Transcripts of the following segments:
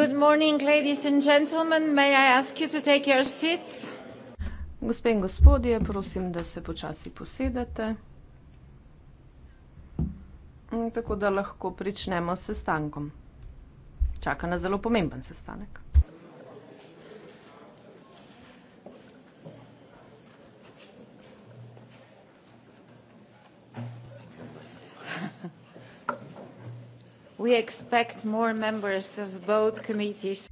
Good morning, ladies and gentlemen. May I ask you to take your seats? Gospe in gospodje, prosim, da se počasi posedete. Tako da lahko pričnemo s sestankom. Čaka nas zelo pomemben sestanek. we expect more members of both committees.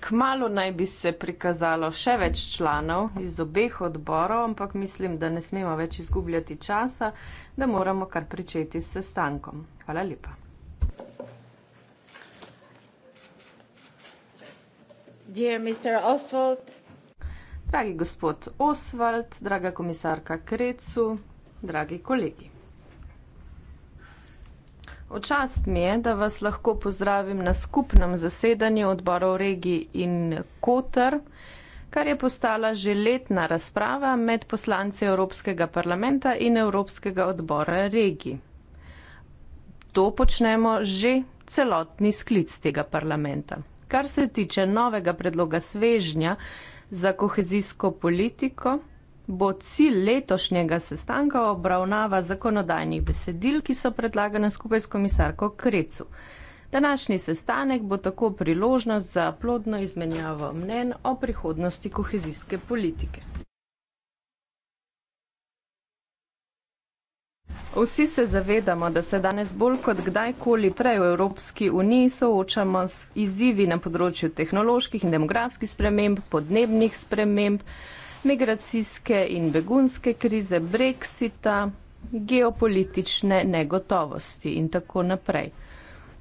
Kmalo naj bi se prikazalo še več članov iz obeh odborov, ampak mislim, da ne smemo več izgubljati časa, da moramo kar pričeti s sestankom. Hvala lepa. Dear Mr. Oswald. Dragi gospod Oswald, draga komisarka Krecu, dragi kolegi. V čast mi je, da vas lahko pozdravim na skupnem zasedanju odborov regij in Kotr, kar je postala že letna razprava med poslanci Evropskega parlamenta in Evropskega odbora regij. To počnemo že celotni sklic tega parlamenta. Kar se tiče novega predloga svežnja za kohezijsko politiko, bo cilj letošnjega sestanka obravnava zakonodajnih besedil, ki so predlagane skupaj s komisarko Krecu. Današnji sestanek bo tako priložnost za plodno izmenjavo mnen o prihodnosti kohezijske politike. Vsi se zavedamo, da se danes bolj kot kdajkoli prej v Evropski uniji soočamo z izzivi na področju tehnoloških in demografskih sprememb, podnebnih sprememb migracijske in begunske krize, brexita, geopolitične negotovosti in tako naprej.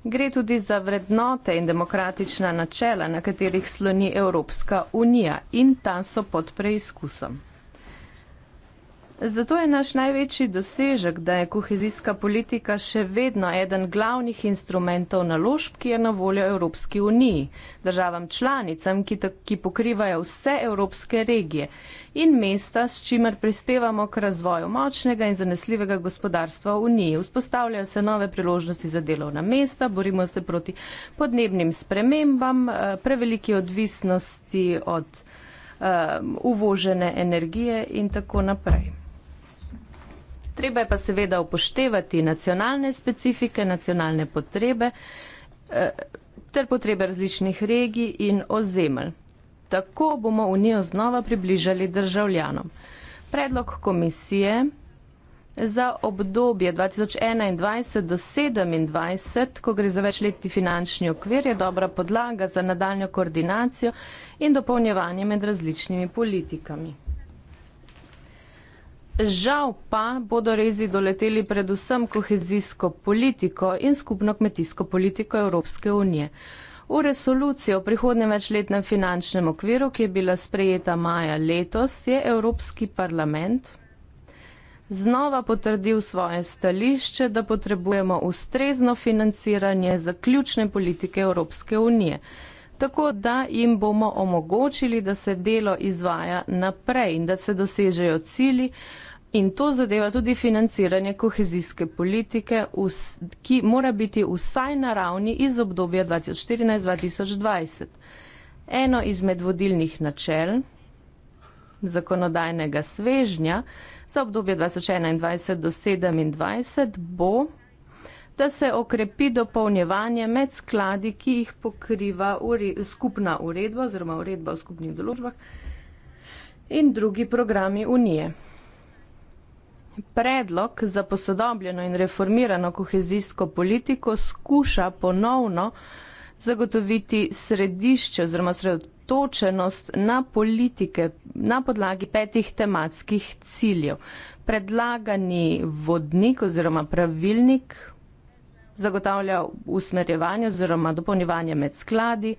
Gre tudi za vrednote in demokratična načela, na katerih sloni Evropska unija in ta so pod preizkusom. Zato je naš največji dosežek, da je kohezijska politika še vedno eden glavnih instrumentov naložb, ki je na voljo Evropski uniji, državam članicam, ki, tak, ki pokrivajo vse evropske regije in mesta, s čimer prispevamo k razvoju močnega in zanesljivega gospodarstva v uniji. Vzpostavljajo se nove priložnosti za delovna mesta, borimo se proti podnebnim spremembam, eh, preveliki odvisnosti od eh, uvožene energije in tako naprej treba je pa seveda upoštevati nacionalne specifike, nacionalne potrebe eh, ter potrebe različnih regij in ozemelj. Tako bomo Unijo znova približali državljanom. Predlog komisije za obdobje 2021 do 2027, ko gre za večletni finančni okvir, je dobra podlaga za nadaljno koordinacijo in dopolnjevanje med različnimi politikami. Žal pa bodo rezi doleteli predvsem kohezijsko politiko in skupno kmetijsko politiko Evropske unije. V resoluciji o prihodnem večletnem finančnem okviru, ki je bila sprejeta maja letos, je Evropski parlament znova potrdil svoje stališče, da potrebujemo ustrezno financiranje za ključne politike Evropske unije, tako da jim bomo omogočili, da se delo izvaja naprej in da se dosežejo cili, In to zadeva tudi financiranje kohezijske politike, ki mora biti vsaj na ravni iz obdobja 2014-2020. Eno izmed vodilnih načel zakonodajnega svežnja za obdobje 2021 do 2027 bo, da se okrepi dopolnjevanje med skladi, ki jih pokriva ure, skupna uredba oziroma uredba v skupnih določbah in drugi programi unije predlog za posodobljeno in reformirano kohezijsko politiko skuša ponovno zagotoviti središče oziroma sredotočenost na politike na podlagi petih tematskih ciljev. Predlagani vodnik oziroma pravilnik zagotavlja usmerjevanje oziroma dopolnjevanje med skladi,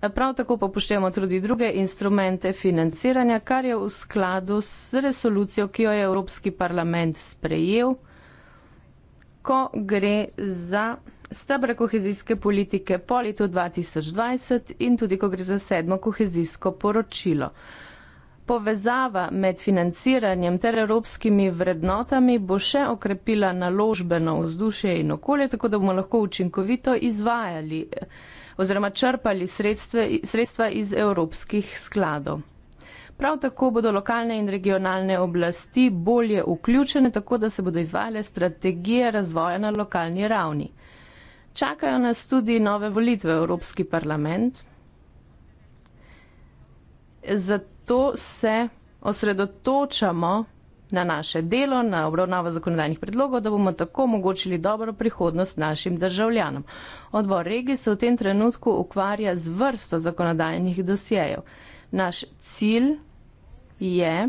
Prav tako pa poštevamo tudi druge instrumente financiranja, kar je v skladu s resolucijo, ki jo je Evropski parlament sprejel, ko gre za stabre kohezijske politike po letu 2020 in tudi ko gre za sedmo kohezijsko poročilo. Povezava med financiranjem ter evropskimi vrednotami bo še okrepila naložbeno vzdušje in okolje, tako da bomo lahko učinkovito izvajali oziroma črpali sredstve, sredstva iz evropskih skladov. Prav tako bodo lokalne in regionalne oblasti bolje vključene, tako da se bodo izvajale strategije razvoja na lokalni ravni. Čakajo nas tudi nove volitve v Evropski parlament. Zato se osredotočamo na naše delo, na obravnavo zakonodajnih predlogov, da bomo tako omogočili dobro prihodnost našim državljanom. Odbor regij se v tem trenutku ukvarja z vrsto zakonodajnih dosjejev. Naš cilj je,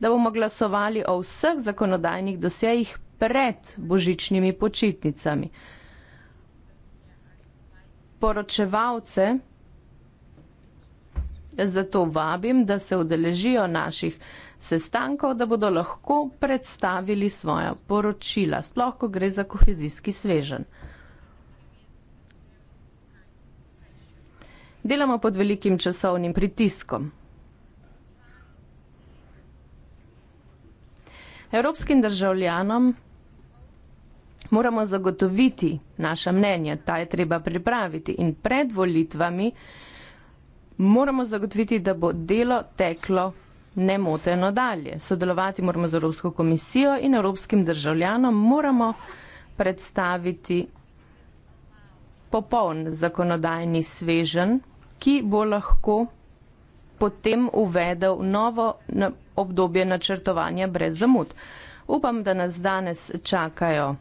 da bomo glasovali o vseh zakonodajnih dosjejih pred božičnimi počitnicami. Poročevalce zato vabim, da se udeležijo naših sestankov, da bodo lahko predstavili svoja poročila, sploh ko gre za kohezijski svežen. Delamo pod velikim časovnim pritiskom. Evropskim državljanom moramo zagotoviti naša mnenja, ta je treba pripraviti in pred volitvami moramo zagotoviti, da bo delo teklo nemoteno dalje. Sodelovati moramo z Evropsko komisijo in evropskim državljanom moramo predstaviti popoln zakonodajni svežen, ki bo lahko potem uvedel novo obdobje načrtovanja brez zamud. Upam, da nas danes čakajo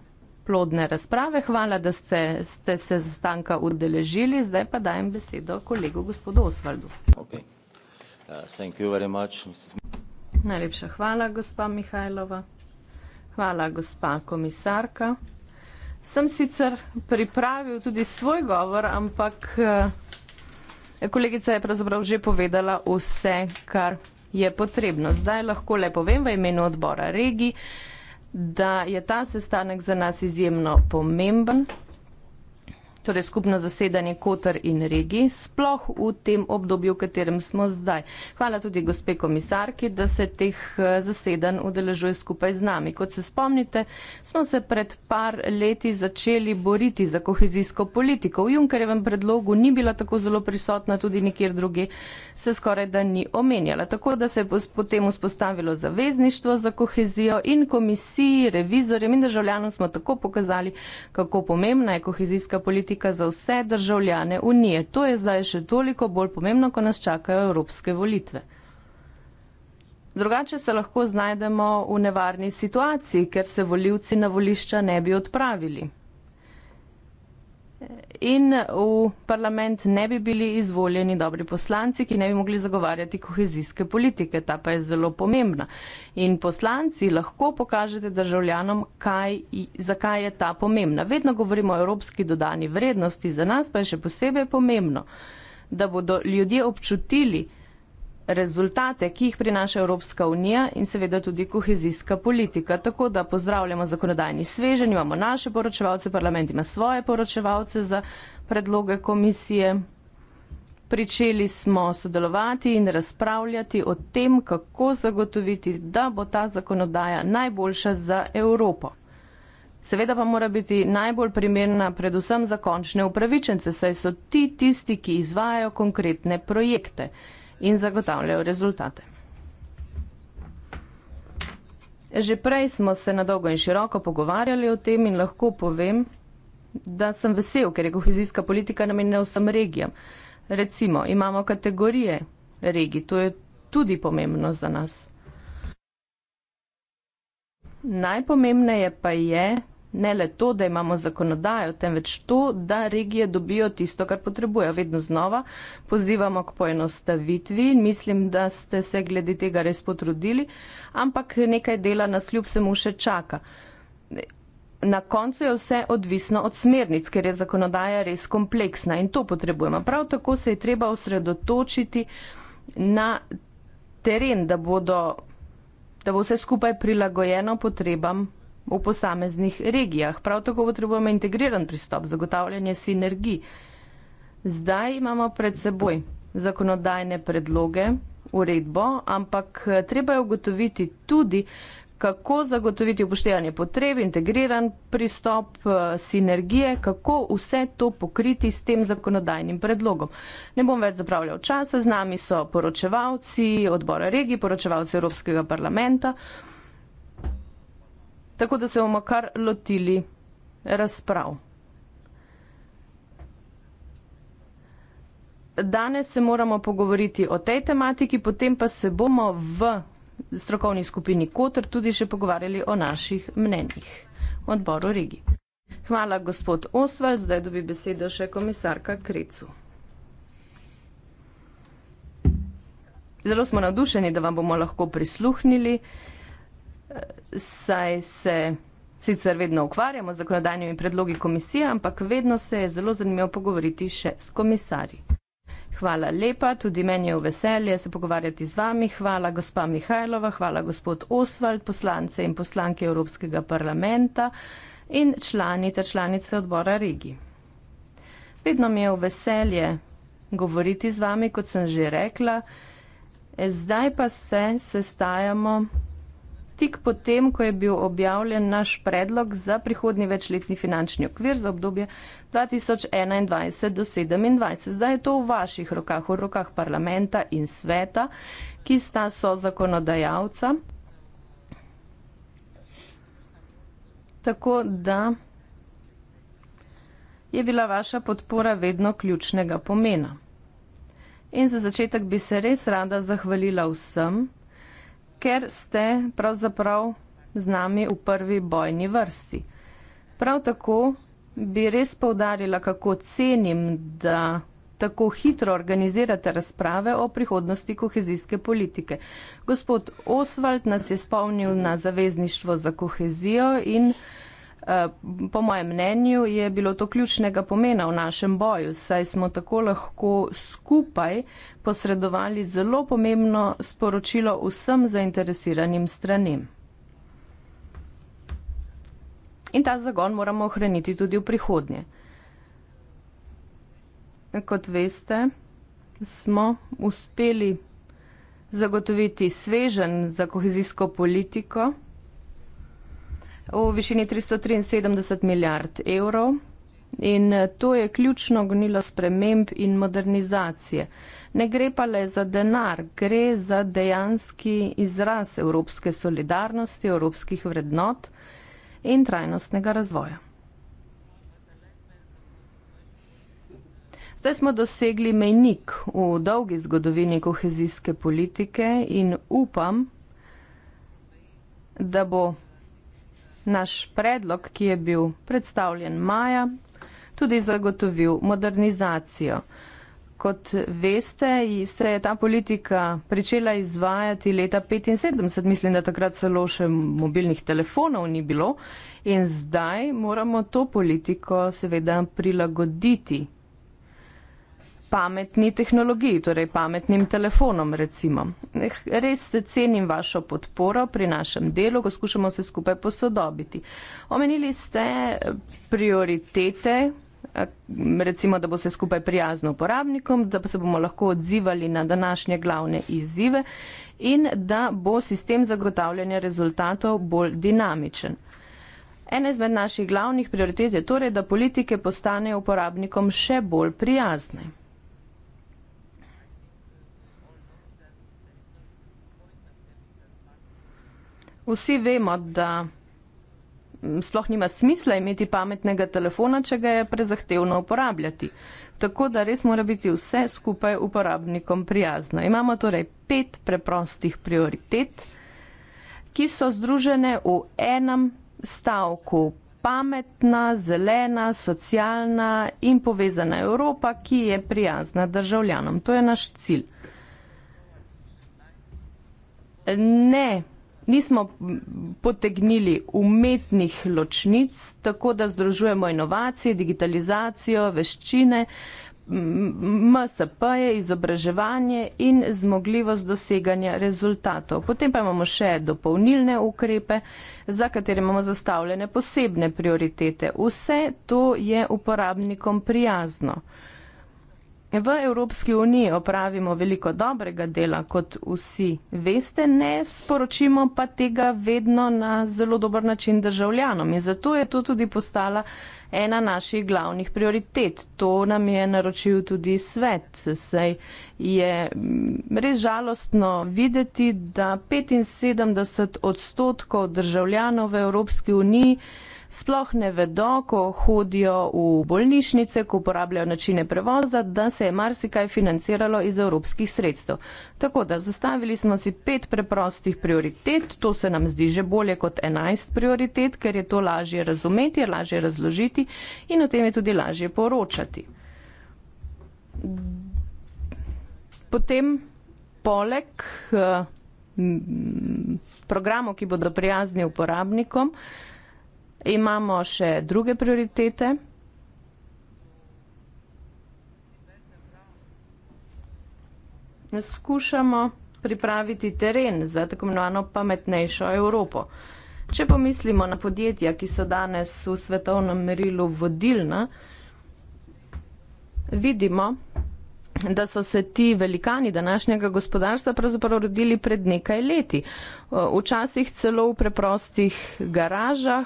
plodne razprave. Hvala, da ste, ste se zastanka udeležili. Zdaj pa dajem besedo kolegu gospodu Osvaldu. Okay thank you very much. Najlepša hvala, gospa Mihajlova. Hvala, gospa komisarka. Sem sicer pripravil tudi svoj govor, ampak eh, kolegica je pravzaprav že povedala vse, kar je potrebno. Zdaj lahko le povem v imenu odbora regi, da je ta sestanek za nas izjemno pomemben torej skupno zasedanje Kotr in regij, sploh v tem obdobju, v katerem smo zdaj. Hvala tudi gospe komisarki, da se teh eh, zasedanj udeležuje skupaj z nami. Kot se spomnite, smo se pred par leti začeli boriti za kohezijsko politiko. V Junkerjevem predlogu ni bila tako zelo prisotna, tudi nikjer drugi se skoraj da ni omenjala. Tako da se je potem vzpostavilo zavezništvo za kohezijo in komisiji, revizorjem in državljanom smo tako pokazali, kako pomembna je kohezijska politika politika za vse državljane Unije. To je zdaj še toliko bolj pomembno, ko nas čakajo evropske volitve. Drugače se lahko znajdemo v nevarni situaciji, ker se voljivci na volišča ne bi odpravili in v parlament ne bi bili izvoljeni dobri poslanci, ki ne bi mogli zagovarjati kohezijske politike. Ta pa je zelo pomembna. In poslanci lahko pokažete državljanom, kaj, zakaj je ta pomembna. Vedno govorimo o evropski dodani vrednosti, za nas pa je še posebej pomembno, da bodo ljudje občutili, rezultate, ki jih prinaša Evropska unija in seveda tudi kohezijska politika. Tako da pozdravljamo zakonodajni sveženj, imamo naše poročevalce, parlament ima svoje poročevalce za predloge komisije. Pričeli smo sodelovati in razpravljati o tem, kako zagotoviti, da bo ta zakonodaja najboljša za Evropo. Seveda pa mora biti najbolj primerna predvsem za končne upravičence, saj so ti tisti, ki izvajajo konkretne projekte in zagotavljajo rezultate. Že prej smo se na dolgo in široko pogovarjali o tem in lahko povem, da sem vesel, ker je kohezijska politika namenjena vsem regijam. Recimo, imamo kategorije regij, to je tudi pomembno za nas. Najpomembneje pa je, ne le to, da imamo zakonodajo, temveč to, da regije dobijo tisto, kar potrebujejo. Vedno znova pozivamo k poenostavitvi in mislim, da ste se glede tega res potrudili, ampak nekaj dela nas ljub se mu še čaka. Na koncu je vse odvisno od smernic, ker je zakonodaja res kompleksna in to potrebujemo. Prav tako se je treba osredotočiti na teren, da, bodo, da bo vse skupaj prilagojeno potrebam v posameznih regijah. Prav tako potrebujemo integriran pristop, zagotavljanje sinergij. Zdaj imamo pred seboj zakonodajne predloge, uredbo, ampak eh, treba je ugotoviti tudi, kako zagotoviti upoštevanje potreb, integriran pristop, eh, sinergije, kako vse to pokriti s tem zakonodajnim predlogom. Ne bom več zapravljal časa, z nami so poročevalci odbora regij, poročevalci Evropskega parlamenta tako da se bomo kar lotili razprav. Danes se moramo pogovoriti o tej tematiki, potem pa se bomo v strokovni skupini Kotr tudi še pogovarjali o naših mnenjih v odboru Regi. Hvala, gospod Osvald. Zdaj dobi besedo še komisarka Krecu. Zelo smo navdušeni, da vam bomo lahko prisluhnili saj se sicer vedno ukvarjamo z zakonodajnimi predlogi komisije, ampak vedno se je zelo zanimivo pogovoriti še s komisarji. Hvala lepa, tudi meni je v veselje se pogovarjati z vami. Hvala gospa Mihajlova, hvala gospod Osvald, poslance in poslanke Evropskega parlamenta in članite članice odbora Rigi. Vedno mi je v veselje govoriti z vami, kot sem že rekla. Zdaj pa se sestajamo tik potem, ko je bil objavljen naš predlog za prihodni večletni finančni okvir za obdobje 2021 do 2027. Zdaj je to v vaših rokah, v rokah parlamenta in sveta, ki sta so zakonodajalca. Tako da je bila vaša podpora vedno ključnega pomena. In za začetek bi se res rada zahvalila vsem, ker ste pravzaprav z nami v prvi bojni vrsti. Prav tako bi res povdarila, kako cenim, da tako hitro organizirate razprave o prihodnosti kohezijske politike. Gospod Oswald nas je spomnil na zavezništvo za kohezijo in Eh, po mojem mnenju je bilo to ključnega pomena v našem boju, saj smo tako lahko skupaj posredovali zelo pomembno sporočilo vsem zainteresiranim stranem. In ta zagon moramo ohraniti tudi v prihodnje. Kot veste, smo uspeli zagotoviti svežen za kohezijsko politiko v višini 373 milijard evrov. In eh, to je ključno gonilo sprememb in modernizacije. Ne gre pa le za denar, gre za dejanski izraz evropske solidarnosti, evropskih vrednot in trajnostnega razvoja. Zdaj smo dosegli mejnik v dolgi zgodovini kohezijske politike in upam, da bo naš predlog, ki je bil predstavljen maja, tudi zagotovil modernizacijo. Kot veste, se je ta politika pričela izvajati leta 1975, mislim, da takrat celo še mobilnih telefonov ni bilo in zdaj moramo to politiko seveda prilagoditi pametni tehnologiji, torej pametnim telefonom recimo. Eh, res se cenim vašo podporo pri našem delu, ko skušamo se skupaj posodobiti. Omenili ste eh, prioritete, eh, recimo, da bo se skupaj prijazno uporabnikom, da pa se bomo lahko odzivali na današnje glavne izzive in da bo sistem zagotavljanja rezultatov bolj dinamičen. Ena izmed naših glavnih prioritet je torej, da politike postanejo uporabnikom še bolj prijazne. Vsi vemo, da sploh nima smisla imeti pametnega telefona, če ga je prezahtevno uporabljati. Tako da res mora biti vse skupaj uporabnikom prijazno. Imamo torej pet preprostih prioritet, ki so združene v enem stavku. Pametna, zelena, socialna in povezana Evropa, ki je prijazna državljanom. To je naš cilj. Ne nismo potegnili umetnih ločnic, tako da združujemo inovacije, digitalizacijo, veščine, MSP je izobraževanje in zmogljivost doseganja rezultatov. Potem pa imamo še dopolnilne ukrepe, za katere imamo zastavljene posebne prioritete. Vse to je uporabnikom prijazno. V Evropski uniji opravimo veliko dobrega dela, kot vsi veste, ne sporočimo pa tega vedno na zelo dober način državljanom. In zato je to tudi postala ena naših glavnih prioritet. To nam je naročil tudi svet. Sej je mm, res žalostno videti, da 75 odstotkov državljanov v Evropski uniji sploh ne vedo, ko hodijo v bolnišnice, ko uporabljajo načine prevoza, da se je marsikaj financiralo iz evropskih sredstev. Tako da zastavili smo si pet preprostih prioritet, to se nam zdi že bolje kot enajst prioritet, ker je to lažje razumeti, je lažje razložiti in o tem je tudi lažje poročati. Potem poleg eh, programov, ki bodo prijazni uporabnikom, Imamo še druge prioritete? Skušamo pripraviti teren za tako imenovano pametnejšo Evropo. Če pomislimo na podjetja, ki so danes v svetovnem merilu vodilna, vidimo, da da so se ti velikani današnjega gospodarstva pravzaprav rodili pred nekaj leti. Eh, včasih celo v preprostih garažah,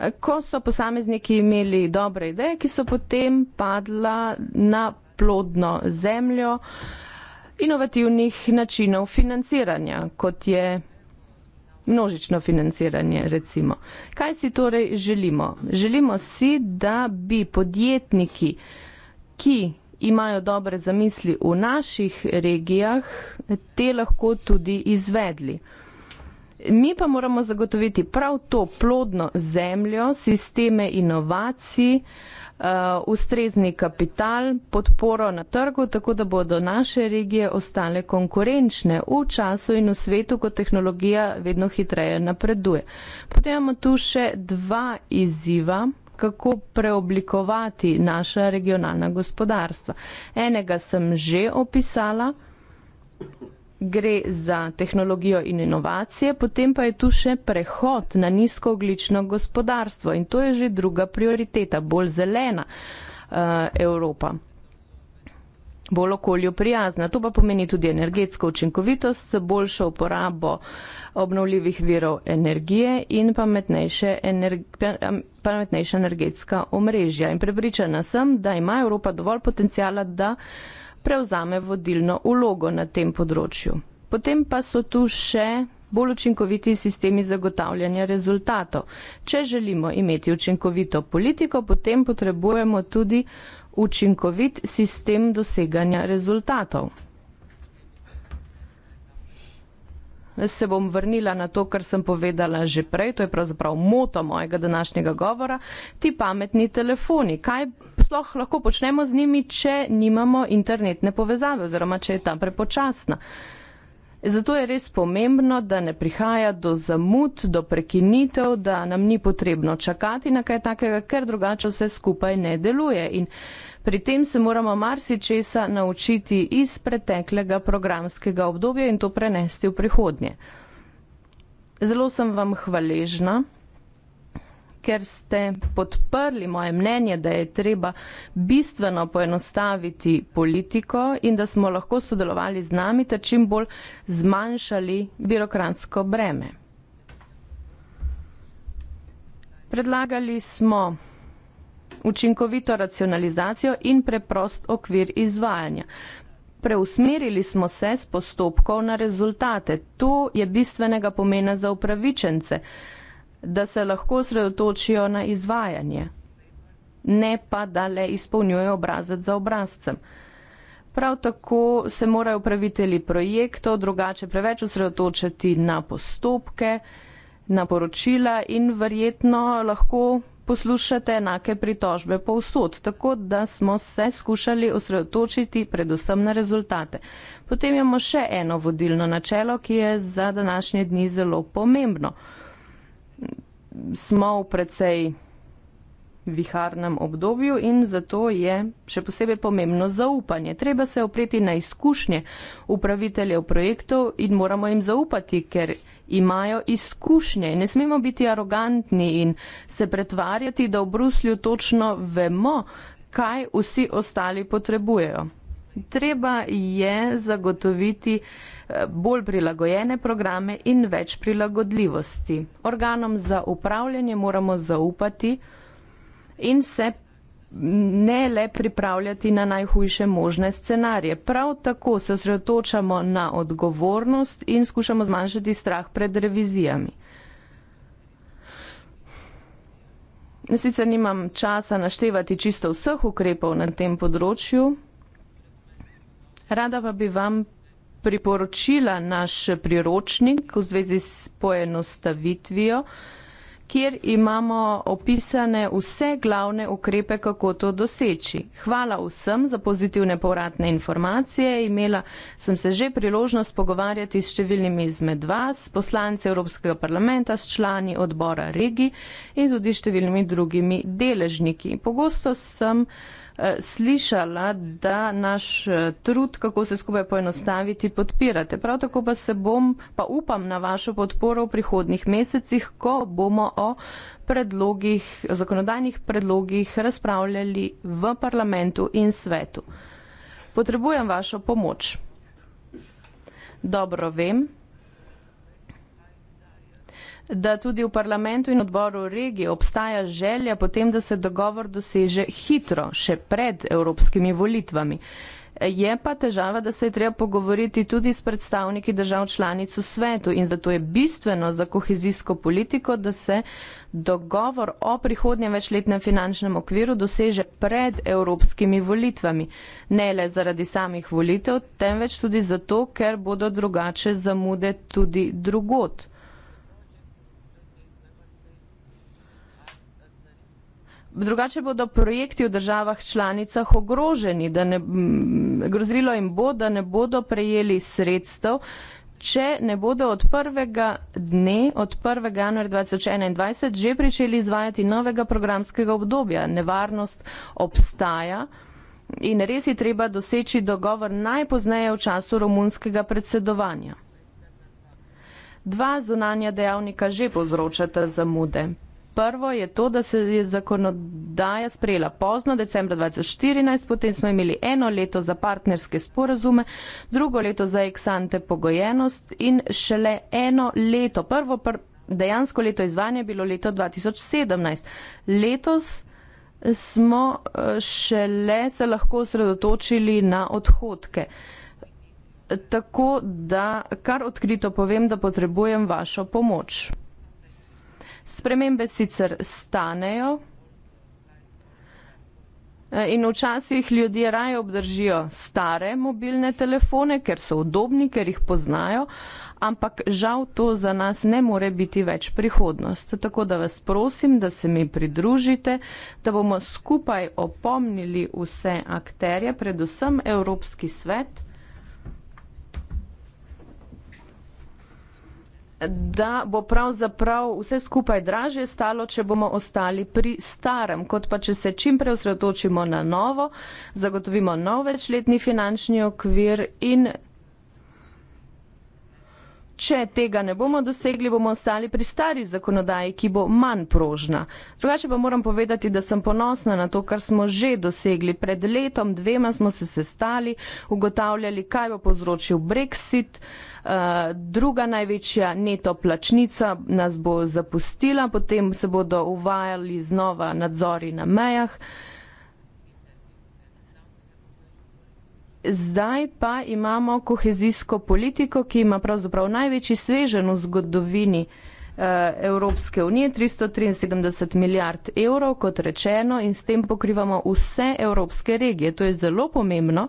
eh, ko so posamezniki imeli dobre ideje, ki so potem padla na plodno zemljo inovativnih načinov financiranja, kot je množično financiranje, recimo. Kaj si torej želimo? Želimo si, da bi podjetniki uh, ki imajo dobre zamisli v naših regijah, te lahko tudi izvedli. Mi pa moramo zagotoviti prav to plodno zemljo, sisteme inovacij, uh, ustrezni kapital, podporo na trgu, tako da bodo naše regije ostale konkurenčne v času in v svetu, ko tehnologija vedno hitreje napreduje. Potem imamo tu še dva izziva, kako preoblikovati naša regionalna gospodarstva. Enega sem že opisala, gre za tehnologijo in inovacije, potem pa je tu še prehod na nizkooglično gospodarstvo in to je že druga prioriteta, bolj zelena uh, Evropa bolj okolju prijazna. To pa pomeni tudi energetsko učinkovitost, boljšo uporabo obnovljivih virov energije in pametnejše, energi pametnejše energetska omrežja. In prepričana sem, da ima Evropa dovolj potencijala, da prevzame vodilno ulogo na tem področju. Potem pa so tu še bolj učinkoviti sistemi zagotavljanja rezultatov. Če želimo imeti učinkovito politiko, potem potrebujemo tudi učinkovit sistem doseganja rezultatov. Se bom vrnila na to, kar sem povedala že prej, to je pravzaprav moto mojega današnjega govora, ti pametni telefoni. Kaj sploh lahko počnemo z njimi, če nimamo internetne povezave oziroma če je ta prepočasna? Uh, Zato je res pomembno, da ne prihaja do zamud, do prekinitev, da nam ni potrebno čakati na kaj takega, ker drugače vse skupaj ne deluje. In pri tem se moramo marsičesa naučiti iz preteklega programskega obdobja in to prenesti v prihodnje. Zelo sem vam hvaležna ker ste podprli moje mnenje, da je treba bistveno poenostaviti politiko in da smo lahko sodelovali z nami ter čim bolj zmanjšali birokransko breme. Predlagali smo učinkovito racionalizacijo in preprost okvir izvajanja. Preusmerili smo se s postopkov na rezultate. To je bistvenega pomena za upravičence da se lahko sredotočijo na izvajanje, ne pa da le izpolnjujejo obrazec za obrazcem. Prav tako se morajo upraviteli projektov drugače preveč osredotočiti na postopke, na poročila in verjetno lahko poslušate enake pritožbe povsod. Tako da smo se skušali osredotočiti predvsem na rezultate. Potem imamo še eno vodilno načelo, ki je za današnje dni zelo pomembno smo v precej viharnem obdobju in zato je še posebej pomembno zaupanje. Treba se opreti na izkušnje upraviteljev projektov in moramo jim zaupati, ker imajo izkušnje. Ne smemo biti arogantni in se pretvarjati, da v Bruslju točno vemo, kaj vsi ostali potrebujejo. Treba je zagotoviti eh, bolj prilagojene programe in več prilagodljivosti. Organom za upravljanje moramo zaupati in se ne le pripravljati na najhujše možne scenarije. Prav tako se osredotočamo na odgovornost in skušamo zmanjšati strah pred revizijami. Sicer nimam časa naštevati čisto vseh ukrepov na tem področju, Rada pa bi vam priporočila naš priročnik v zvezi s poenostavitvijo, kjer imamo opisane vse glavne ukrepe, kako to doseči. Hvala vsem za pozitivne povratne informacije. Imela sem se že priložnost pogovarjati s številnimi izmed vas, poslanci Evropskega parlamenta, s člani odbora Regi in tudi številnimi drugimi deležniki. Pogosto sem Eh, slišala, da naš eh, trud, kako se skupaj poenostaviti, podpirate. Prav tako pa se bom, pa upam na vašo podporo v prihodnih mesecih, ko bomo o predlogih, zakonodajnih predlogih razpravljali v parlamentu in svetu. Potrebujem vašo pomoč. Dobro vem, da tudi v parlamentu in odboru regije obstaja želja potem, da se dogovor doseže hitro, še pred evropskimi volitvami. Je pa težava, da se je treba pogovoriti tudi s predstavniki držav članic v svetu in zato je bistveno za kohezijsko politiko, da se dogovor o prihodnjem večletnem finančnem okviru doseže pred evropskimi volitvami. Ne le zaradi samih volitev, temveč tudi zato, ker bodo drugače zamude tudi drugot. drugače bodo projekti v državah članicah ogroženi, da ne, grozilo jim bo, da ne bodo prejeli sredstev, če ne bodo od prvega dne, od 1. januarja 2021, že pričeli izvajati novega programskega obdobja. Nevarnost obstaja. In res je treba doseči dogovor najpozneje v času romunskega predsedovanja. Dva zunanja dejavnika že povzročata zamude prvo je to, da se je zakonodaja sprejela pozno, decembra 2014, potem smo imeli eno leto za partnerske sporazume, drugo leto za eksante pogojenost in šele eno leto, prvo pr dejansko leto izvanja je bilo leto 2017. Letos smo eh, šele se lahko osredotočili na odhodke. Tako da kar odkrito povem, da potrebujem vašo pomoč. Spremembe sicer stanejo eh, in včasih ljudje raje obdržijo stare mobilne telefone, ker so udobni, ker jih poznajo, ampak žal to za nas ne more biti več prihodnost. Tako da vas prosim, da se mi pridružite, da bomo skupaj opomnili vse akterje, predvsem Evropski svet. da bo pravzaprav vse skupaj draže stalo, če bomo ostali pri starem, kot pa če se čim preosredotočimo na novo, zagotovimo nov večletni finančni okvir in Če tega ne bomo dosegli, bomo ostali pri stari zakonodaji, ki bo manj prožna. Drugače pa moram povedati, da sem ponosna na to, kar smo že dosegli. Pred letom dvema smo se sestali, ugotavljali, kaj bo povzročil Brexit. Eh, druga največja neto plačnica nas bo zapustila, potem se bodo uvajali znova nadzori na mejah. Zdaj pa imamo kohezijsko politiko, ki ima pravzaprav največji svežen v zgodovini eh, Evropske unije, 373 milijard evrov, kot rečeno, in s tem pokrivamo vse evropske regije. To je zelo pomembno.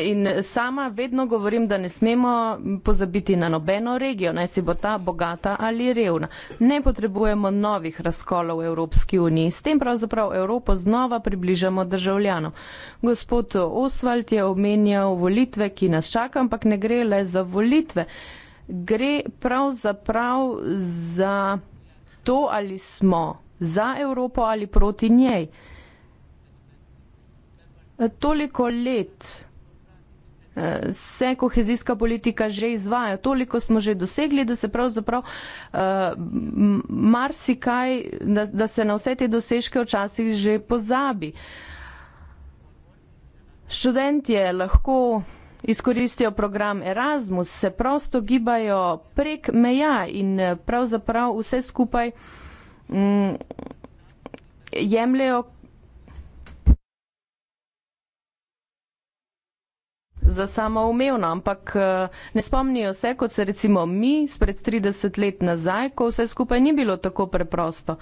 In sama vedno govorim, da ne smemo pozabiti na nobeno regijo, naj si bo ta bogata ali revna. Ne potrebujemo novih razkolov v Evropski uniji. S tem pravzaprav Evropo znova približamo državljanom. Gospod Osvald je omenjal volitve, ki nas čaka, ampak ne gre le za volitve. Gre pravzaprav za to, ali smo za Evropo ali proti njej. Toliko let. Eh, se kohezijska politika že izvaja, toliko smo že dosegli, da se pravzaprav uh, marsikaj, da, da se na vse te dosežke včasih že pozabi. Študentje lahko izkoristijo program Erasmus, se prosto gibajo prek meja in eh, pravzaprav vse skupaj mm, jemljajo za samoumevno, ampak eh, ne spomnijo se, kot se recimo mi spred 30 let nazaj, ko vse skupaj ni bilo tako preprosto.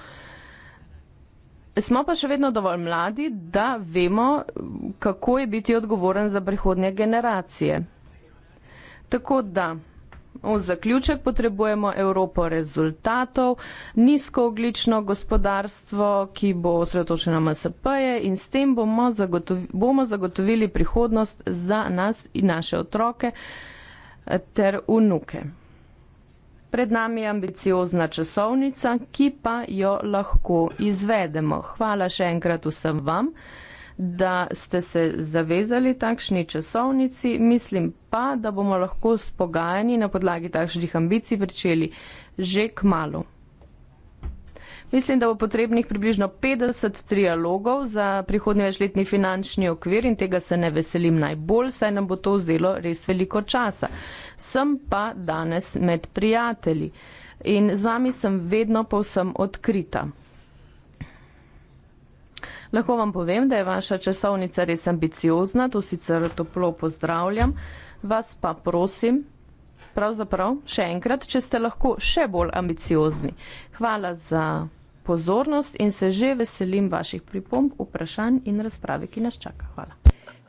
Smo pa še vedno dovolj mladi, da vemo, kako je biti odgovoren za prihodnje generacije. Tako da. V zaključek potrebujemo Evropo rezultatov, nizkooglično gospodarstvo, ki bo osredotočeno na MSP-je in s tem bomo, zagotovi, bomo zagotovili prihodnost za nas in naše otroke eh, ter unuke. Pred nami je ambiciozna časovnica, ki pa jo lahko izvedemo. Hvala še enkrat vsem vam da ste se zavezali takšni časovnici. Mislim pa, da bomo lahko s pogajanji na podlagi takšnih ambicij pričeli že k malu. Mislim, da bo potrebnih približno 50 trialogov za prihodni večletni finančni okvir in tega se ne veselim najbolj, saj nam bo to vzelo res veliko časa. Sem pa danes med prijatelji in z vami sem vedno povsem odkrita. Lahko vam povem, da je vaša časovnica res ambiciozna, to sicer toplo pozdravljam. Vas pa prosim, pravzaprav še enkrat, če ste lahko še bolj ambiciozni. Hvala za pozornost in se že veselim vaših pripomb, vprašanj in razprave, ki nas čaka. Hvala.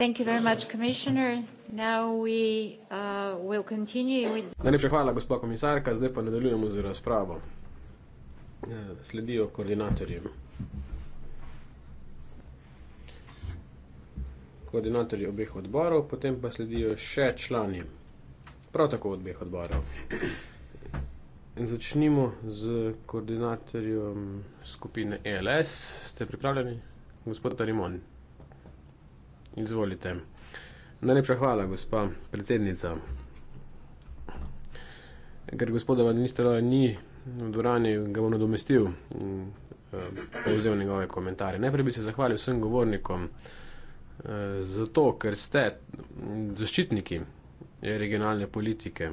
Thank you very much, Commissioner. Now we uh, will continue with. Najlepša hvala, gospod komisarka. Zdaj pa nadaljujemo z razpravo. Eh, sledijo koordinatorji. koordinatorji obeh odborov, potem pa sledijo še člani, prav tako obeh odborov. In začnimo z koordinatorjem skupine ELS. Ste pripravljeni, gospod Tarimon? Izvolite. Najlepša hvala, gospa predsednica. Ker gospoda ministra ni v dvorani, ga bom nadomestil in eh, povzel njegove komentarje. Najprej bi se zahvalil vsem govornikom zato ker ste zaščitniki regionalne politike.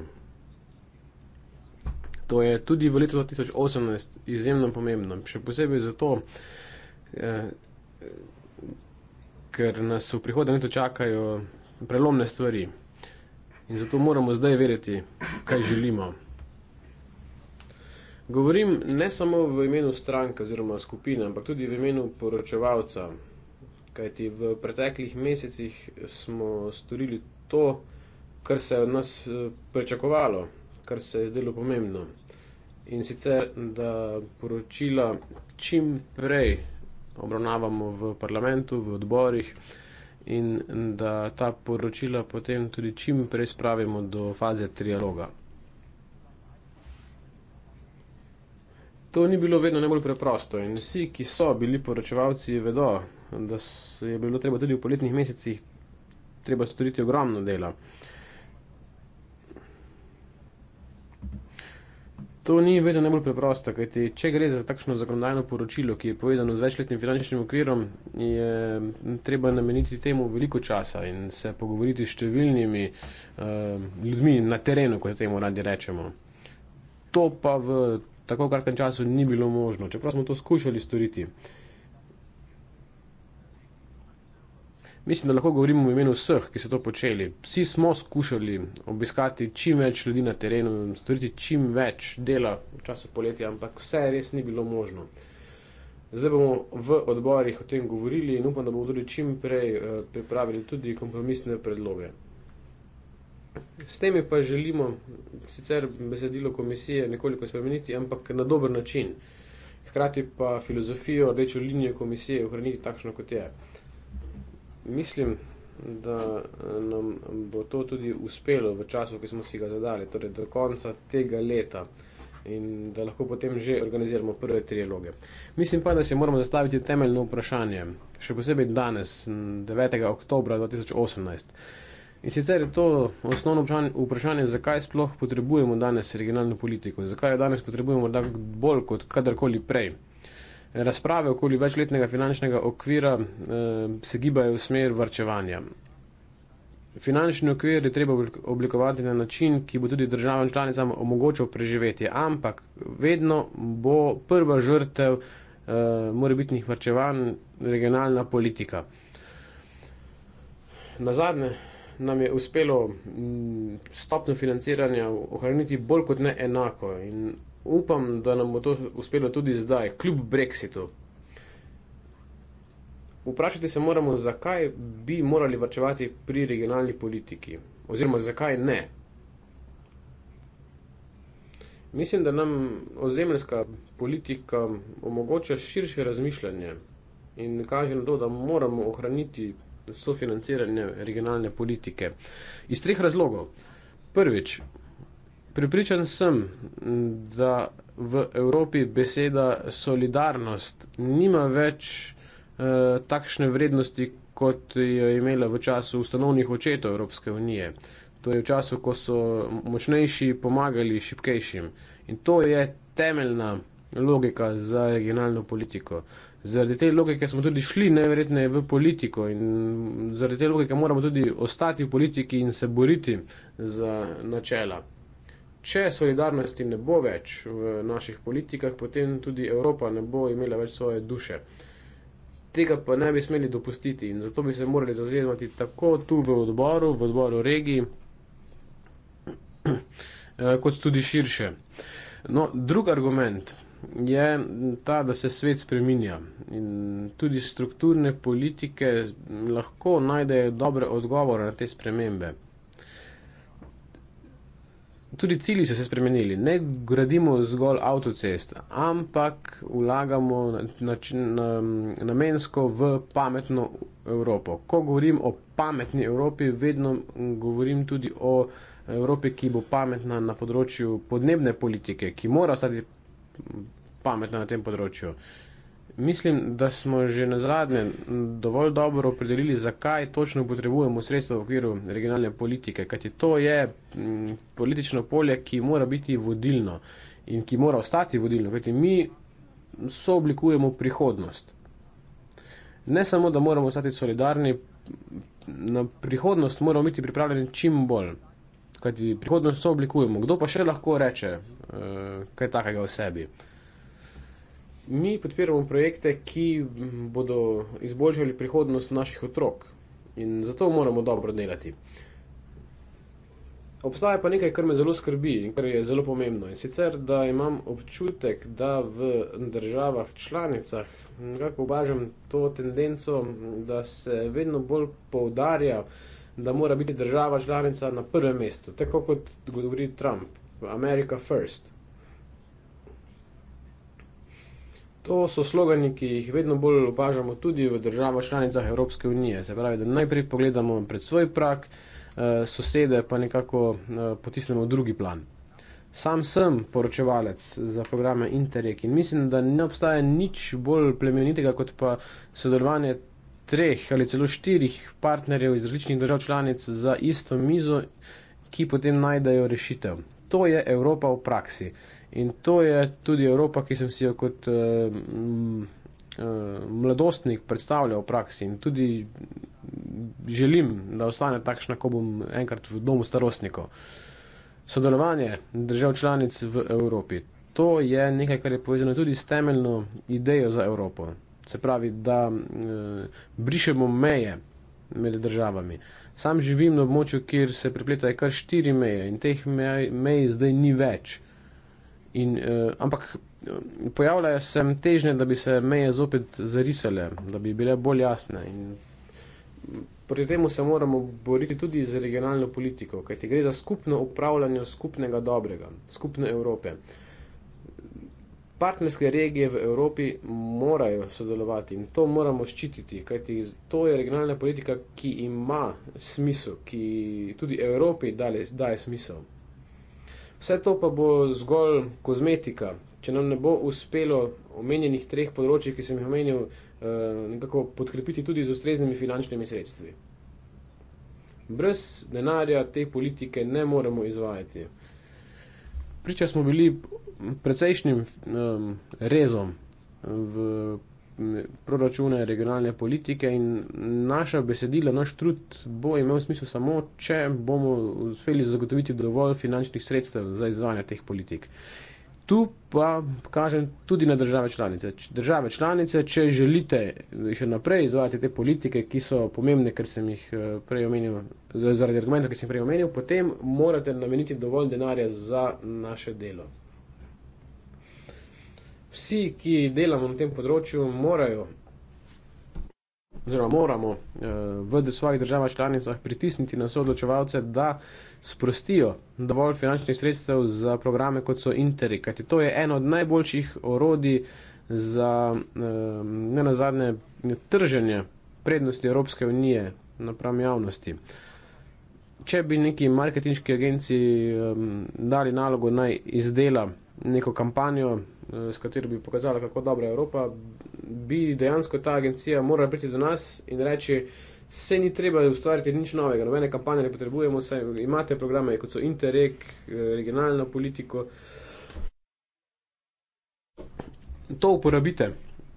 To je tudi v letu 2018 izjemno pomembno, še posebej zato, eh, ker nas v prihodnem letu čakajo prelomne stvari in zato moramo zdaj verjeti, kaj želimo. Govorim ne samo v imenu stranke oziroma skupine, ampak tudi v imenu poročevalca Kajti v preteklih mesecih smo storili to, kar se je od nas eh, pričakovalo, kar se je zdelo pomembno. In sicer, da poročila čim prej obravnavamo v parlamentu, v odborih in da ta poročila potem tudi čim prej spravimo do faze trialoga. To ni bilo vedno najbolj preprosto in vsi, ki so bili poročevalci, vedo, da je bilo treba tudi v poletnih mesecih storiti ogromno dela. To ni vedno najbolj preprosto, kajti če gre za takšno zakonodajno poročilo, ki je povezano z večletnim finančnim okvirom, je treba nameniti temu veliko časa in se pogovoriti s številnimi uh, ljudmi na terenu, kot temu radi rečemo. To pa v tako kratkem času ni bilo možno, čeprav smo to skušali storiti. Uh, Mislim, da lahko govorimo v imenu vseh, ki so to počeli. Vsi smo skušali obiskati čim več ljudi na terenu, storiti čim več dela v času poletja, ampak vse res ni bilo možno. Zdaj bomo v odborih o tem govorili in upam, da bomo tudi čim prej eh, pripravili tudi kompromisne predloge. S temi pa želimo sicer besedilo komisije nekoliko spremeniti, ampak na dober način. Hkrati pa filozofijo, rečo linijo komisije ohraniti takšno, kot je mislim, da eh, nam bo to tudi uspelo v času, ki smo si ga zadali, torej do konca tega leta. In da lahko potem že organiziramo prve triloge. Mislim pa, da se moramo zastaviti temeljno vprašanje, še posebej danes, 9. oktober 2018. In sicer je to osnovno vprašanje, zakaj sploh potrebujemo danes regionalno politiko, zakaj jo danes potrebujemo morda bolj kot kadarkoli prej razprave okoli večletnega finančnega okvira eh, se gibajo v smer varčevanja. Finančni okvir je treba oblikovati na način, ki bo tudi državam članicam omogočal preživetje, ampak vedno bo prva žrtev uh, morebitnih vrčevanj regionalna politika. Na zadnje nam je uspelo mm, stopno financiranja ohraniti bolj kot ne enako in upam, da nam bo to uspelo tudi zdaj, kljub Brexitu. Vprašati se moramo, zakaj bi morali vrčevati pri regionalni politiki, oziroma zakaj ne. Mislim, da nam ozemljska politika omogoča širše razmišljanje in kaže na to, da moramo ohraniti sofinanciranje regionalne politike. Iz treh razlogov. Prvič, Pripričan sem, da v Evropi beseda solidarnost nima več eh, takšne vrednosti, kot jo je imela v času ustanovnih očetov Evropske unije. To je v času, ko so močnejši pomagali šipkejšim. In to je temeljna logika za regionalno politiko. Zaradi te logike smo tudi šli neverjetne v politiko in zaradi te logike moramo tudi ostati v politiki in se boriti za načela če solidarnosti ne bo več v naših politikah, potem tudi Evropa ne bo imela več svoje duše. Tega pa ne bi smeli dopustiti in zato bi se morali zavzemati tako tu v odboru, v odboru regiji, kot tudi širše. No, drug argument je ta, da se svet spreminja in tudi strukturne politike lahko najdejo dobre odgovore na te spremembe. Tudi cilji so se spremenili. Ne gradimo zgolj avtocest, ampak vlagamo na, na, na, namensko v pametno Evropo. Ko govorim o pametni Evropi, vedno govorim tudi o Evropi, ki bo pametna na področju podnebne politike, ki mora stati pametna na tem področju. Mislim, da smo že na zadnje dovolj dobro opredelili, zakaj točno potrebujemo sredstva v okviru regionalne politike, kajti to je mm, politično polje, ki mora biti vodilno in ki mora ostati vodilno, kajti mi sooblikujemo prihodnost. Ne samo, da moramo ostati solidarni, na prihodnost moramo biti pripravljeni čim bolj, kajti prihodnost sooblikujemo. Kdo pa še lahko reče uh, kaj takega o sebi? mi podpiramo projekte, ki bodo izboljšali prihodnost naših otrok in zato moramo dobro delati. Obstaja pa nekaj, kar me zelo skrbi in kar je zelo pomembno. In sicer, da imam občutek, da v državah članicah nekako obažam to tendenco, da se vedno bolj poudarja, da mora biti država članica na prvem mestu, tako kot govori Trump, Amerika first. To so slogani, ki jih vedno bolj opažamo tudi v državah članicah Evropske unije. Se pravi, da najprej pogledamo pred svoj prak, eh, sosede pa nekako eh, potisnemo v drugi plan. Sam sem poročevalec za programe Interreg in mislim, da ne obstaja nič bolj plemenitega kot pa sodelovanje treh ali celo štirih partnerjev iz različnih držav članic za isto mizo, ki potem najdejo rešitev. To je Evropa v praksi. Uh, In to je tudi Evropa, ki sem si jo kot eh, eh, mladostnik predstavljal v praksi in tudi želim, da ostane takšna, ko bom enkrat v domu starostnikov. Sodelovanje držav članic v Evropi. To je nekaj, kar je povezano tudi s temeljno idejo za Evropo. Se pravi, da e, brišemo meje med državami. Sam živim na območju, kjer se prepletajo kar štiri meje in teh mej, mej zdaj ni več. In, eh, ampak eh, pojavljajo se težnje, da bi se meje zopet zarisale, da bi bile bolj jasne. In mm, pri tem se moramo boriti tudi z regionalno politiko, kajti gre za skupno upravljanje skupnega dobrega, skupne Evrope. Partnerske regije v Evropi morajo sodelovati in to moramo ščititi, kajti to je regionalna politika, ki ima smisel, ki tudi Evropi daje smisel. Vse to pa bo zgolj kozmetika. Če nam ne bo uspelo omenjenih treh področji, ki sem jih omenil, eh, nekako podkrepiti tudi z ustreznimi finančnimi sredstvi. Brez denarja te politike ne moremo izvajati. Priča smo bili precejšnjim eh, rezom v proračune, regionalne politike in naša besedila, naš trud bo imel smisel samo, če bomo uspeli zagotoviti dovolj finančnih sredstev za izvajanje teh politik. Tu pa kažem tudi na države članice. Države članice, če želite še naprej izvajati te politike, ki so pomembne, ker sem jih eh, prej omenil, zaradi argumentov, ki sem prej omenil, potem morate nameniti dovolj denarja za naše delo vsi, ki delamo na tem področju, morajo oziroma moramo eh, v svojih državah članicah pritisniti na soodločevalce, da sprostijo dovolj finančnih sredstev za programe, kot so interi, kajti to je eno od najboljših orodij za eh, ne nazadnje trženje prednosti Evropske unije napram javnosti. Če bi neki marketinški agenciji um, dali nalogo naj izdela neko kampanjo, eh, s katero bi pokazala, kako dobra je Evropa, bi dejansko ta agencija morala priti do nas in reči, se ni treba ustvariti nič novega, nobene kampanje ne potrebujemo, saj imate programe, kot so Interreg, eh, regionalno politiko. To uporabite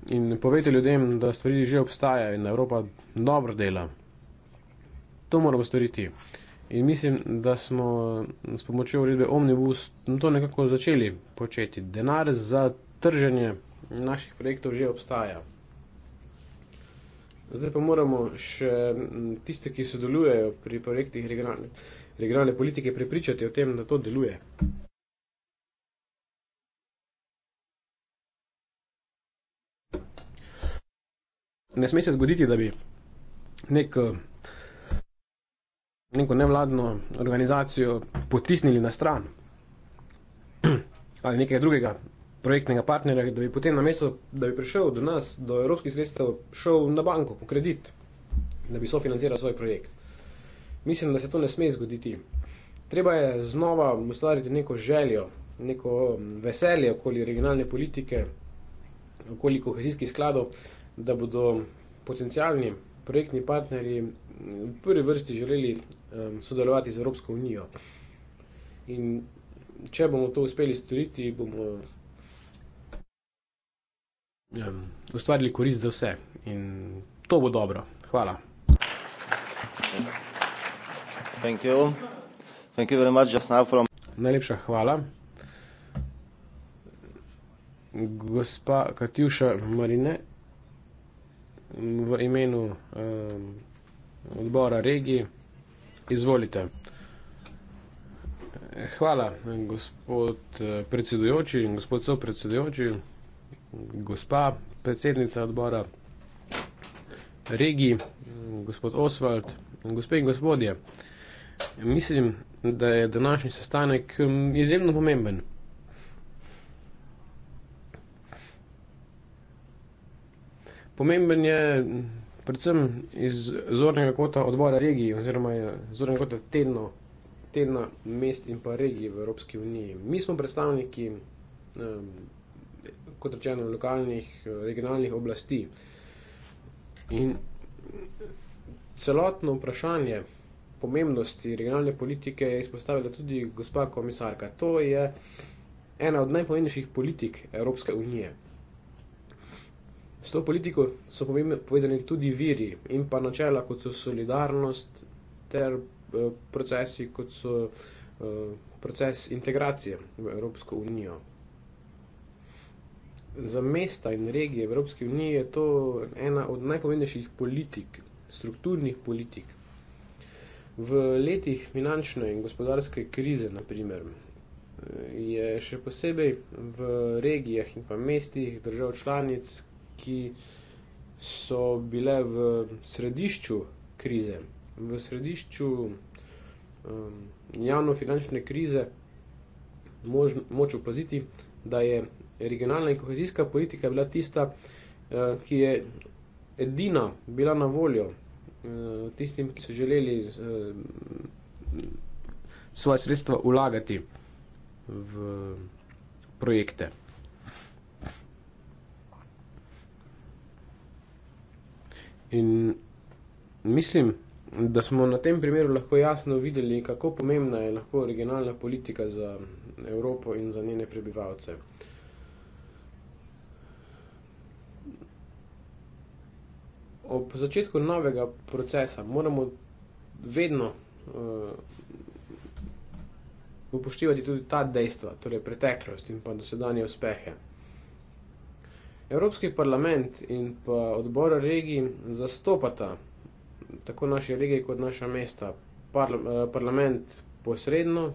in povejte ljudem, da stvari že obstajajo in da Evropa dobro dela. To moramo storiti. In mislim, da smo s pomočjo uredbe Omnibus to nekako začeli početi. Denar za trženje naših projektov že obstaja. Zdaj pa moramo še tiste, ki sodelujejo pri projektih regionalne, regionalne politike, prepričati o tem, da to deluje. Ne sme se zgoditi, da bi nek neko nevladno organizacijo potisnili na stran ali nekaj drugega projektnega partnerja, da bi potem namesto, da bi prišel do nas, do evropskih sredstev, šel na banko po kredit, da bi sofinanciral svoj projekt. Mislim, da se to ne sme zgoditi. Treba je znova ustvariti neko željo, neko veselje okoli regionalne politike, okoli kohezijskih skladov, da bodo potencijalni projektni partnerji v prvi vrsti želeli um, sodelovati z Evropsko unijo. In če bomo to uspeli storiti, bomo um, ustvarili korist za vse. In to bo dobro. Hvala. Thank you. Thank you very much just now from... Najlepša hvala. Gospa Katjuša Marine, v imenu um, odbora regiji. Izvolite. Hvala, gospod eh, predsedujoči in gospod so predsedujoči, gospa predsednica odbora regiji, gospod Oswald, gospe in gospodje. Mislim, da je današnji sestanek um, izjemno pomemben. Pomemben je predvsem iz zornega kota odbora regij oziroma zornega kota tedno, tedna mest in pa regij v Evropski uniji. Mi smo predstavniki, um, kot rečeno, lokalnih, regionalnih oblasti in celotno vprašanje pomembnosti regionalne politike je izpostavila tudi gospa komisarka. To je ena od najpomembnejših politik Evropske unije. S to politiko so povezani tudi viri in pa načela, kot so solidarnost ter eh, procesi, kot so eh, proces integracije v Evropsko unijo. Za mesta in regije v Evropski uniji je to ena od najpomembnejših politik, strukturnih politik. V letih finančne in gospodarske krize, naprimer, eh, je še posebej v regijah in pa mestih držav članic, ki so bile v središču krize, v središču um, javno-finančne krize, mož, moč opaziti, da je regionalna in kohezijska politika bila tista, uh, ki je edina bila na voljo uh, tistim, ki so želeli uh, svoje sredstva ulagati v projekte. In mislim, da smo na tem primeru lahko jasno videli, kako pomembna je lahko regionalna politika za Evropo in za njene prebivalce. Ob začetku novega procesa moramo vedno uh, upoštevati tudi ta dejstva, torej preteklost in pa dosedanje uspehe. Evropski parlament in pa odbor regij zastopata tako naše regije kot naša mesta. Parl eh, parlament posredno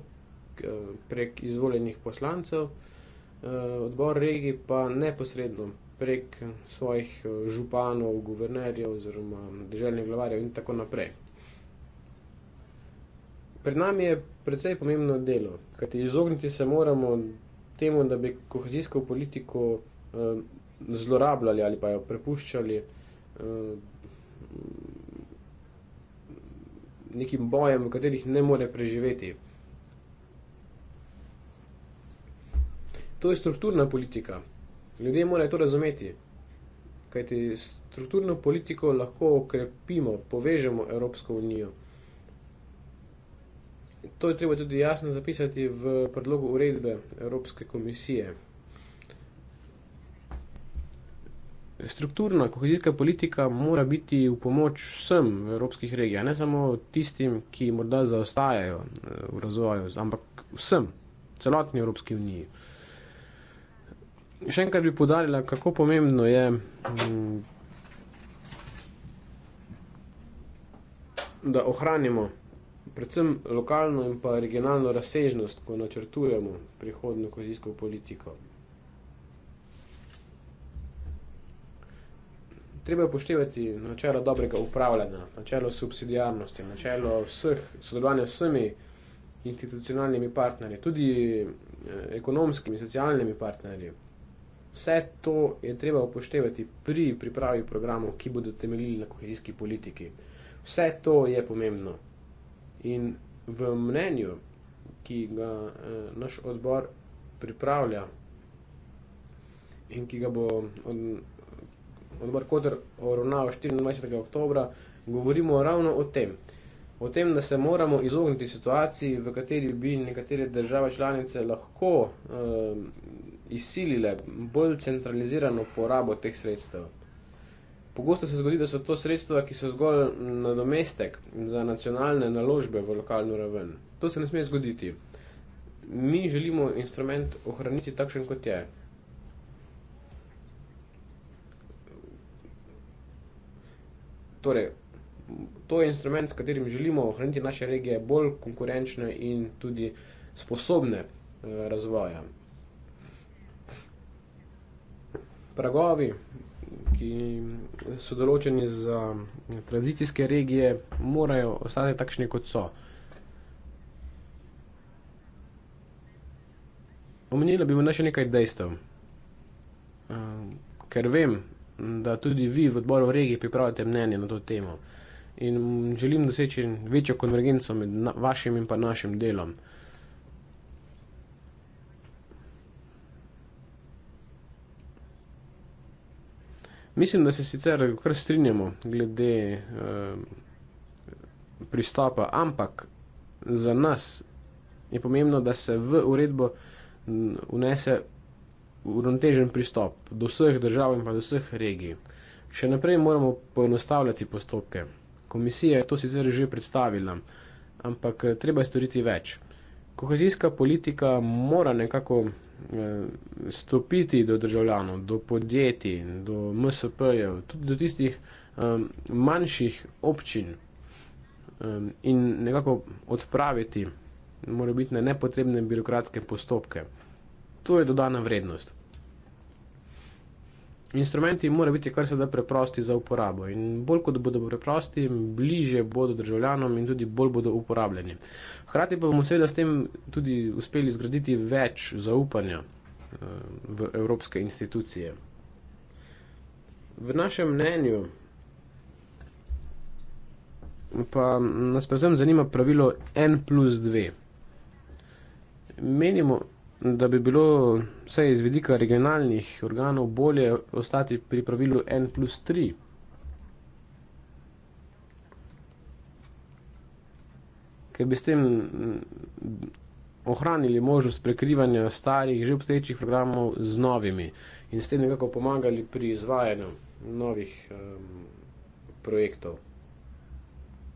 prek izvoljenih poslancev, eh, odbor regij pa neposredno prek svojih eh, županov, guvernerjev oziroma državnih glavarjev in tako naprej. Pred nami je precej pomembno delo, kajti izogniti se moramo temu, da bi kohezijsko politiko zlorabljali ali pa jo prepuščali uh, nekim bojem, v katerih ne more preživeti. To je strukturna politika. Ljudje morajo to razumeti, kajti strukturno politiko lahko okrepimo, povežemo Evropsko unijo. To je treba tudi jasno zapisati v predlogu uredbe Evropske komisije. strukturna kohezijska politika mora biti v pomoč vsem evropskih regijam, ne samo tistim, ki morda zaostajajo eh, v razvoju, ampak vsem, celotni Evropski uniji. Še enkrat bi podarila, kako pomembno je mm, da ohranimo predvsem lokalno in pa regionalno razsežnost, ko načrtujemo prihodno kohezijsko politiko. treba upoštevati načelo dobrega upravljanja, načelo subsidijarnosti, načelo vseh, sodelovanja s vsemi institucionalnimi partnerji, tudi eh, ekonomskimi in socialnimi partnerji. Vse to je treba upoštevati pri pripravi programov, ki bodo temeljili na kohezijski politiki. Vse to je pomembno. In v mnenju, ki ga eh, naš odbor pripravlja in ki ga bo odbor Kotor obravnaval 24. oktober, govorimo ravno o tem. O tem, da se moramo izogniti situaciji, v kateri bi nekatere države članice lahko eh, izsilile bolj centralizirano porabo teh sredstev. Pogosto se zgodi, da so to sredstva, ki so zgolj nadomestek za nacionalne naložbe v lokalno raven. To se ne sme zgoditi. Mi želimo instrument ohraniti takšen, kot je. torej, to je instrument, s katerim želimo ohraniti naše regije bolj konkurenčne in tudi sposobne eh, razvoja. Pragovi, ki so določeni za eh, tranzicijske regije, morajo ostati takšni, kot so. Omenila bi mu še nekaj dejstev, eh, ker vem, da tudi vi v odboru v regiji pripravite mnenje na to temo. In želim doseči večjo konvergenco med na, vašim in pa našim delom. Mislim, da se sicer kar strinjamo glede eh, pristopa, ampak za nas je pomembno, da se v uredbo unese uravnotežen pristop do vseh držav in pa do vseh regij. Še naprej moramo poenostavljati postopke. Komisija je to sicer že predstavila, ampak eh, treba je storiti več. Kohezijska politika mora nekako eh, stopiti do državljanov, do podjetij, do MSP-jev, tudi do tistih eh, manjših občin eh, in nekako odpraviti morebitne nepotrebne birokratske postopke. To je dodana vrednost. Instrumenti morajo biti kar se da preprosti za uporabo in bolj kot bodo preprosti, bliže bodo državljanom in tudi bolj bodo uporabljeni. Hrati pa bomo seveda s tem tudi uspeli zgraditi več zaupanja eh, v evropske institucije. V našem mnenju pa nas predvsem zanima pravilo N plus 2. Menimo, da bi bilo vse iz vidika regionalnih organov bolje ostati pri pravilu N plus 3. Ker bi s tem mm, ohranili možnost prekrivanja starih, že obstoječih programov z novimi in s tem nekako pomagali pri izvajanju novih um, projektov.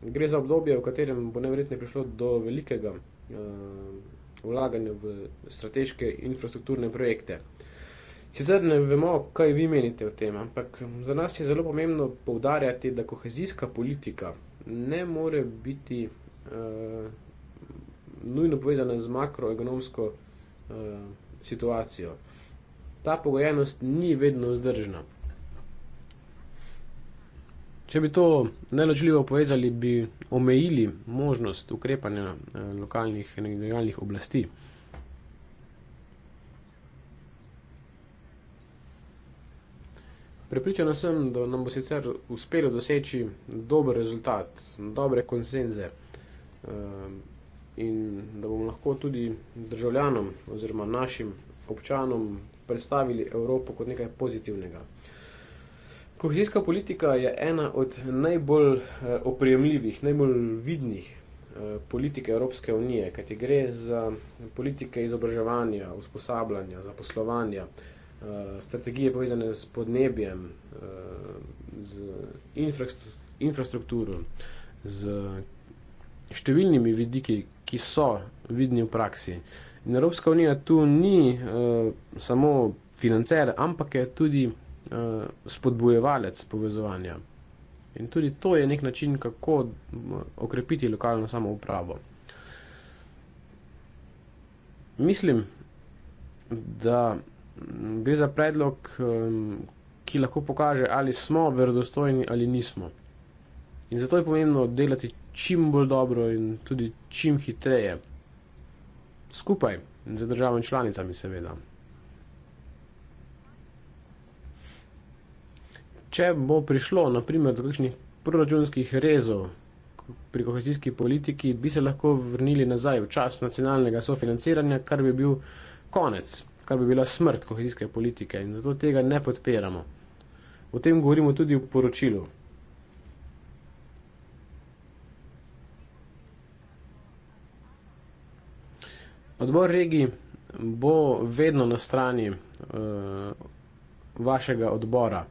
Gre za obdobje, v katerem bo nevrjetno prišlo do velikega um, vlaganja v strateške infrastrukturne projekte. Sicer ne vemo, kaj vi menite o tem, ampak mm, za nas je zelo pomembno poudarjati, da kohezijska politika ne more biti uh, nujno povezana z makroekonomsko uh, situacijo. Ta pogojenost ni vedno vzdržna. Če bi to neločljivo povezali, bi omejili možnost ukrepanja eh, lokalnih in regionalnih oblasti. Prepričana sem, da nam bo sicer uspelo doseči dober rezultat, dobre konsenze eh, in da bomo lahko tudi državljanom oziroma našim občanom predstavili Evropo kot nekaj pozitivnega. Kohezijska politika je ena od najbolj eh, opremljivih, najbolj vidnih eh, politik Evropske unije, kajti gre za politike izobraževanja, usposabljanja, zaposlovanja, eh, strategije povezane s podnebjem, z infrastrukturo, z številnimi vidiki, ki so vidni v praksi. In Evropska unija tu ni samo financer, ampak je tudi. Eh, spodbujevalec povezovanja. In tudi to je nek način, kako eh, okrepiti lokalno samoupravo. Mislim, da mm, gre za predlog, ki lahko pokaže, ali smo verodostojni ali nismo. In zato je pomembno delati čim bolj dobro in tudi čim hitreje. Skupaj in z državami članicami, seveda. če bo prišlo naprimer do kakšnih proračunskih rezov pri kohezijski politiki, bi se lahko vrnili nazaj v čas nacionalnega sofinanciranja, kar bi bil konec, kar bi bila smrt kohezijske politike in zato tega ne podpiramo. O tem govorimo tudi v poročilu. Odbor regij bo vedno na strani uh, vašega odbora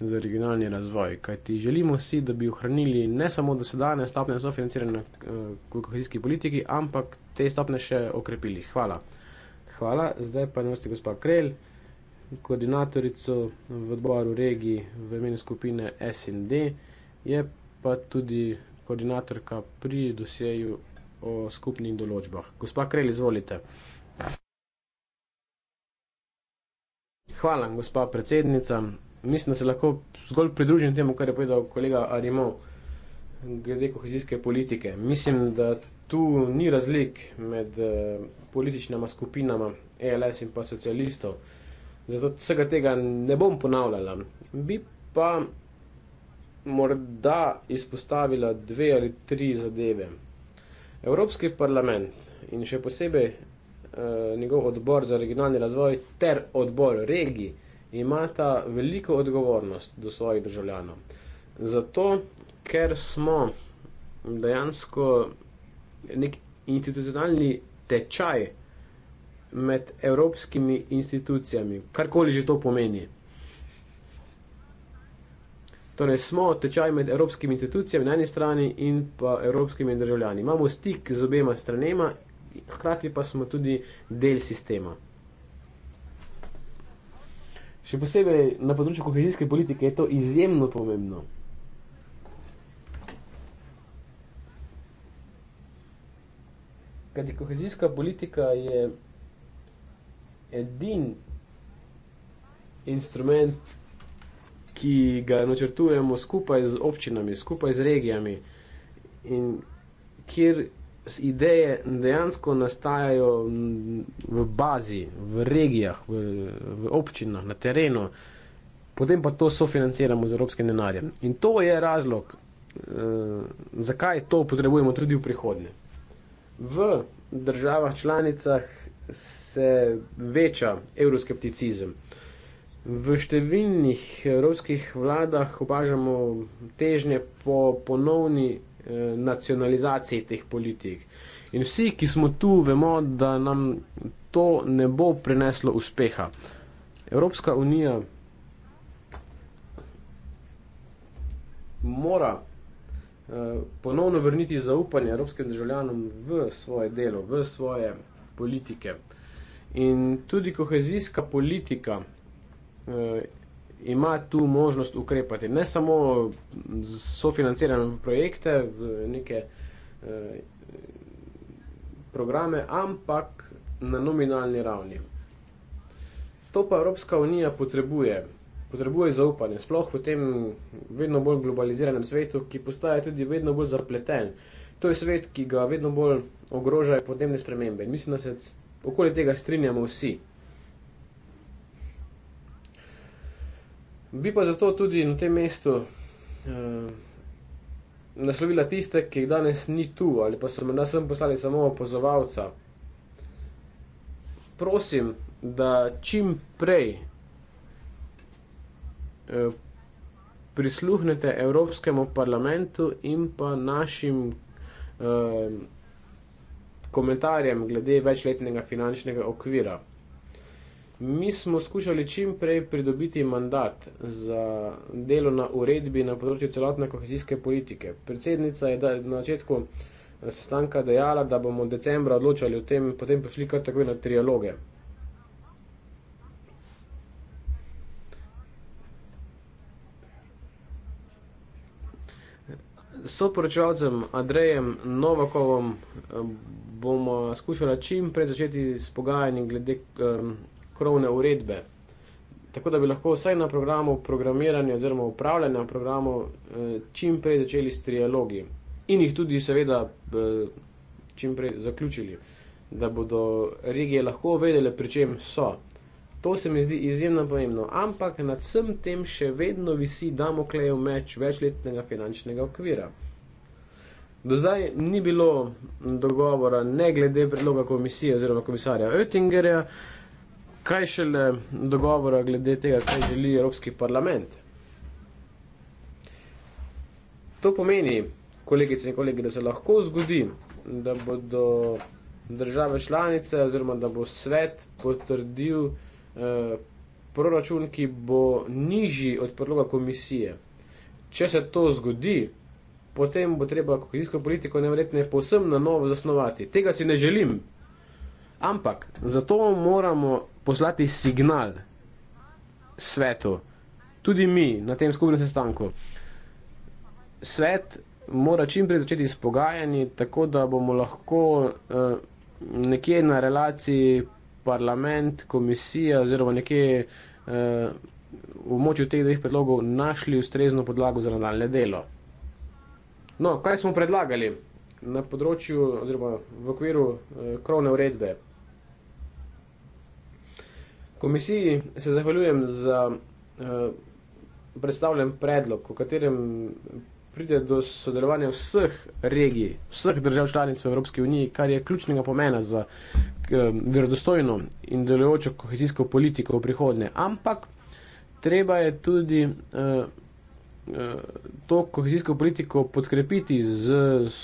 za regionalni razvoj. Kajti želimo si, da bi ohranili ne samo dosedanje stopnje sofinanciranja eh, v kohezijski politiki, ampak te stopnje še okrepili. Hvala. Hvala. Zdaj pa nosi gospa Krelj, koordinatorico v odboru regiji v imenu skupine SND, je pa tudi koordinatorka pri dosjeju o skupnih določbah. Gospa Krelj, izvolite. Hvala, gospa predsednica mislim, da se lahko zgolj pridružim temu, kar je povedal kolega Arimo, glede kohezijske politike. Mislim, da tu ni razlik med uh, političnima skupinama ELS in pa socialistov. Zato vsega tega ne bom ponavljala. Bi pa morda izpostavila dve ali tri zadeve. Evropski parlament in še posebej uh, njegov odbor za regionalni razvoj ter odbor regij imata veliko odgovornost do svojih državljanov. Zato, ker smo dejansko nek institucionalni tečaj med evropskimi institucijami, karkoli že to pomeni. Torej, smo tečaj med evropskimi institucijami na eni strani in pa evropskimi državljani. Imamo stik z obema stranema, hkrati pa smo tudi del sistema. Še posebej na področju kohezijske politike je to izjemno pomembno. Kajti kohezijska politika je edin instrument, ki ga načrtujemo skupaj z občinami, skupaj z regijami in kjer ideje dejansko nastajajo v bazi, v regijah, v, v občinah, na terenu, potem pa to sofinanciramo z evropske denarje. In to je razlog, e, zakaj to potrebujemo tudi v prihodnje. V državah članicah se veča euroskepticizem. V številnih evropskih vladah opažamo težnje po ponovni Eh, nacionalizaciji teh politik. In vsi, ki smo tu, vemo, da nam to ne bo prineslo uspeha. Evropska unija mora eh, ponovno vrniti zaupanje evropskim državljanom v svoje delo, v svoje politike. In tudi kohezijska politika eh, ima tu možnost ukrepati. Ne samo z sofinanciranjem projekte, v neke eh, programe, ampak na nominalni ravni. To pa Evropska unija potrebuje. Potrebuje zaupanje, sploh v tem vedno bolj globaliziranem svetu, ki postaja tudi vedno bolj zapleten. To je svet, ki ga vedno bolj ogrožajo podnebne spremembe. In mislim, da se okoli tega strinjamo vsi. Bi pa zato tudi na tem mestu eh, naslovila tiste, ki jih danes ni tu, ali pa so me nasem poslali samo opozovalca. Prosim, da čim prej eh, prisluhnete Evropskemu parlamentu in pa našim eh, komentarjem glede večletnega finančnega okvira. Mi smo skušali čim prej pridobiti mandat za delo na uredbi na področju celotne kohezijske politike. Predsednica je na začetku eh, sestanka dejala, da bomo v decembru odločali o tem, potem pa šli kar takoj na trialoge. Soporočevalcem Andrejem Novakovom eh, bomo skušali čim prej začeti s pogajanji glede um, krovne uredbe. Tako da bi lahko vsaj na programu programiranja oziroma upravljanja programov eh, čim prej začeli s trialogi in jih tudi seveda eh, čim prej zaključili, da bodo regije lahko vedele, pri čem so. To se mi zdi izjemno pomembno, ampak nad vsem tem še vedno visi Damoklejev meč večletnega finančnega okvira. Do zdaj ni bilo dogovora, ne glede predloga komisije oziroma komisarja Oettingerja, kaj šele dogovora glede tega, kaj želi Evropski parlament. To pomeni, kolegice in kolegi, da se lahko zgodi, da bodo države članice oziroma da bo svet potrdil eh, proračun, ki bo nižji od predloga komisije. Če se to zgodi, potem bo treba kohezijsko politiko nevrjetne posebno na novo zasnovati. Tega si ne želim. Ampak zato moramo poslati signal svetu, tudi mi na tem skupnem sestanku. Svet mora čim prej začeti s pogajanji, tako da bomo lahko eh, nekje na relaciji parlament, komisija oziroma nekje eh, v moči teh dveh predlogov našli ustrezno podlago za nadaljne delo. No, kaj smo predlagali na področju oziroma v okviru eh, krovne uredbe? Komisiji se zahvaljujem za uh, predstavljen predlog, v katerem pride do sodelovanja vseh regij, vseh držav članic v Evropski uniji, kar je ključnega pomena za um, verodostojno in delujočo kohezijsko politiko v prihodnje. Ampak treba je tudi uh, to kohezijsko politiko podkrepiti z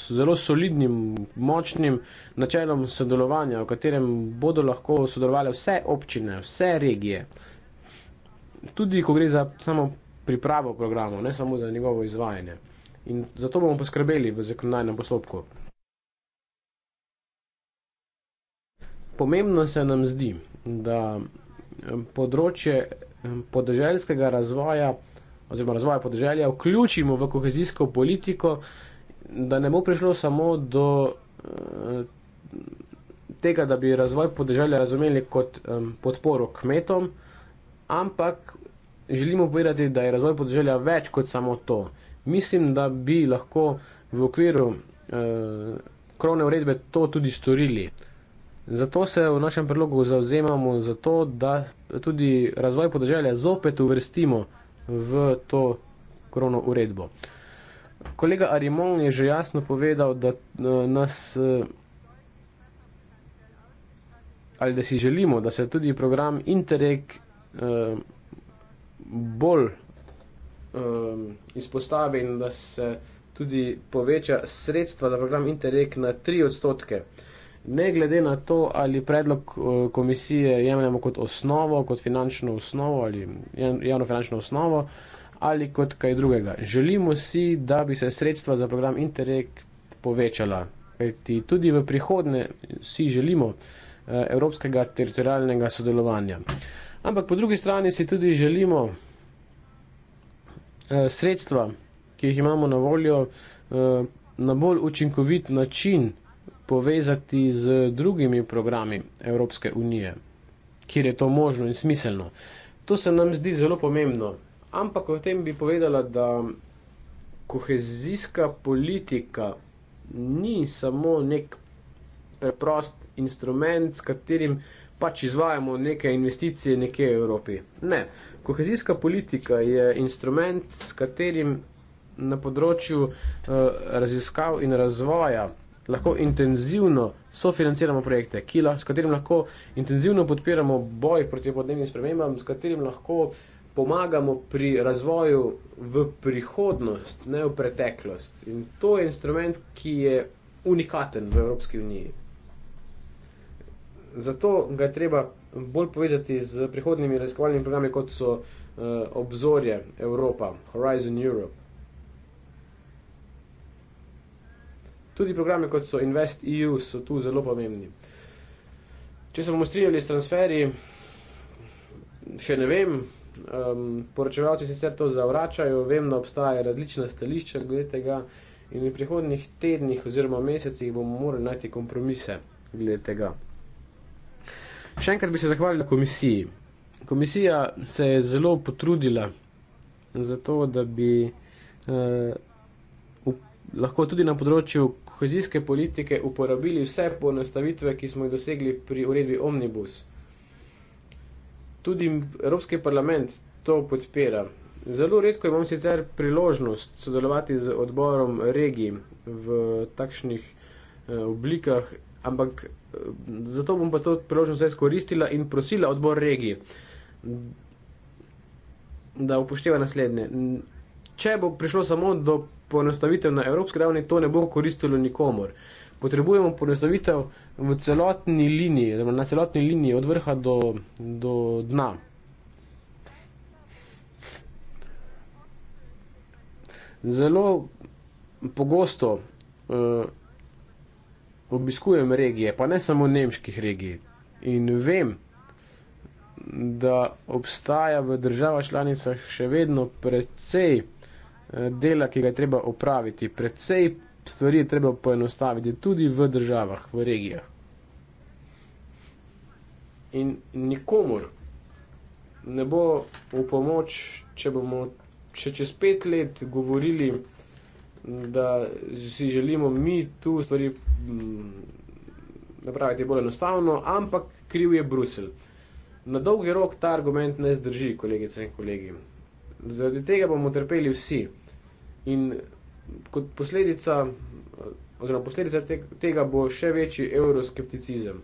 zelo solidnim, močnim načelom sodelovanja, v katerem bodo lahko sodelovali vse občine, vse regije. Tudi, ko gre za samo pripravo programov, ne samo za njegovo izvajanje. In zato bomo poskrbeli v zakonodajnem postopku. Pomembno se nam zdi, da eh, področje eh, podeželskega razvoja oziroma razvoja podeželja vključimo v kohezijsko politiko, da ne bo prišlo samo do eh, tega, da bi razvoj podeželja razumeli kot um, podporo kmetom, ampak želimo povedati, da je razvoj podeželja več kot samo to. Mislim, da bi lahko v okviru uh, krovne uredbe to tudi storili. Zato se v našem predlogu zauzemamo za to, da tudi razvoj podeželja zopet uvrstimo uh, v to krono uredbo. Kolega Arimon je že jasno povedal, da eh, nas eh, ali da si želimo, da se tudi program Interreg eh, bolj eh, izpostavi in da se tudi poveča sredstva za program Interreg na 3 odstotke. Eh, Ne glede na to, ali predlog eh, komisije jemljemo kot osnovo, kot finančno osnovo ali javno finančno osnovo ali kot kaj drugega. Želimo si, da bi se sredstva za program Interreg povečala. Kajti tudi v prihodnje si želimo eh, evropskega teritorijalnega sodelovanja. Ampak po drugi strani si tudi želimo eh, sredstva, ki jih imamo na voljo, na bolj učinkovit način povezati z drugimi programi Evropske unije, kjer je to možno in smiselno. To se nam zdi zelo pomembno. Ampak o tem bi povedala, da kohezijska politika ni samo nek preprost instrument, s katerim pač izvajamo neke investicije nekje v Evropi. Ne, kohezijska politika je instrument, s katerim na področju uh, raziskav in razvoja lahko intenzivno sofinanciramo projekte Kila, s katerim lahko intenzivno podpiramo boj proti podnebnim spremembam, s katerim lahko pomagamo pri razvoju v prihodnost, ne v preteklost. In to je instrument, ki je unikaten v Evropski uniji. Zato ga je treba bolj povezati z prihodnimi raziskovalnimi programi, kot so uh, obzorje Evropa, Horizon Europe. Tudi programe kot so Invest EU so tu zelo pomembni. Če se bomo strinjali s transferi, še ne vem. Um, poročevalci sicer to zavračajo, vem, da obstajajo različna stališča glede tega in v prihodnih tednih oziroma mesecih bomo morali najti kompromise glede tega. Še enkrat bi se zahvalil komisiji. Komisija se je zelo potrudila za to, da bi uh, v, lahko tudi na področju kohezijske politike uporabili vse poenostavitve, ki smo jih dosegli pri uredbi Omnibus. Tudi Evropski parlament to podpira. Zelo redko imam sicer priložnost sodelovati z odborom regij v takšnih eh, oblikah, ampak eh, zato bom pa to priložnost zdaj skoristila in prosila odbor regij, da upošteva naslednje če bo prišlo samo do poenostavitev na evropski ravni, to ne bo koristilo nikomor. Potrebujemo poenostavitev v celotni liniji, na celotni liniji od vrha do, do dna. Zelo pogosto uh, obiskujem regije, pa ne samo nemških regij. In vem, da obstaja v državah članicah še vedno precej Eh, dela, ki ga je treba opraviti. Predvsej stvari je treba poenostaviti tudi v državah, v regijah. In nikomor ne bo v pomoč, če bomo če čez pet let govorili, da si želimo mi tu stvari mm, napraviti bolj enostavno, ampak kriv je Bruselj. Na dolgi rok ta argument ne zdrži, kolegice in kolegi. Zaradi tega bomo trpeli vsi. In kot posledica, oziroma posledica tega, bo še večji euroskepticizem.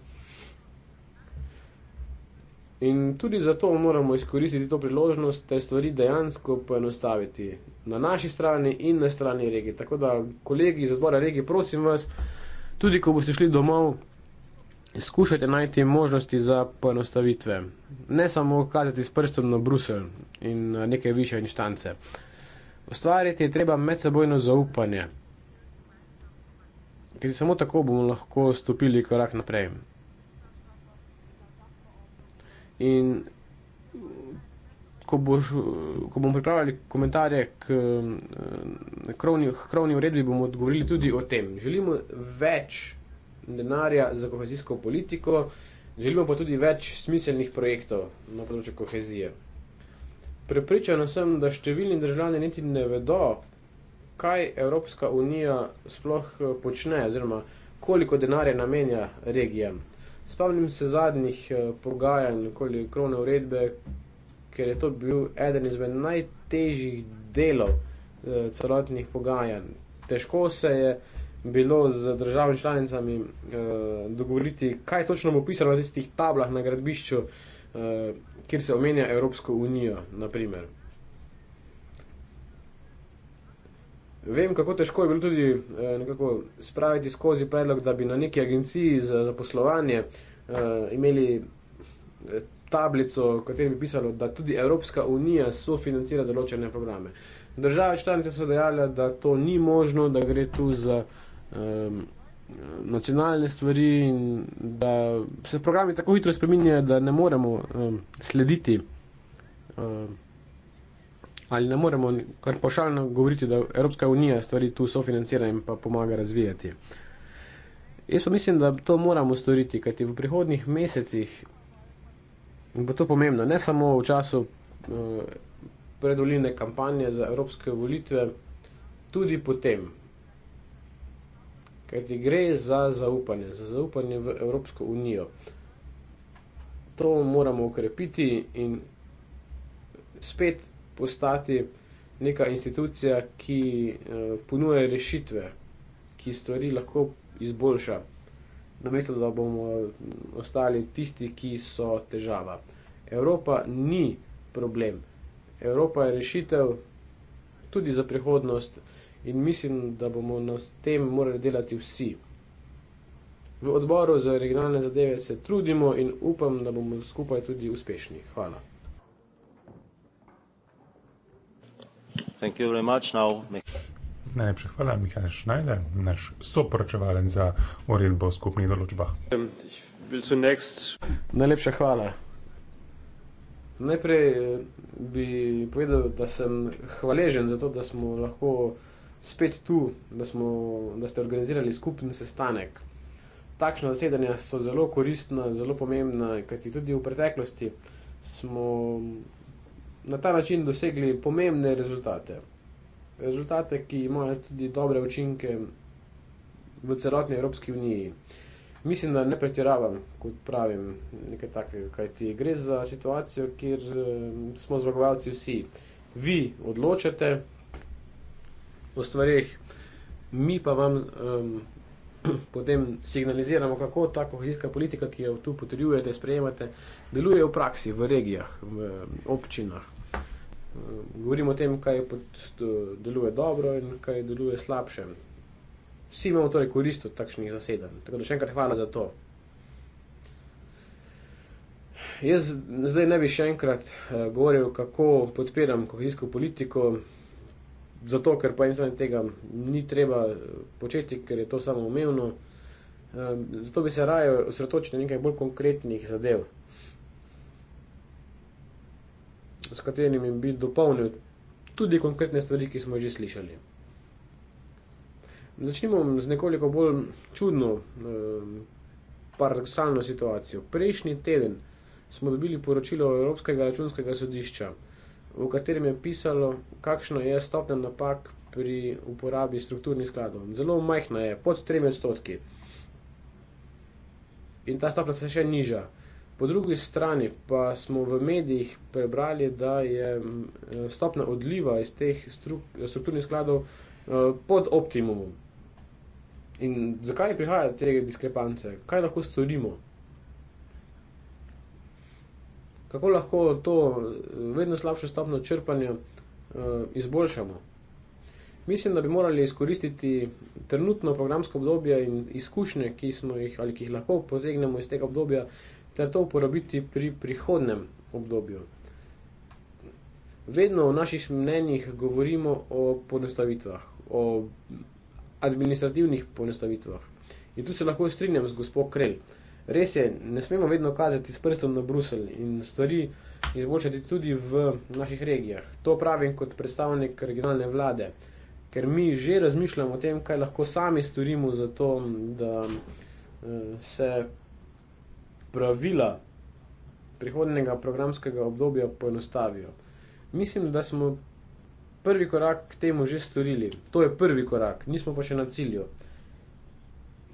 In tudi zato moramo izkoristiti to priložnost, te stvari dejansko poenostaviti na naši strani in na strani regije. Tako da, kolegi iz odbora regije, prosim vas, tudi ko boste šli domov, skušajte najti možnosti za poenostavitve. Ne samo kazati s prstom na Bruselj in neke više inštance. Ustvariti je treba medsebojno zaupanje, ker samo tako bomo lahko stopili korak naprej. In ko, boš, ko bomo pripravili komentarje k, k, eh, krovni, k krovni uredbi, bomo odgovorili tudi o tem. Želimo več denarja za kohezijsko politiko, želimo pa tudi več smiselnih projektov na področju kohezije. Prepričan sem, da številni državljani niti ne vedo, kaj Evropska unija sploh eh, počne, oziroma koliko denarja namenja regijam. Spomnim se zadnjih eh, pogajanj okoli krone uredbe, ker je to bil eden izmed najtežjih delov eh, celotnih pogajanj. Težko se je bilo z državami članicami dogovoriti, kaj točno bo pisalo na tistih tablah na gradbišču kjer se omenja Evropsko unijo, naprimer. Vem, kako težko je bilo tudi eh, nekako spraviti skozi predlog, da bi na neki agenciji za zaposlovanje eh, imeli eh, tablico, v kateri bi pisalo, da tudi Evropska unija sofinancira določene programe. Države članice so dejale, da to ni možno, da gre tu za. Eh, nacionalne stvari, in da se programi tako hitro spreminjajo, da ne moremo um, slediti. Um, ali ne moremo kar pošaljno govoriti, da Evropska unija stvari tu sofinancira in pa pomaga razvijati. Jaz pa mislim, da to moramo storiti, kajti v prihodnih mesecih bo to pomembno, ne samo v času uh, predvoljene kampanje za evropske volitve, tudi potem. Kajti gre za zaupanje, za zaupanje v Evropsko unijo. To moramo ukrepiti in spet postati neka institucija, ki eh, ponuje rešitve, ki stvari lahko izboljša, namesto da bomo ostali tisti, ki so težava. Evropa ni problem, Evropa je rešitev tudi za prihodnost in mislim, da bomo na tem morali delati vsi. V odboru za regionalne zadeve se trudimo in upam, da bomo skupaj tudi uspešni. Hvala. Najlepša hvala, Mihajl Šnajder, naš soporočevalec za uredbo o skupnih določbah. Najlepša hvala. Najprej eh, bi povedal, da sem hvaležen za to, da smo lahko spet tu, da, smo, da ste organizirali skupni sestanek. Takšne zasedanja so zelo koristna, zelo pomembna, kajti tudi v preteklosti smo na ta način dosegli pomembne rezultate. Rezultate, ki imajo tudi dobre učinke v celotni Evropski uniji. Mislim, da ne pretiravam, kot pravim, nekaj takega, kajti gre za situacijo, kjer eh, smo zmagovalci vsi. Vi odločate, v stvarih, mi pa vam um, potem signaliziramo, kako ta kohezijska politika, ki jo tu potrjujete, sprejemate, deluje v praksi, v regijah, v občinah. Govorimo o tem, kaj pod, deluje dobro in kaj deluje slabše. Vsi imamo torej korist od takšnih zasedanj. Tako da še enkrat hvala za to. Jaz zdaj ne bi še enkrat uh, govoril, kako podpiram kohezijsko politiko zato, ker po eni strani tega ni treba eh, početi, ker je to samo umevno. Ehm, zato bi se raje osredotočil na nekaj bolj konkretnih zadev, s katerimi bi dopolnil tudi konkretne stvari, ki smo že slišali. Začnimo z nekoliko bolj čudno, ehm, paradoksalno situacijo. Prejšnji teden smo dobili poročilo Evropskega računskega sodišča v katerem je pisalo, kakšno je stopnja napak pri uporabi strukturnih skladov. Zelo majhna je, pod 3 odstotki. In ta stopnja se še niža. Po drugi strani pa smo v medijih prebrali, da je eh, stopna odliva iz teh stru, strukturnih skladov eh, pod optimumom. In zakaj prihajajo te diskrepance? Kaj lahko storimo? kako lahko to eh, vedno slabše stopno črpanja eh, izboljšamo. Mislim, da bi morali izkoristiti trenutno programsko obdobje in izkušnje, ki smo jih ali ki jih lahko potegnemo iz tega obdobja, ter to uporabiti pri prihodnem obdobju. Vedno v naših mnenjih govorimo o ponestavitvah, o administrativnih ponestavitvah. In tu se lahko strinjam z gospod Krelj res je, ne smemo vedno kazati s prstom na Bruselj in stvari izboljšati tudi v naših regijah. To pravim kot predstavnik regionalne vlade, ker mi že razmišljamo o tem, kaj lahko sami storimo za to, da eh, se pravila prihodnega programskega obdobja poenostavijo. Mislim, da smo prvi korak k temu že storili. To je prvi korak, nismo pa še na cilju.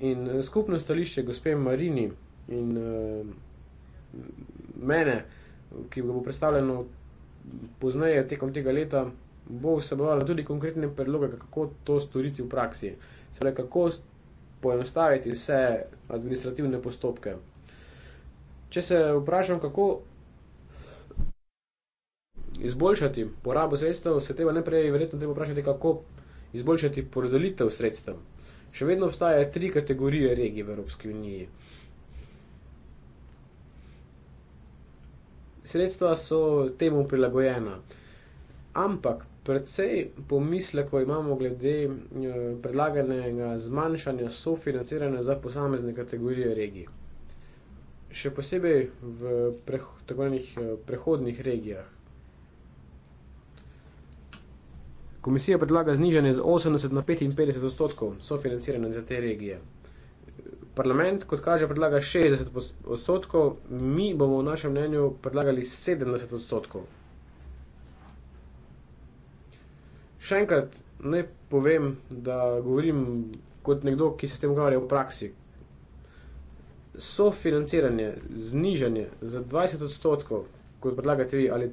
In eh, skupno stališče gospe Marini In uh, mene, ki bo predstavljeno pozneje tekom tega leta, bo vsebovalo tudi konkretne predloge, kako to storiti v praksi. Sve, kako poenostaviti vse administrativne postopke. Če se vprašam, kako izboljšati porabo sredstev, se treba najprej verjetno treba vprašati, kako izboljšati porazdelitev sredstev. Še vedno obstaja tri kategorije regij v Evropski uniji. sredstva so temu prilagojena. Ampak predvsej pomislekov imamo glede eh, predlaganega zmanjšanja sofinanciranja za posamezne kategorije regij. Še posebej v preho, tako imenih eh, prehodnih regijah. Komisija predlaga znižanje z 80 na 55 odstotkov sofinanciranja za te regije parlament, kot kaže, predlaga 60 odstotkov, mi bomo v našem mnenju predlagali 70 odstotkov. Še enkrat ne povem, da govorim kot nekdo, ki se s tem ukvarja v praksi. Sofinanciranje, znižanje za 20 odstotkov, kot predlagate vi, ali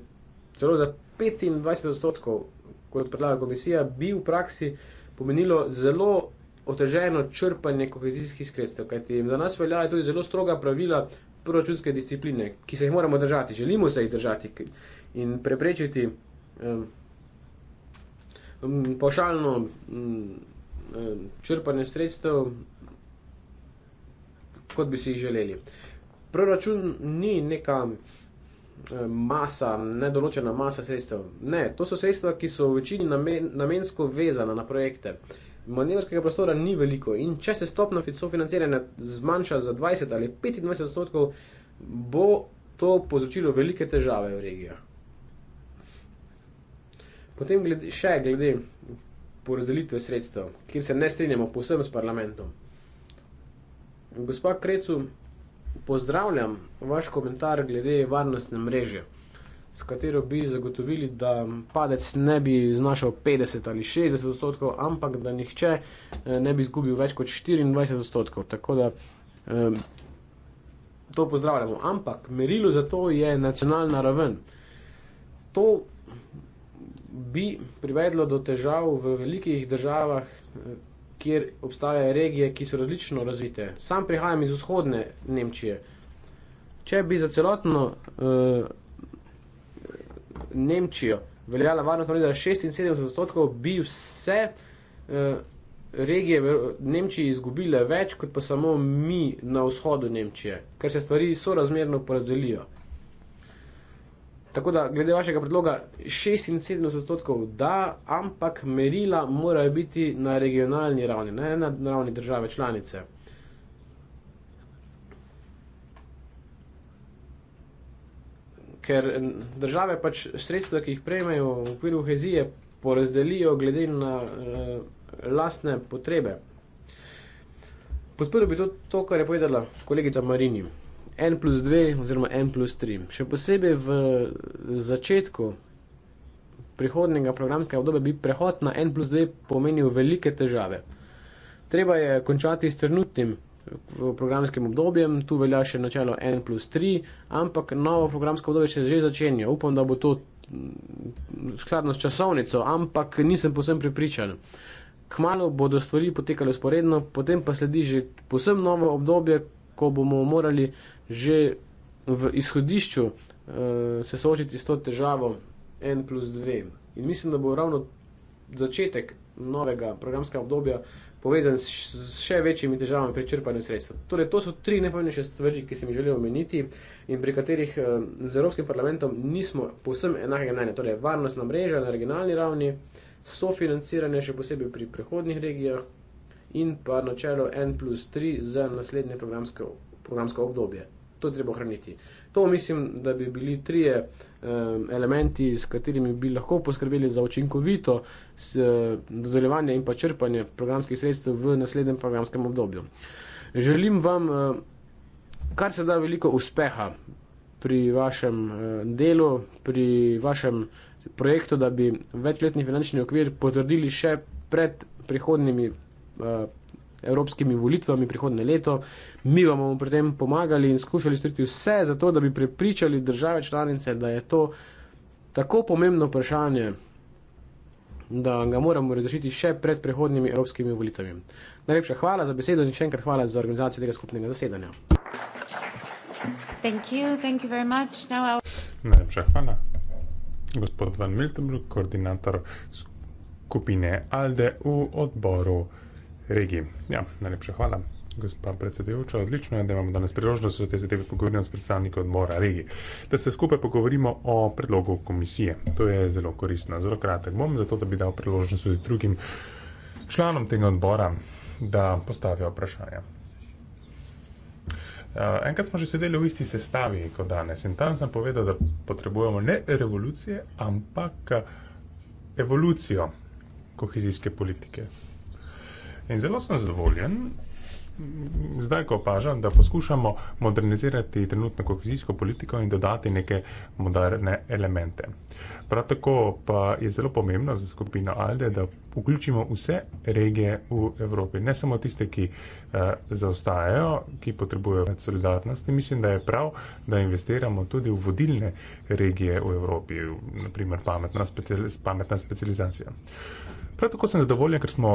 celo za 25 odstotkov, kot predlaga komisija, bi v praksi pomenilo zelo oteženo črpanje kohezijskih sredstev, kajti za nas veljajo tudi zelo stroga pravila proračunske discipline, ki se jih moramo držati, želimo se jih držati in preprečiti um, um, pošaljno um, um, črpanje sredstev, kot bi si jih želeli. Proračun ni neka masa, nedoločena masa sredstev. Ne, to so sredstva, ki so v večini namen, namensko vezana na projekte manevrskega prostora ni veliko. In če se stopna sofinanciranja zmanjša za 20 ali 25 odstotkov, bo to povzročilo velike težave v regijah. Potem glede, še glede porazdelitve sredstev, kjer se ne strinjamo posebno s parlamentom. Gospa Krecu, pozdravljam vaš komentar glede varnostne mreže s katero bi zagotovili, da padec ne bi znašal 50 ali 60 odstotkov, ampak da nihče eh, ne bi izgubil več kot 24 odstotkov. Tako da eh, to pozdravljamo. Ampak merilo za to je nacionalna raven. To bi privedlo do težav v velikih državah, eh, kjer obstajajo regije, ki so različno razvite. Sam prihajam iz vzhodne Nemčije. Če bi za celotno uh, Nemčijo veljala varnostna vrednost 76 odstotkov, bi vse eh, regije v Nemčiji izgubile več, kot pa samo mi na vzhodu Nemčije, ker se stvari sorazmerno porazdelijo. Tako da, glede vašega predloga, 76 odstotkov da, ampak merila morajo biti na regionalni ravni, ne na ravni države članice. ker države pač sredstva, ki jih prejmejo v okviru hezije, porazdelijo glede na uh, lastne potrebe. Podprl bi to, to, kar je povedala kolegica Marini. N plus 2 oziroma N plus 3. Še posebej v začetku prihodnega programskega obdobja bi prehod na N plus 2 pomenil velike težave. Treba je končati s trenutnim programskim obdobjem, tu velja še načelo N plus 3, ampak novo programsko obdobje se že začenja. Upam, da bo to mm, skladno s časovnico, ampak nisem posem pripričan. Kmalo bodo stvari potekale sporedno, potem pa sledi že posem novo obdobje, ko bomo morali že v izhodišču uh, se soočiti s to težavo N plus 2. In mislim, da bo ravno začetek novega programskega obdobja povezan s še večjimi težavami pri črpanju sredstev. Torej, to so tri najpomembnejše stvari, ki sem jih želel omeniti in pri katerih eh, z Evropskim parlamentom nismo povsem enakega mnenja. Torej, varnostna mreža na regionalni ravni, sofinanciranje še posebej pri prehodnih regijah in pa načelo N plus 3 za naslednje programsko, programsko obdobje to je treba ohraniti. To mislim, da bi bili trije um, elementi, s katerimi bi lahko poskrbeli za učinkovito s, dodeljevanje in pa črpanje programskih sredstev v naslednjem programskem obdobju. Želim vam uh, kar se da veliko uspeha pri vašem uh, delu, pri vašem projektu, da bi večletni finančni okvir potrdili še pred prihodnimi. Uh, evropskimi volitvami prihodne leto. Mi vam bomo pri tem pomagali in skušali storiti vse za to, da bi prepričali države članice, da je to tako pomembno vprašanje, da ga moramo razrešiti še pred prihodnjimi evropskimi volitvami. Najlepša hvala za besedo in še enkrat hvala za organizacijo tega skupnega zasedanja. Thank you, thank you very much. Now Najlepša hvala. Gospod Van Miltenbrug, koordinator skupine ALDE v odboru regiji. Ja, najlepša hvala, gospa predsedujoča. Odlično je, da imamo danes priložnost v tej zadevi pogovarjati s predstavniki odbora regije, da se skupaj pogovorimo o predlogu komisije. To je zelo koristno. Zelo kratek bom, zato da bi dal priložnost tudi drugim članom tega odbora, da postavijo vprašanja. Uh, enkrat smo že sedeli v isti sestavi kot danes in tam sem povedal, da potrebujemo ne revolucije, ampak eh, evolucijo kohezijske politike. In zelo sem zadovoljen, zdaj ko opažam, da poskušamo modernizirati trenutno kohezijsko politiko in dodati neke moderne elemente. Prav tako pa je zelo pomembno za skupino ALDE, da vključimo vse regije v Evropi, ne samo tiste, ki eh, zaostajajo, ki potrebujejo več solidarnosti. Mislim, da je prav, da investiramo tudi v vodilne regije v Evropi, naprimer pametna, speci pametna specializacija. Eh, Prav tako sem zadovoljen, ker smo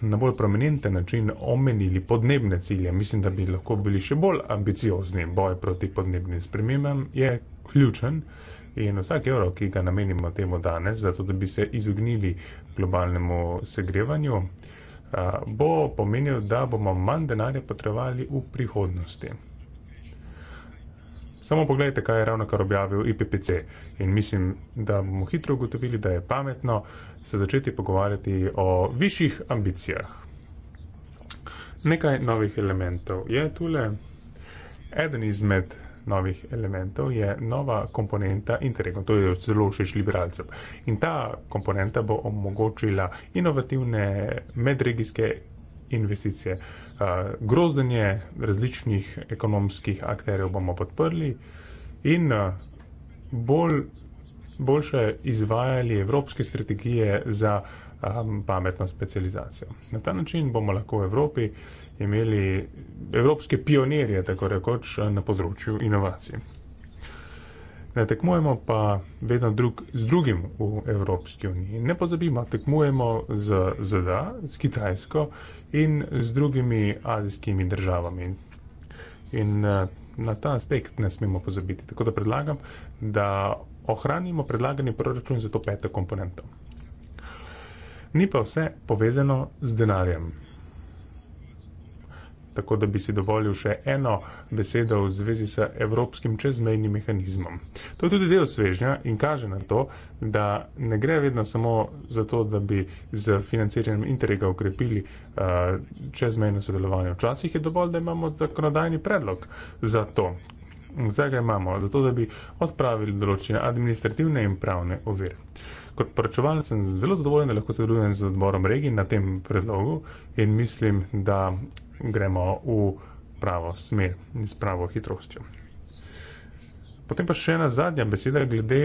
na bolj prominenten način omenili podnebne cilje. Mislim, da bi lahko bili še bolj ambiciozni. Boj proti podnebnim spremembam je ključen in vsak evro, ki ga namenimo temu danes, zato da bi se izognili globalnemu segrevanju, bo pomenil, da bomo manj denarja potrebovali v prihodnosti. Samo pogledajte, kaj je ravno kar objavil IPPC. In mislim, da bomo hitro ugotovili, da je pametno se začeti pogovarjati o višjih ambicijah. Nekaj novih elementov je tule. Eden izmed novih elementov je nova komponenta Interregno. To je zelo všeč liberalcem. In ta komponenta bo omogočila inovativne medregijske investicije. Uh, uh, grozenje različnih ekonomskih akterjev bomo podprli in uh, bolj, boljše izvajali evropske strategije za um, pametno specializacijo. Na ta način bomo lahko v Evropi imeli evropske pionirje, tako rekoč, na področju inovacij. Ne, tekmujemo pa vedno drug, z drugim v Evropski uniji. Ne pozabimo, tekmujemo z ZDA, z Kitajsko in z drugimi azijskimi državami. In eh, na ta aspekt ne smemo pozabiti. Tako da predlagam, da ohranimo predlagani proračun za to peto komponento. Ni pa vse povezano z denarjem tako da bi si dovolil še eno besedo v zvezi s evropskim čezmejnim mehanizmom. To je tudi del svežnja in kaže na to, da ne gre vedno samo za to, da bi z financiranjem interega ukrepili uh, eh, čezmejno sodelovanje. Včasih je dovolj, da imamo zakonodajni predlog za to. Zdaj ga imamo, zato da bi odpravili določene administrativne in pravne ovire. Kot poročevalec sem zelo zadovoljen, da lahko sodelujem z odborom regij na tem predlogu in mislim, da gremo v pravo smer in s pravo hitrostjo. Potem pa še ena zadnja beseda glede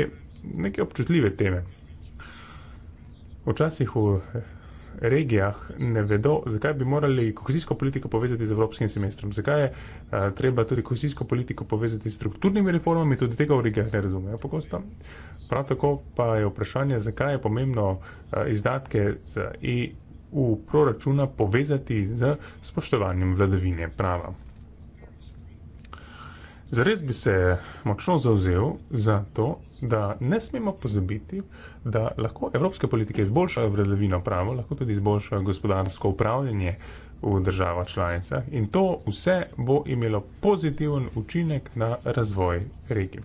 neke občutljive teme. Včasih v regijah ne vedo, zakaj bi morali kohezijsko politiko povezati z evropskim semestrom, zakaj je a, eh, treba tudi kohezijsko politiko povezati s strukturnimi reformami, tudi tega v regijah ne razumejo pogosto. Prav tako pa je vprašanje, zakaj je pomembno a, eh, izdatke z EU proračuna povezati z spoštovanjem vladavine prava. Zares bi se močno zauzel za to, da ne smemo pozabiti, da lahko evropske politike izboljšajo vredovino pravo, lahko tudi izboljšajo gospodarsko upravljanje v državah članicah in to vse bo imelo pozitiven učinek na razvoj regije.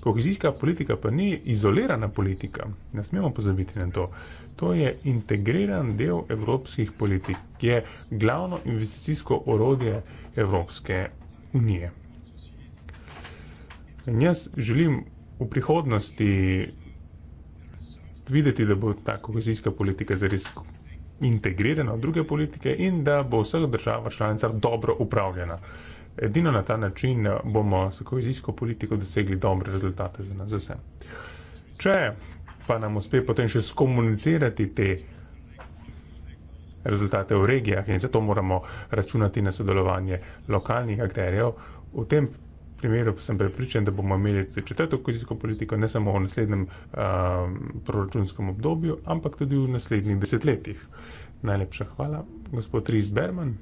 Kohezijska politika pa ni izolirana politika, ne smemo pozabiti na to. To je integriran del evropskih politik, ki je glavno investicijsko orodje Evropske unije. In jaz želim v prihodnosti videti, da bo ta kohezijska politika zares integrirana v druge politike in da bo vseh država članica dobro upravljena. Edino na ta način bomo s kohezijsko politiko dosegli dobre rezultate za nas vse. Če pa nam uspe potem še skomunicirati te rezultate v regijah in zato moramo računati na sodelovanje lokalnih akterjev, v tem primeru sem prepričan, da bomo imeli tudi četrto kohezijsko politiko, ne samo v naslednjem um, proračunskem obdobju, ampak tudi v naslednjih desetletjih. Najlepša hvala, gospod Ries Berman.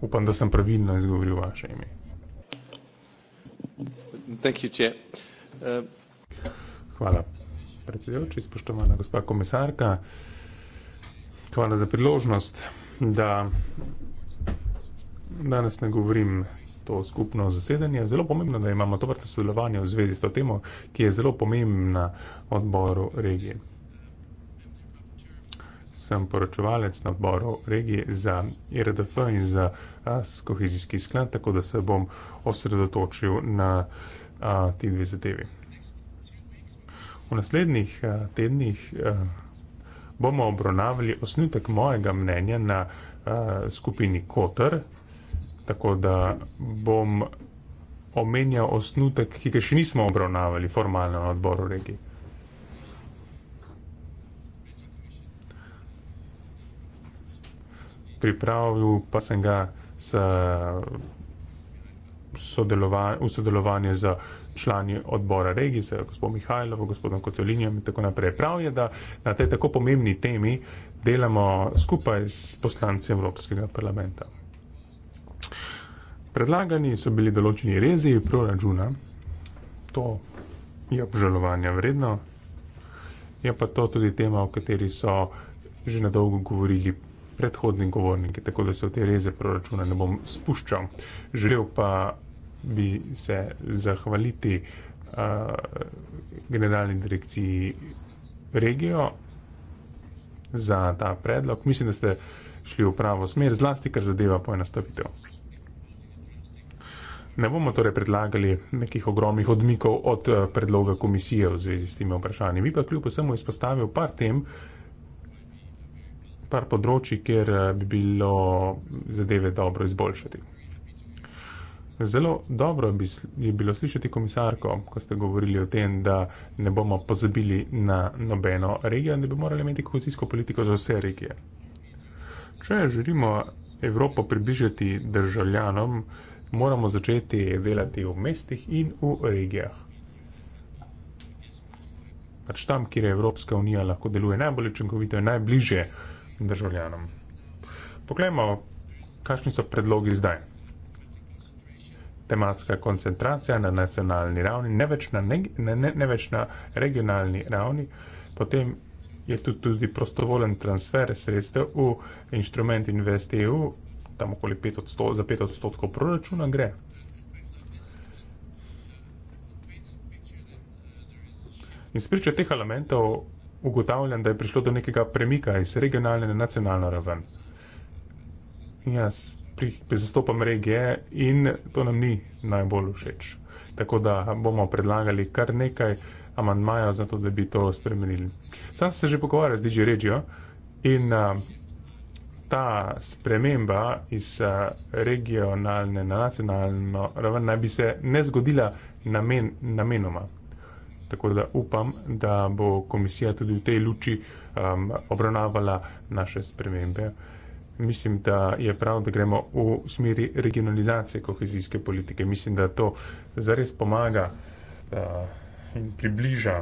Upam, da sem pravilno izgovoril vaše ime. Hvala, predsedujoči, spoštovana gospa komisarka. Hvala za priložnost, da danes ne govorim to skupno zasedanje. Zelo pomembno, da imamo to vrste sodelovanje v zvezi s to temo, ki je zelo pomembna odboru regije. Sem poročevalec na odboru regije za IRDF in za a, kohezijski sklad, tako da se bom osredotočil na a, ti dve zadevi. V naslednjih a, tednih a, bomo obravnavali osnutek mojega mnenja na a, skupini Kotr, tako da bom omenjal osnutek, ki ga še nismo obravnavali formalno na odboru regi. Pripravil pa sem ga s sodelova, v sodelovanje z člani odbora regi, s gospod Mihajlovo, gospodom Kocelinjem in tako naprej. Prav je, da na tej tako pomembni temi delamo skupaj s poslanci Evropskega parlamenta. Predlagani so bili določeni rezi proračuna, to je obžalovanja vredno, je pa to tudi tema, o kateri so že na dolgo govorili predhodni govorniki, tako da se v te reze proračuna ne bom spuščal. Želel pa bi se zahvaliti uh, generalni direkciji regijo za ta predlog. Mislim, da ste šli v pravo smer, zlasti kar zadeva poenostavitev. Ne bomo torej predlagali nekih ogromnih odmikov od eh, predloga komisije v zvezi s temi vprašanji. Bi pa kljub vsemu izpostavil par tem, par področji, kjer eh, bi bilo zadeve dobro izboljšati. Zelo dobro bi je bilo slišati komisarko, ko ste govorili o tem, da ne bomo pozabili na nobeno regijo in da bi morali imeti kohezijsko politiko za vse regije. Če želimo Evropo približati državljanom, moramo začeti delati v mestih in v regijah. Pač tam, kjer je Evropska unija lahko deluje najbolj učinkovito in najbližje državljanom. Poglejmo, kakšni so predlogi zdaj. Tematska koncentracija na nacionalni ravni, ne več na, ne, ne, ne več na regionalni ravni, potem je tu tudi prostovolen transfer sredstev v instrument InvestEU tam okoli 5 odstotkov, za 5 odstotkov proračuna gre. In s pričo teh elementov ugotavljam, da je prišlo do nekega premika iz regionalne na nacionalno raven. In jaz pri, pri zastopam regije in to nam ni najbolj všeč. Tako da bomo predlagali kar nekaj amandmajev za to, da bi to spremenili. Sam sem se že pogovarjal z DigiRegio in uh, ta sprememba iz eh, regionalne na nacionalno raven naj bi se ne zgodila namen, namenoma. Tako da upam, da bo komisija tudi v tej luči um, obravnavala naše spremembe. Mislim, da je prav, da gremo v smeri regionalizacije kohezijske politike. Mislim, da to zares pomaga uh, in približa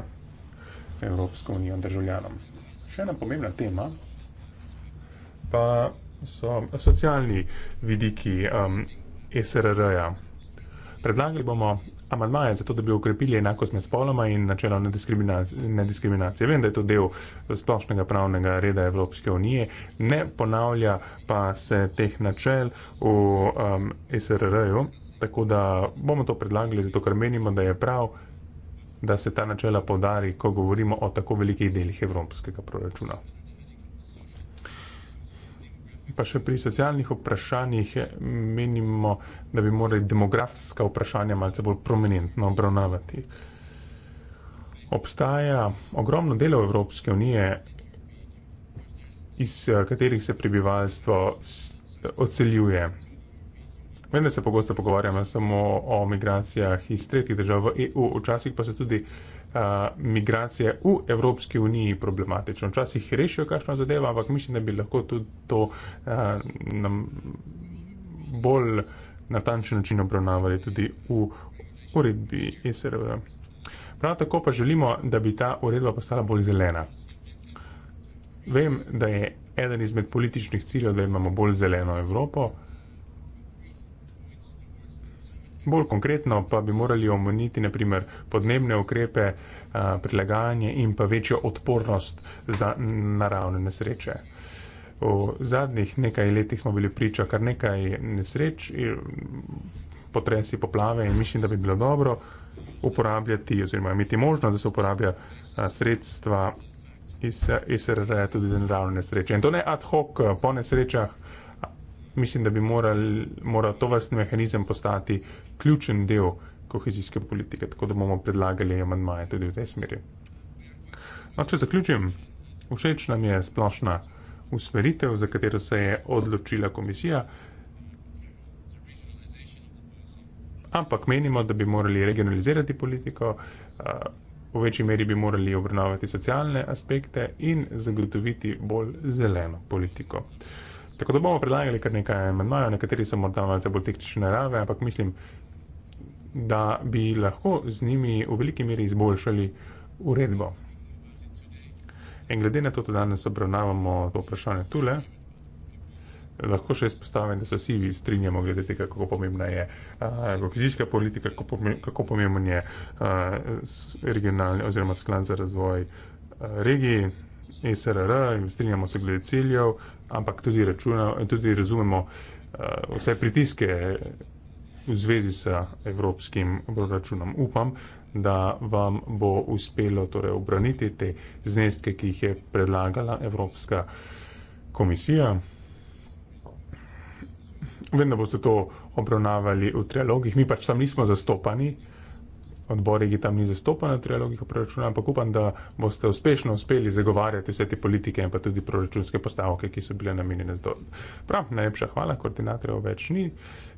Evropsko unijo državljanom. Še ena pomembna tema, pa so socialni vidiki um, SRR-ja. Predlagali bomo amadmaje za to, da bi okrepili enakost med spoloma in načelo nediskriminacije. Vem, da je to del splošnega pravnega reda Evropske unije, ne ponavlja pa se teh načel v um, SRR-ju, tako da bomo to predlagali, zato ker menimo, da je prav, da se ta načela podari, ko govorimo o tako velikih delih evropskega proračuna. Pa še pri socialnih vprašanjih eh, menimo, da bi morali demografska vprašanja malce bolj prominentno obravnavati. Obstaja ogromno delov Evropske unije, iz eh, katerih se prebivalstvo odseljuje. Vendar se pogosto pogovarjamo samo o migracijah iz tretjih držav v EU, včasih pa se tudi uh, uh, migracije v Evropski uniji problematično. Včasih rešijo kakšno zadevo, ampak mislim, da bi lahko tudi to uh, nam bolj na tančen način obravnavali tudi v uredbi ESRV. Prav tako pa želimo, da bi ta uredba postala bolj zelena. Vem, da je eden izmed političnih ciljev, da imamo bolj zeleno Evropo, uh, Bolj konkretno pa bi morali omeniti naprimer podnebne ukrepe, eh, prilagajanje in pa večjo odpornost za naravne nesreče. V zadnjih nekaj letih smo bili priča kar nekaj nesreč, eh, potresi, poplave in mislim, da bi bilo dobro uporabljati oziroma imeti možnost, da se uporablja eh, sredstva iz SRR e tudi za naravne nesreče. In to ne ad hoc po nesrečah, mislim, da bi moral to vrstni mehanizem postati ključen del kohezijske politike, tako da bomo predlagali amandmaje tudi v tej smeri. No, če zaključim, všeč nam je splošna usmeritev, za katero se je odločila komisija, ampak menimo, da bi morali regionalizirati politiko, v večji meri bi morali obrnovati socialne aspekte in zagotoviti bolj zeleno politiko. Tako da bomo predlagali kar nekaj amendmajev, nekateri so morda malce bolj tehnične narave, ampak mislim, da bi lahko z njimi v veliki meri izboljšali uredbo. In glede na to, da danes obravnavamo to vprašanje tule, lahko še izpostavim, da se vsi strinjamo glede tega, kako pomembna je kohezijska politika, kako pomemben je regionalni oziroma sklad za razvoj regiji. E SRR in strinjamo se glede ciljev, ampak tudi, računamo, tudi razumemo eh, vse pritiske v zvezi s evropskim proračunom. Upam, da vam bo uspelo torej obraniti te zneske, ki jih je predlagala Evropska komisija. Vem, da boste to obravnavali v trialogih, mi pač tam nismo zastopani. Uh, odbor regi tam ni zastopan na trialogih o proračunu, ampak upam, da boste uspešno uspeli zagovarjati vse te politike in pa tudi proračunske postavke, ki so bile namenjene zdolj. Prav, najlepša hvala, koordinatorjev več ni,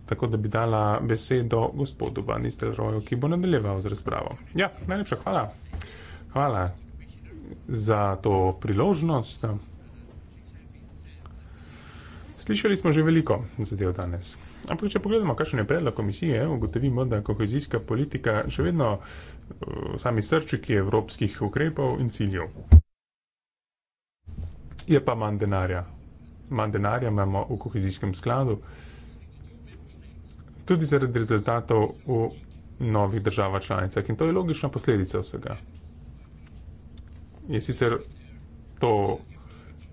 tako da bi dala besedo gospodu Banistelroju, ki bo nadaljeval z razpravo. Ja, najlepša hvala. Hvala za to priložnost. Slišali smo že veliko zadev danes. Ampak, če pogledamo, kakšen je predlog komisije, ugotovimo, da kohezijska politika še vedno uh, sami srčiki evropskih ukrepov in ciljev. Je pa manj denarja. Manj denarja imamo v kohezijskem skladu, tudi zaradi rezultatov v novih državah članicah. In to je logična posledica vsega. Je sicer to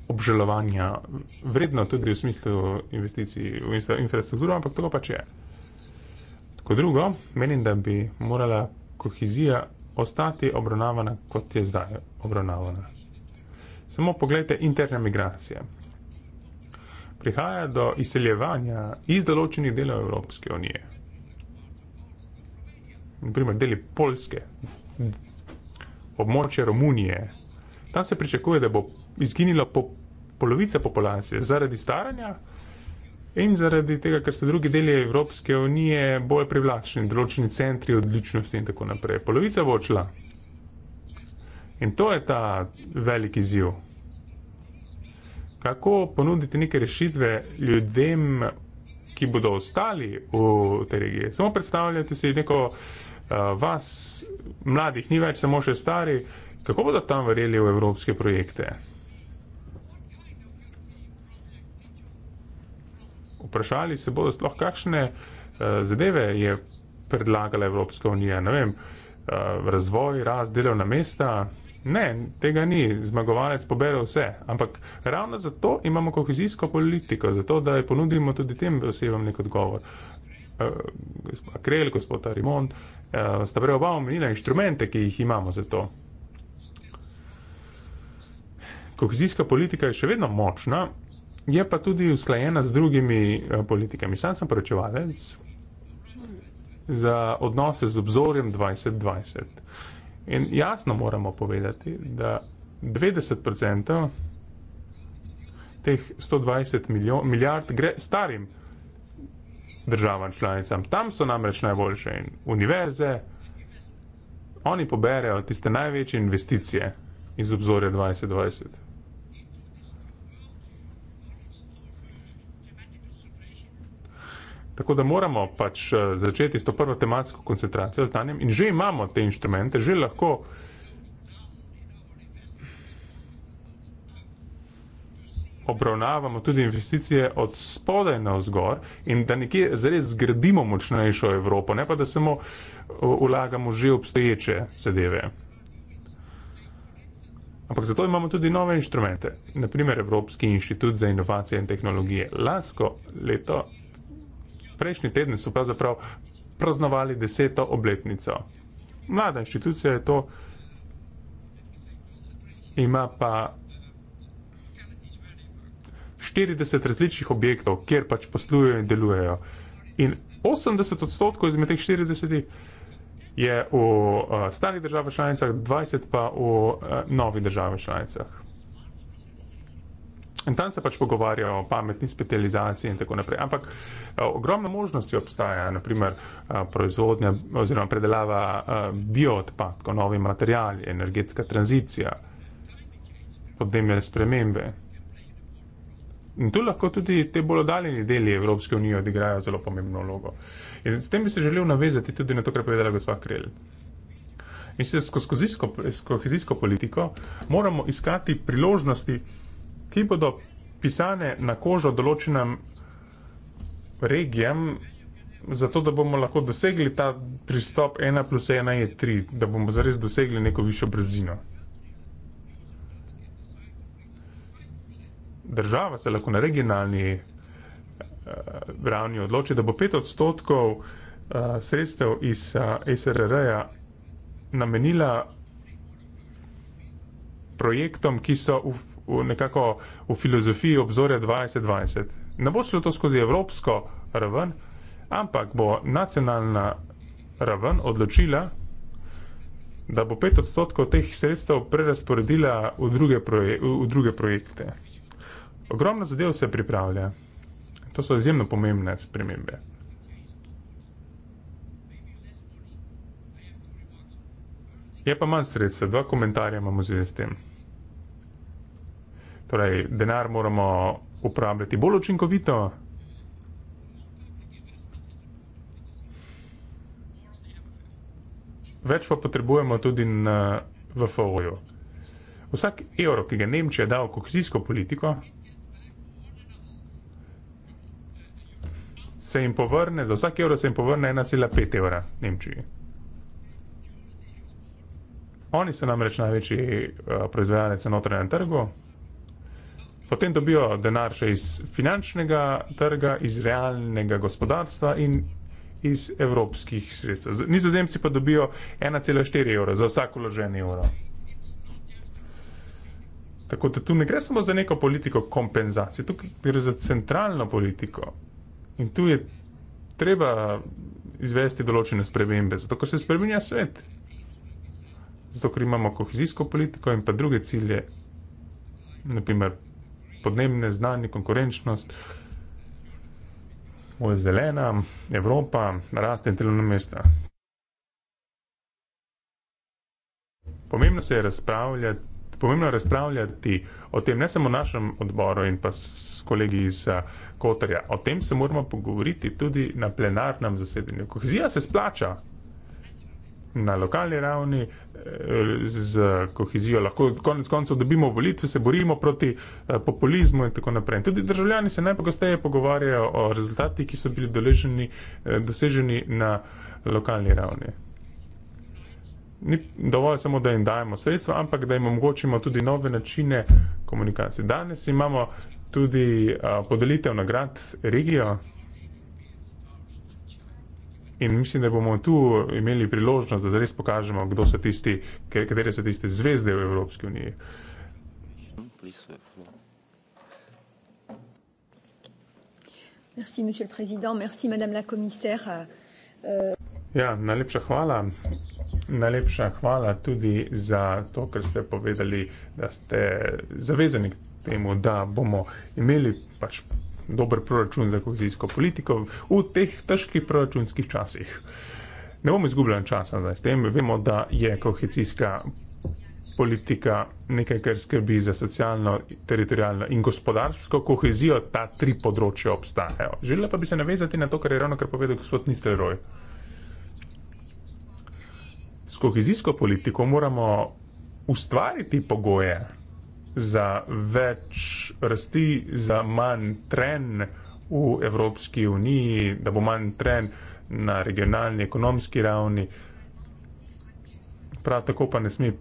obžalovanja, vredno tudi v smislu investicij v infrastrukturo, ampak to pač je. Tako drugo, menim, da bi morala kohezija ostati obravnavana, kot je zdaj obravnavana. Samo pogledajte interne migracije. Prihaja do izseljevanja iz določenih delov Evropske unije. Naprimer, deli Poljske, območje Romunije. Tam se pričakuje, da bo izginila po, polovica populacije zaradi staranja in zaradi tega, ker so drugi deli Evropske unije bolj privlačni, določeni centri odličnosti in tako naprej. Polovica bo odšla. In to je ta veliki ziv. Kako ponuditi neke rešitve ljudem, ki bodo ostali v tej regiji? Samo predstavljate si neko uh, vas, mladih, ni več samo še stari, kako bodo tam verjeli v evropske projekte? vprašali se bodo sploh, kakšne uh, zadeve je predlagala Evropska unija. Ne vem, uh, razvoj, rast, delovna mesta. Ne, tega ni, zmagovalec pobere vse. Ampak ravno zato imamo kohezijsko politiko, zato da je ponudimo tudi tem osebam nek odgovor. Uh, eh, Akrel, gospod Arimond, uh, sta prej oba omenila inštrumente, ki jih imamo za to. Kohezijska politika je še vedno močna, je pa tudi usklajena z drugimi eh, politikami. Sam sem poročevalec za odnose z obzorjem 2020. In jasno moramo povedati, da 90% teh 120 milijo, milijard gre starim državam članicam. Tam so namreč najboljše in univerze, oni poberejo tiste največje investicije iz obzorja 2020. Tako da moramo pač eh, začeti s to prvo tematsko koncentracijo, znanjem, in že imamo te inštrumente, že lahko. Obravnavamo tudi investicije od spodaj na vzgor, in da nekje zares zgradimo močnejšo Evropo, ne pa da samo ulagamo eh, že obstoječe sedeve. Ampak zato imamo tudi nove inštrumente, naprimer Evropski inštitut za inovacije in tehnologije. Lansko leto prejšnji teden so pravzaprav praznovali deseto obletnico. Mlada inštitucija je to, ima pa 40 različnih objektov, kjer pač poslujejo in delujejo. In 80 odstotkov izmed teh 40 je v uh, starih državah članicah, 20 pa v uh, novih državah članicah. In tam se pač pogovarjajo o pametni specializaciji in tako naprej. Ampak eh, ogromne možnosti obstaja, naprimer eh, proizvodnja oziroma predelava eh, bioodpadkov, novi materijali, energetska tranzicija, podnebne spremembe. In tu lahko tudi te bolj oddaljeni deli Evropske unije odigrajo zelo pomembno vlogo. In s tem bi se želel navezati tudi na to, kar je povedala gospa Krelj. Mi se skozi kohezijsko politiko moramo iskati priložnosti, ki bodo pisane na kožo določenem regijem, zato da bomo lahko dosegli ta pristop 1 plus 1 je 3, da bomo zares dosegli neko višjo brzino. Država se lahko na regionalni uh, ravni odloči, da bo 5 odstotkov uh, sredstev iz uh, eh, SRR-ja namenila projektom, ki so v v, nekako v filozofiji obzorja 2020. Ne bo šlo to skozi evropsko raven, ampak bo nacionalna raven odločila, da bo 5 odstotkov teh sredstev prerasporedila v druge, v druge projekte. Ogromno zadev se pripravlja. To so izjemno pomembne spremembe. Je pa manj sredstev, dva komentarja imamo v zvezi s tem. Torej, denar moramo uporabljati bolj učinkovito. Več pa potrebujemo tudi na VFO-ju. Vsak evro, ki ga Nemčija da v kohezijsko politiko, se jim povrne, za vsak evro se jim povrne 1,5 evra Nemčiji. Oni so namreč največji eh, proizvajalec na notranjem trgu. Potem dobijo denar še iz finančnega trga, iz realnega gospodarstva in iz evropskih sredstev. Nizozemci pa dobijo 1,4 evra za vsako vloženi evro. Tako da tu ne gre samo za neko politiko kompenzacije, tukaj gre za centralno politiko. In tu je treba izvesti določene spremembe, zato ker se spremenja svet. Zato ker imamo kohezijsko politiko in pa druge cilje, naprimer politiko, podnebne znanje, konkurenčnost, zelena, Evropa, rast in delovna mesta. Pomembno se je razpravljati, pomembno je razpravljati o tem, ne samo v našem odboru in pa s kolegi iz eh, Kotarja. O tem se moramo pogovoriti tudi na plenarnem zasedanju. Kohezija se splača, na lokalni ravni eh, z kohezijo, lahko konec koncev dobimo volitve, se borimo proti eh, populizmu in tako naprej. In tudi državljani se najpogosteje pogovarjajo o rezultatih, ki so bili doleženi, eh, doseženi na lokalni ravni. Ni dovolj samo, da jim dajemo sredstva, ampak da jim omogočimo tudi nove načine komunikacije. Danes imamo tudi podelitev nagrad regijo. In mislim, da bomo tu imeli priložnost, da res pokažemo, kdo so tisti, katere so tiste zvezde v Evropski uniji. Merci, monsieur le président. Merci, madame la commissaire. Euh, ja, najlepša hvala. Najlepša hvala tudi za to, ker ste povedali, da ste zavezani k temu, da bomo imeli pač dober proračun za kohezijsko politiko v teh težkih proračunskih časih. Ne bom izgubljal časa zdaj s tem, vemo, da je kohezijska politika nekaj, kar skrbi za socialno, teritorijalno in gospodarsko kohezijo, ta tri področja obstajajo. Želela pa bi se navezati na to, kar je ravno kar povedal gospod Nistelroj. S kohezijsko politiko moramo ustvariti pogoje za več rasti, za manj tren v Evropski uniji, da bo manj tren na regionalni ekonomski ravni. Prav tako pa ne sme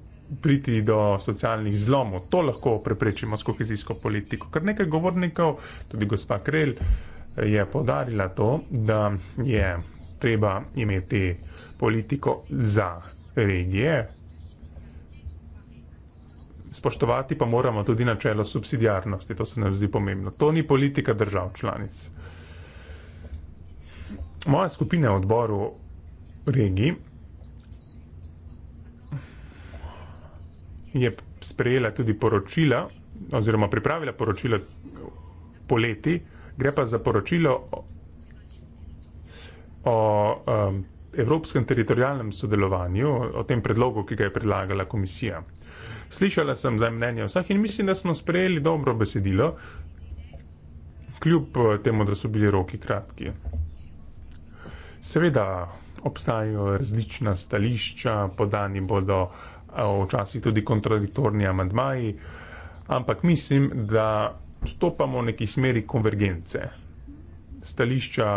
priti do socialnih zlomov. To lahko preprečimo s kohezijsko politiko. Kar nekaj govornikov, tudi gospa Krel, je podarila to, da je treba imeti politiko za regije, spoštovati pa moramo tudi načelo subsidijarnosti, to se nam zdi pomembno. To ni politika držav članic. Moja skupina je odboru regij je sprejela tudi poročila oziroma pripravila poročilo po leti, gre pa za poročilo o um, evropskem teritorijalnem sodelovanju, o tem predlogu, ki ga je predlagala komisija slišala sem za mnenje vsak in mislim, da smo sprejeli dobro besedilo, kljub eh, temu, da so bili roki kratki. Seveda obstajajo različna stališča, podani bodo eh, včasih tudi kontradiktorni amadmaji, ampak mislim, da stopamo v neki smeri konvergence. Stališča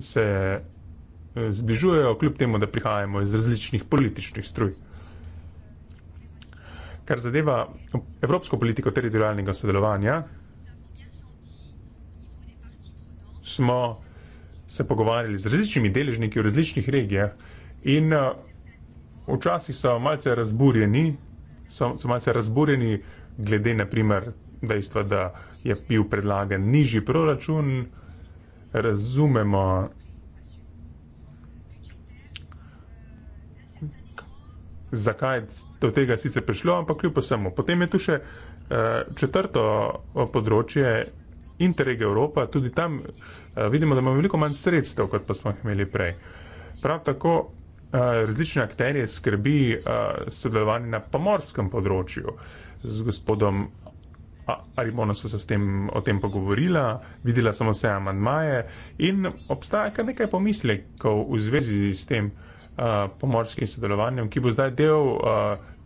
se eh, zbližujejo kljub temu, da prihajamo iz različnih političnih strujev kar zadeva evropsko politiko teritorijalnega sodelovanja, smo se pogovarjali z različnimi deležniki v različnih regijah in eh, včasih so malce razburjeni, so, so malce razburjeni glede na primer dejstva, da je bil predlagan nižji proračun, razumemo zakaj je do tega sicer prišlo, ampak kljub vsemu. Potem je tu še uh, četrto eh, področje, Interreg Evropa, tudi tam uh, vidimo, da imamo veliko manj sredstev, kot pa smo jih imeli prej. Prav tako uh, različne akterje skrbi uh, sodelovanje na pomorskem področju z gospodom. Ali bomo se s tem, tem pogovorila, videla samo vse amantmaje, in obstaja kar nekaj pomislekov v zvezi s tem, uh, Eh, pomorskim sodelovanjem, ki bo zdaj del uh,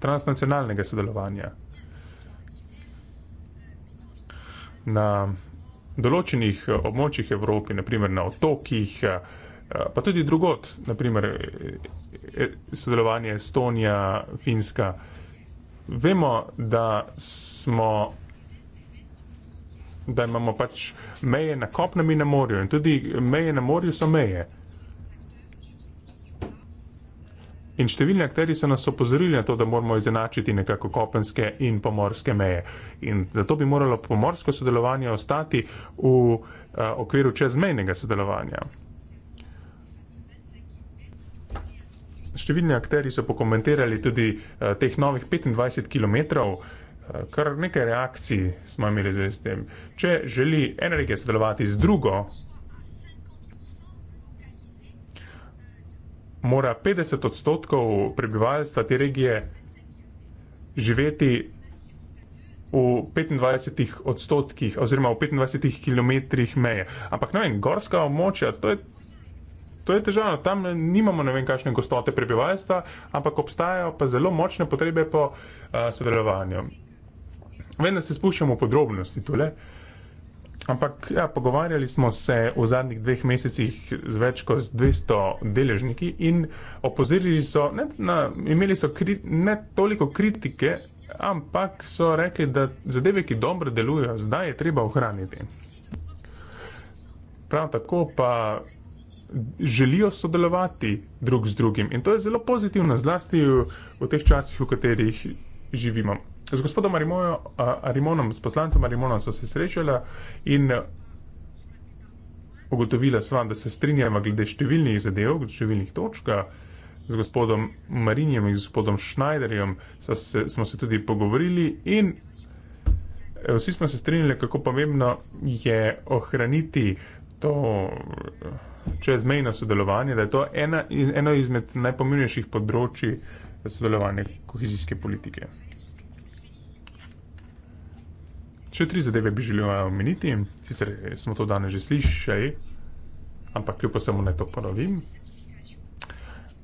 transnacionalnega sodelovanja. Na določenih eh, območjih Evropi, naprimer na otokih, pa tudi drugot, naprimer sodelovanje Estonija, Finska, vemo, da smo, da imamo pač meje na kopnem in na morju in tudi meje na morju so meje. In številni akteri so nas opozorili na to, da moramo izenačiti nekako kopenske in pomorske meje. In zato bi moralo pomorsko sodelovanje ostati v uh, okviru čezmejnega sodelovanja. Številni akteri so pokomentirali tudi uh, teh novih 25 km, uh, kar nekaj reakcij smo imeli z tem. Če želi ena regija sodelovati z drugo, mora 50 odstotkov prebivalstva te regije živeti v 25 odstotkih oziroma v 25 kilometrih meje. Ampak ne vem, gorska območja, to je, to je težavno. Tam nimamo ne vem kakšne gostote prebivalstva, ampak obstajajo pa zelo močne potrebe po uh, sodelovanju. Vem, da se spuščamo v podrobnosti tole. Uh, Ampak ja, pogovarjali smo se v zadnjih dveh mesecih z več kot 200 deležniki in opozorili so, ne, na, imeli so kri, ne toliko kritike, ampak so rekli, da zadeve, ki dobro delujejo, zdaj je treba ohraniti. Prav tako pa želijo sodelovati drug z drugim in to je zelo pozitivno, zlasti v, v teh časih, v katerih živimo. Z gospodom Arimojo, Arimonom, s poslancem Arimonom so se srečala in eh, ugotovila sva, da se strinjava glede številnih zadev, glede številnih točk. Z gospodom Marinjem in gospodom Schneiderjem se, smo se tudi pogovorili in eh, vsi smo se strinjali, kako pomembno je ohraniti to eh, čezmejno sodelovanje, da je to ena, eno izmed najpomembnejših področji sodelovanja kohezijske politike. Še tri zadeve bi želel omeniti, sicer smo to danes že slišali, ampak kljub vsemu ne to ponovim.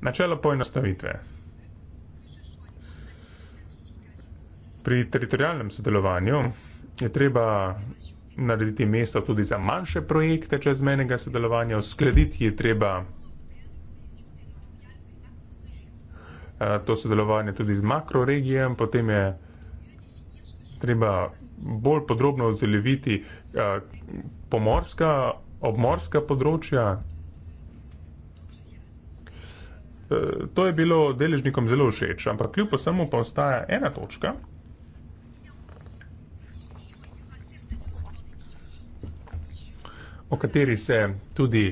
Načelo poenostavitve. Pri teritorijalnem sodelovanju je treba narediti mesto tudi za manjše projekte čezmenega sodelovanja, uskladiti je treba eh, to sodelovanje tudi z makroregijem, potem je treba vsega, bolj podrobno odeleviti eh, pomorska, obmorska področja. Eh, to je bilo deležnikom zelo všeč, ampak kljub vsemu pa ostaja ena točka, o kateri se tudi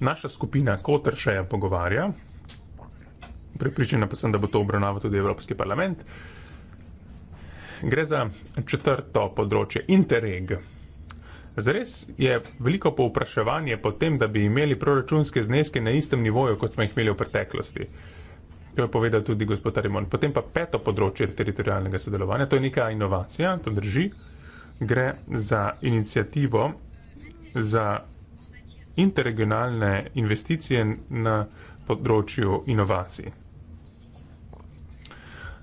naša skupina Kotršeja pogovarja. Prepričana pa sem, da bo to obravnaval tudi Evropski parlament gre za četrto področje, interreg. Zres je veliko povpraševanje po tem, da bi imeli proračunske zneske na istem nivoju, kot smo jih imeli v preteklosti. To je povedal tudi gospod Arimon. Potem pa peto področje teritorijalnega sodelovanja, to je neka inovacija, to drži, gre za inicijativo za interregionalne investicije na področju inovacij.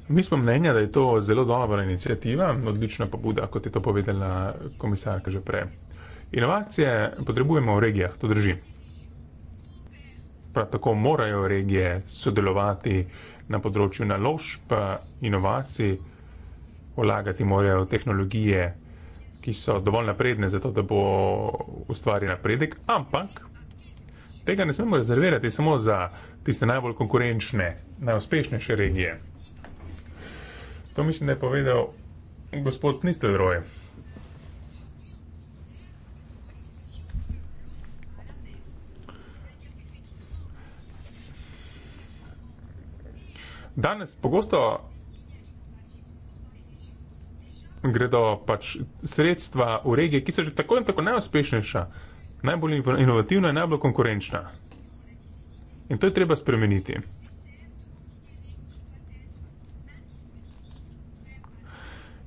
Mi smo mnenja, da je to zelo dobra inicijativa, odlična pobuda, kot je to povedala komisarka že prej. Inovacije potrebujemo v regijah, to drži. Prav tako morajo regije sodelovati na področju naložb, inovacij, vlagati morajo tehnologije, ki so dovolj napredne za to, da bo ustvarjen napredek, ampak tega ne smemo rezervirati samo za tiste najbolj konkurenčne, najuspešnejše regije. To mislim, da je povedal gospod Nistelroje. Danes pogosto gredo pač sredstva v regije, ki so že tako in tako najuspešnejša, najbolj inovativna in najbolj konkurenčna. In to je treba spremeniti.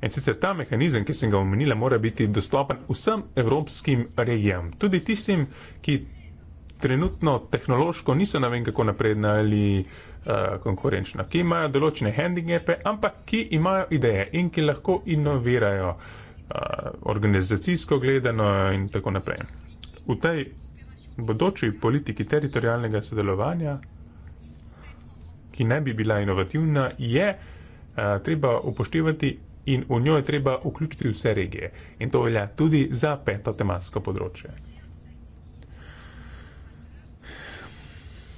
In sicer ta mehanizem, ki sem ga omenila, mora biti dostopen vsem evropskim regijam, tudi tistim, ki trenutno tehnološko niso na vem kako napredna ali uh, konkurenčna, ki imajo določene handicape, ampak ki imajo ideje in ki lahko inovirajo uh, organizacijsko gledano in tako naprej. V tej bodoči politiki teritorijalnega sodelovanja, ki ne bi bila inovativna, je uh, treba upoštevati in v njo je treba vključiti vse regije. In to velja tudi za peto tematsko področje.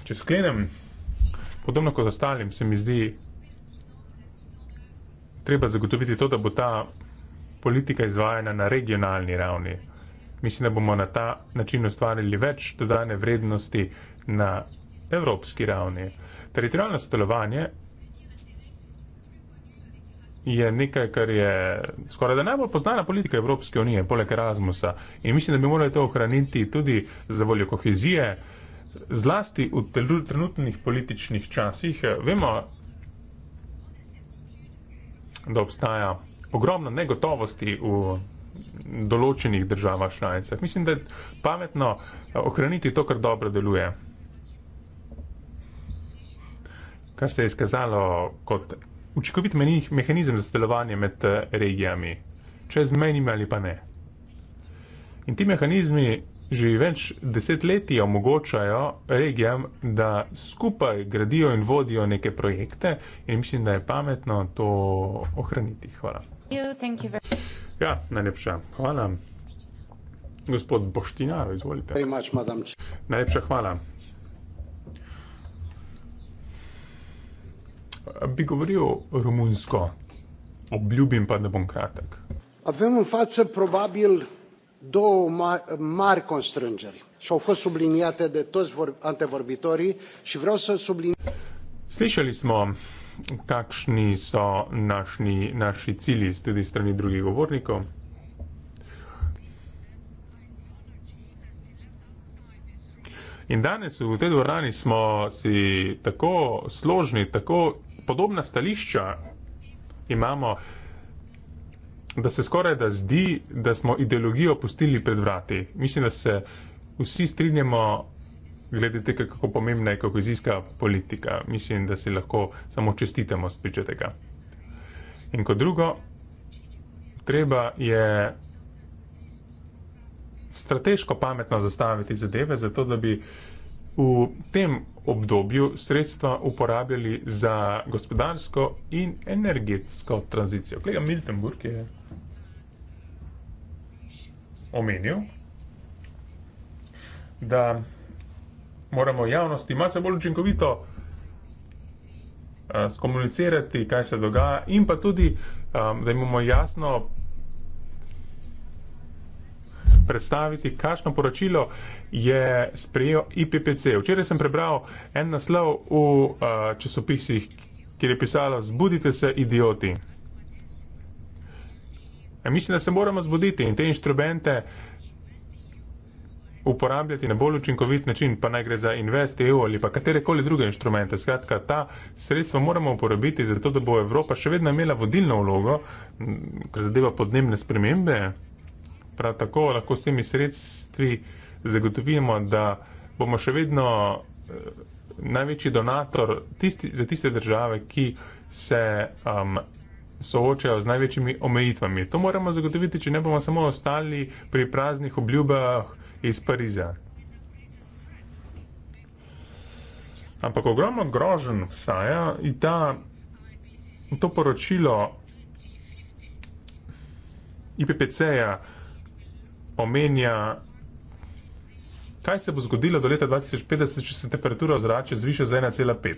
Če sklenem, podobno kot ostalim, se mi zdi, treba zagotoviti to, da bo ta politika izvajana na regionalni ravni. Mislim, da bomo na ta način ustvarili več dodane vrednosti na evropski ravni. Teritorijalno sodelovanje je nekaj, kar je skoraj da najbolj poznana politika Evropske unije, poleg Erasmusa. In mislim, da bi morali to ohraniti tudi za voljo kohezije, zlasti v trenutnih političnih časih. Vemo, da obstaja ogromno negotovosti v določenih državah članicah. Mislim, da je pametno eh, ohraniti to, kar dobro deluje. Kar se je izkazalo kot učinkovit mehanizem za sodelovanje med eh, regijami, čez menjimi ali pa ne. In ti mehanizmi že več desetletij omogočajo regijam, da skupaj gradijo in vodijo neke projekte in mislim, da je pametno to ohraniti. Hvala. Ja, najlepša hvala. Gospod Boštinjar, izvolite. Najlepša hvala. bi govoril romunsko, obljubim pa, da bom kratek. Avemo face probabil do mari constrângeri. Și au fost subliniate de toți antevorbitorii și vreau să subliniez. Slišali smo, kakšni so naši, naši cilji, tudi strani drugih govornikov. In danes v tej dvorani smo si tako složni, tako podobna stališča imamo, da se skoraj da zdi, da smo ideologijo pustili pred vrati. Mislim, da se vsi strinjamo glede tega, kako pomembna je kohezijska politika. Mislim, da si lahko samo čestitamo spriče tega. In kot drugo, treba je strateško pametno zastaviti zadeve, zato da bi v tem obdobju sredstva uporabljali za gospodarsko in energetsko tranzicijo. Kolega Miltenburg je omenil, da moramo javnosti malo bolj učinkovito eh, skomunicirati, kaj se dogaja, in pa tudi, eh, da imamo jasno predstaviti, kakšno poročilo je sprejel IPPC. Včeraj sem prebral en naslov v uh, časopisih, kjer je pisalo: Zbudite se, idioti. E, mislim, da se moramo zbuditi in te inštrumente uporabljati na bolj učinkovit način, pa naj gre za Invest EU ali pa katerekoli druge inštrumente. Skratka, ta sredstva moramo uporabiti zato, da bo Evropa še vedno imela vodilno vlogo, kar zadeva podnebne spremembe. Prav tako lahko s temi sredstvi zagotovimo, da bomo še vedno eh, največji donator tisti, za tiste države, ki se um, soočajo z največjimi omejitvami. To moramo zagotoviti, če ne bomo samo ostali pri praznih obljubah iz Pariza. Ampak ogromno grožen vsaja in ta, to poročilo IPPC-ja, omenja, kaj se bo zgodilo do leta 2050, če se temperatura zrače zviše za 1,5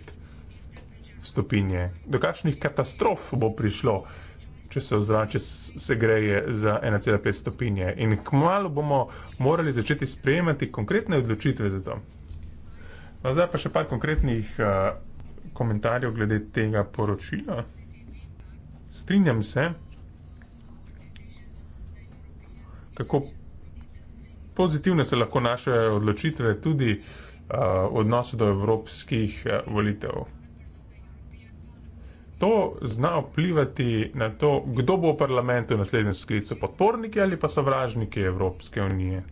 stopinje. Do kakšnih katastrof bo prišlo, če se zrače segreje za 1,5 stopinje. In kmalo bomo morali začeti sprejemati konkretne odločitve za to. No, zdaj pa še par konkretnih uh, komentarjev glede tega poročila. Strinjam se, kako pozitivne se lahko naše odločitve tudi v uh, odnosu do evropskih uh, volitev. To zna vplivati na to, kdo bo v parlamentu naslednjem sklicu podporniki ali pa sovražniki Evropske unije.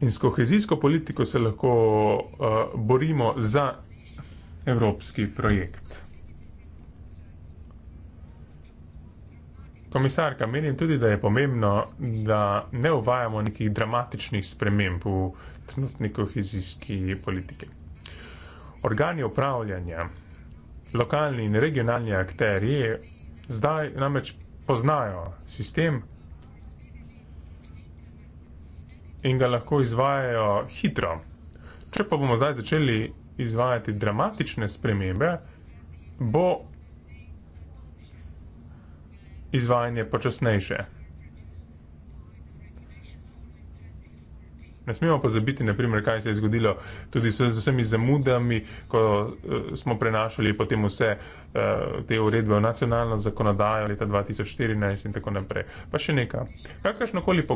In s kohezijsko politiko se lahko uh, borimo za evropski projekt. Komisarka, menim tudi, da je pomembno, da ne uvajamo nekih dramatičnih sprememb v trenutni kohezijski politiki. Organi upravljanja, lokalni in regionalni akteri zdaj namreč poznajo sistem in ga lahko izvajajo hitro. Če pa bomo zdaj začeli izvajati dramatične spremembe, bo izvajanje počasnejše. Ne smemo pa zabiti, naprimer, kaj se je zgodilo tudi z vsemi zamudami, ko eh, smo prenašali potem vse eh, te uredbe v nacionalno zakonodajo leta 2014 in tako naprej. Pa še nekaj. Kakršnokoli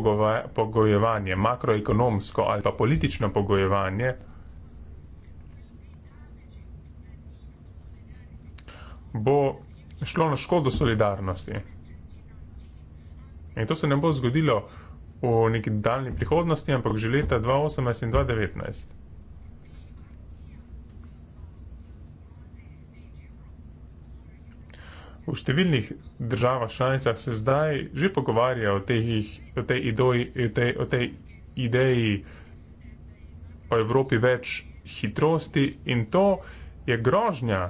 pogojevanje, makroekonomsko ali pa politično pogojevanje, bo šlo na škodo solidarnosti. In to se ne bo zgodilo v neki daljni prihodnosti, ampak že leta 2018 in 2019. V številnih državah članicah se zdaj že pogovarja o, teh, o, tej idoji, o, tej, o tej ideji o Evropi več hitrosti in to je grožnja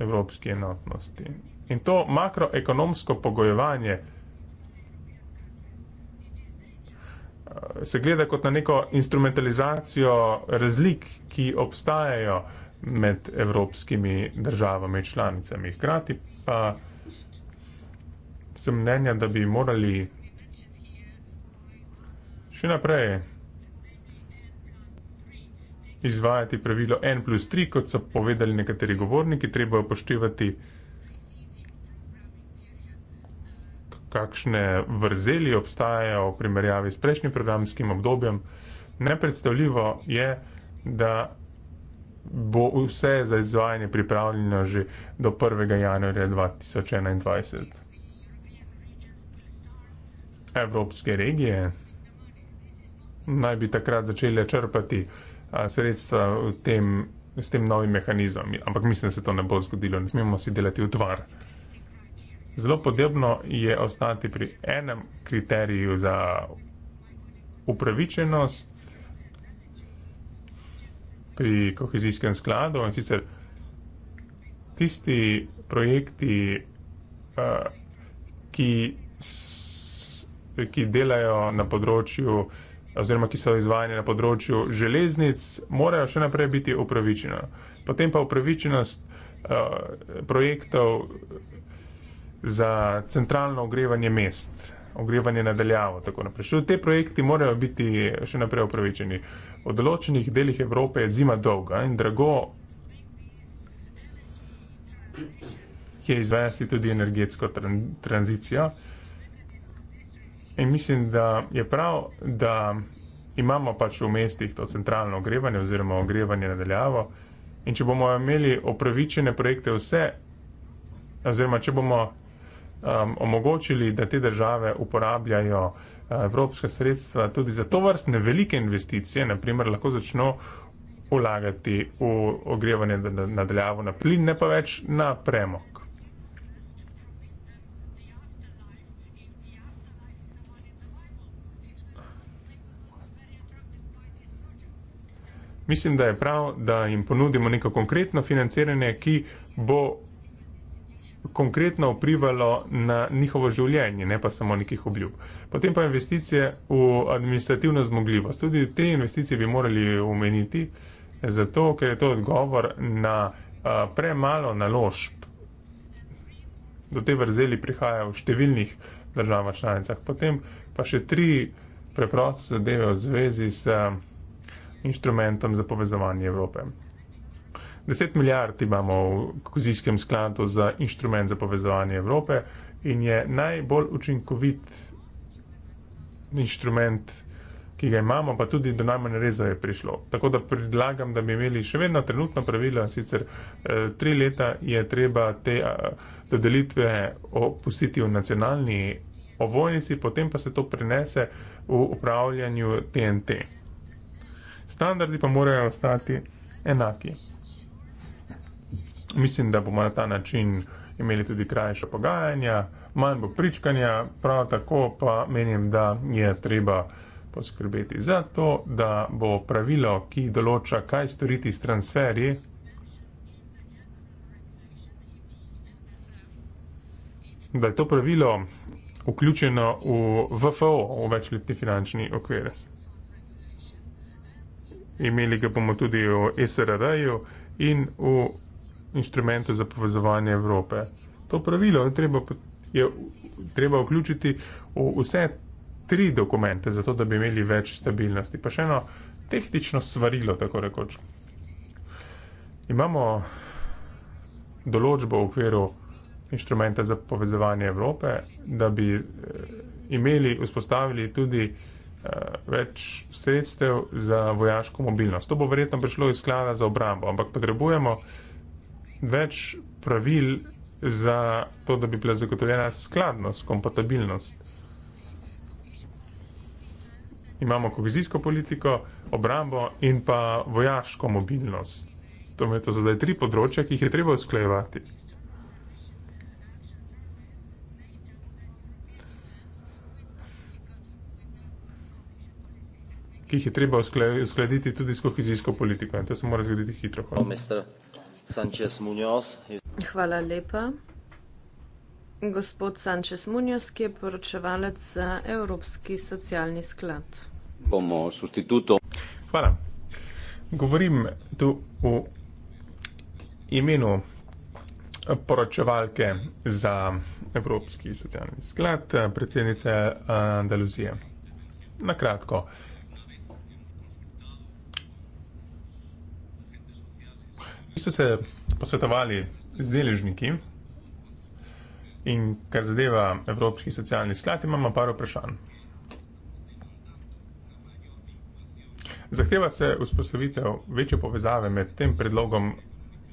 evropski enotnosti. In to makroekonomsko pogojevanje se gleda kot na neko instrumentalizacijo razlik, ki obstajajo med evropskimi državami članicami. Hkrati pa sem mnenja, da bi morali še naprej izvajati pravilo N plus 3, kot so povedali nekateri govorniki, treba upoštevati kakšne vrzeli obstajajo v primerjavi s prejšnjim programskim obdobjem. Nepredstavljivo je, da bo vse za izvajanje pripravljeno že do 1. januarja 2021. Evropske regije naj bi takrat začele črpati sredstva tem, s tem novim mehanizmom, ampak mislim, da se to ne bo zgodilo, ne smemo si delati utvar. Zelo podobno je ostati pri enem kriteriju za upravičenost pri kohezijskem skladu in sicer tisti projekti, eh, ki, ki delajo na področju oziroma ki so izvajanje na področju železnic, morajo še naprej biti upravičeno. Potem pa upravičenost uh, projektov za centralno ogrevanje mest, ogrevanje nadaljavo in tako naprej. Še te projekti morajo biti še naprej upravičeni. V določenih delih Evrope je zima dolga in drago je izvesti tudi energetsko tran tranzicijo. In mislim, da je prav, da imamo pač v mestih to centralno ogrevanje oziroma ogrevanje nadaljavo in če bomo imeli opravičene projekte vse, oziroma če bomo um, omogočili, da te države uporabljajo uh, evropske sredstva tudi za to vrstne velike investicije, naprimer lahko začno ulagati v ogrevanje nadaljavo na plin, ne pa več na premo. Mislim, da je prav, da jim ponudimo neko konkretno financiranje, ki bo konkretno vplivalo na njihovo življenje, ne pa samo nekih obljub. Potem pa investicije v administrativno zmogljivost. Tudi te investicije bi morali omeniti, zato ker je to odgovor na uh, premalo naložb. Do te vrzeli prihaja v številnih državah članicah. Potem pa še tri preproste zadeve v zvezi s uh, inštrumentom za povezovanje Evrope. 10 milijard imamo v kohezijskem skladu za inštrument za povezovanje Evrope in je najbolj učinkovit inštrument, ki ga imamo, pa tudi do najmanj reza je prišlo. Tako da predlagam, da bi imeli še vedno trenutno pravila, sicer eh, tri leta je treba te eh, dodelitve opustiti v nacionalni ovojnici, potem pa se to prenese v upravljanju TNT. Standardi pa morajo ostati enaki. Mislim, da bomo na ta način imeli tudi krajše pogajanja, manj bo pričkanja, prav tako pa menim, da je treba poskrbeti za to, da bo pravilo, ki določa, kaj storiti s transferji, da je to pravilo vključeno v VFO, v večletni finančni okvir. Imeli ga bomo tudi v SRR-ju in v inštrumente za povezovanje Evrope. To pravilo je treba, je treba vključiti v vse tri dokumente, zato da bi imeli več stabilnosti. Pa še eno tehnično svarilo, tako rekoč. Imamo določbo v okviru inštrumenta za povezovanje Evrope, da bi eh, imeli, vzpostavili tudi eh, več sredstev za vojaško mobilnost. To bo verjetno prišlo iz sklada za obrambo, ampak potrebujemo več pravil za to, da bi bila zagotovljena skladnost, kompatibilnost. Imamo kohezijsko politiko, obrambo in pa vojaško mobilnost. To je to zdaj tri področja, ki jih je treba usklajevati. Ki jih je treba uskladiti tudi s kohezijsko politiko. In to se mora zgoditi hitro. Hvala. Sanchez Munoz. Hvala lepa. Gospod Sanchez Munoz, ki je poročevalec za Evropski socialni sklad. Bomo substituto. Hvala. Govorim tu o imenu poročevalke za Evropski socialni sklad, predsednice eh, Andaluzije. Na kratko. Mi smo se posvetovali z deležniki in kar zadeva Evropski socialni sklad, imamo par vprašanj. Zahteva se vzpostavitev večje povezave med tem predlogom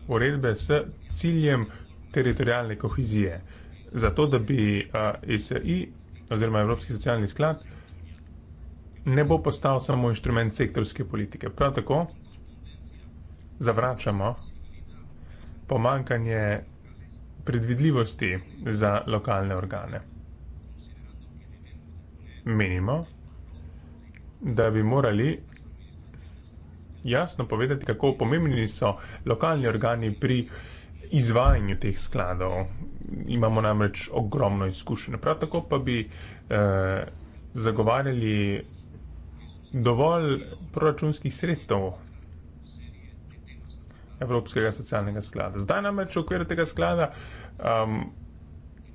uredbe s ciljem teritorijalne kohezije, zato da bi ESI eh, oziroma Evropski socialni sklad ne bo postal samo inštrument sektorske politike. Prav tako zavračamo pomankanje predvidljivosti za lokalne organe. Menimo, da bi morali jasno povedati, kako pomembni so lokalni organi pri izvajanju teh skladov. Imamo namreč ogromno izkušenj. Prav tako pa bi eh, zagovarjali dovolj proračunskih sredstev Evropskega socialnega sklada. Zdaj namreč v okviru tega sklada um,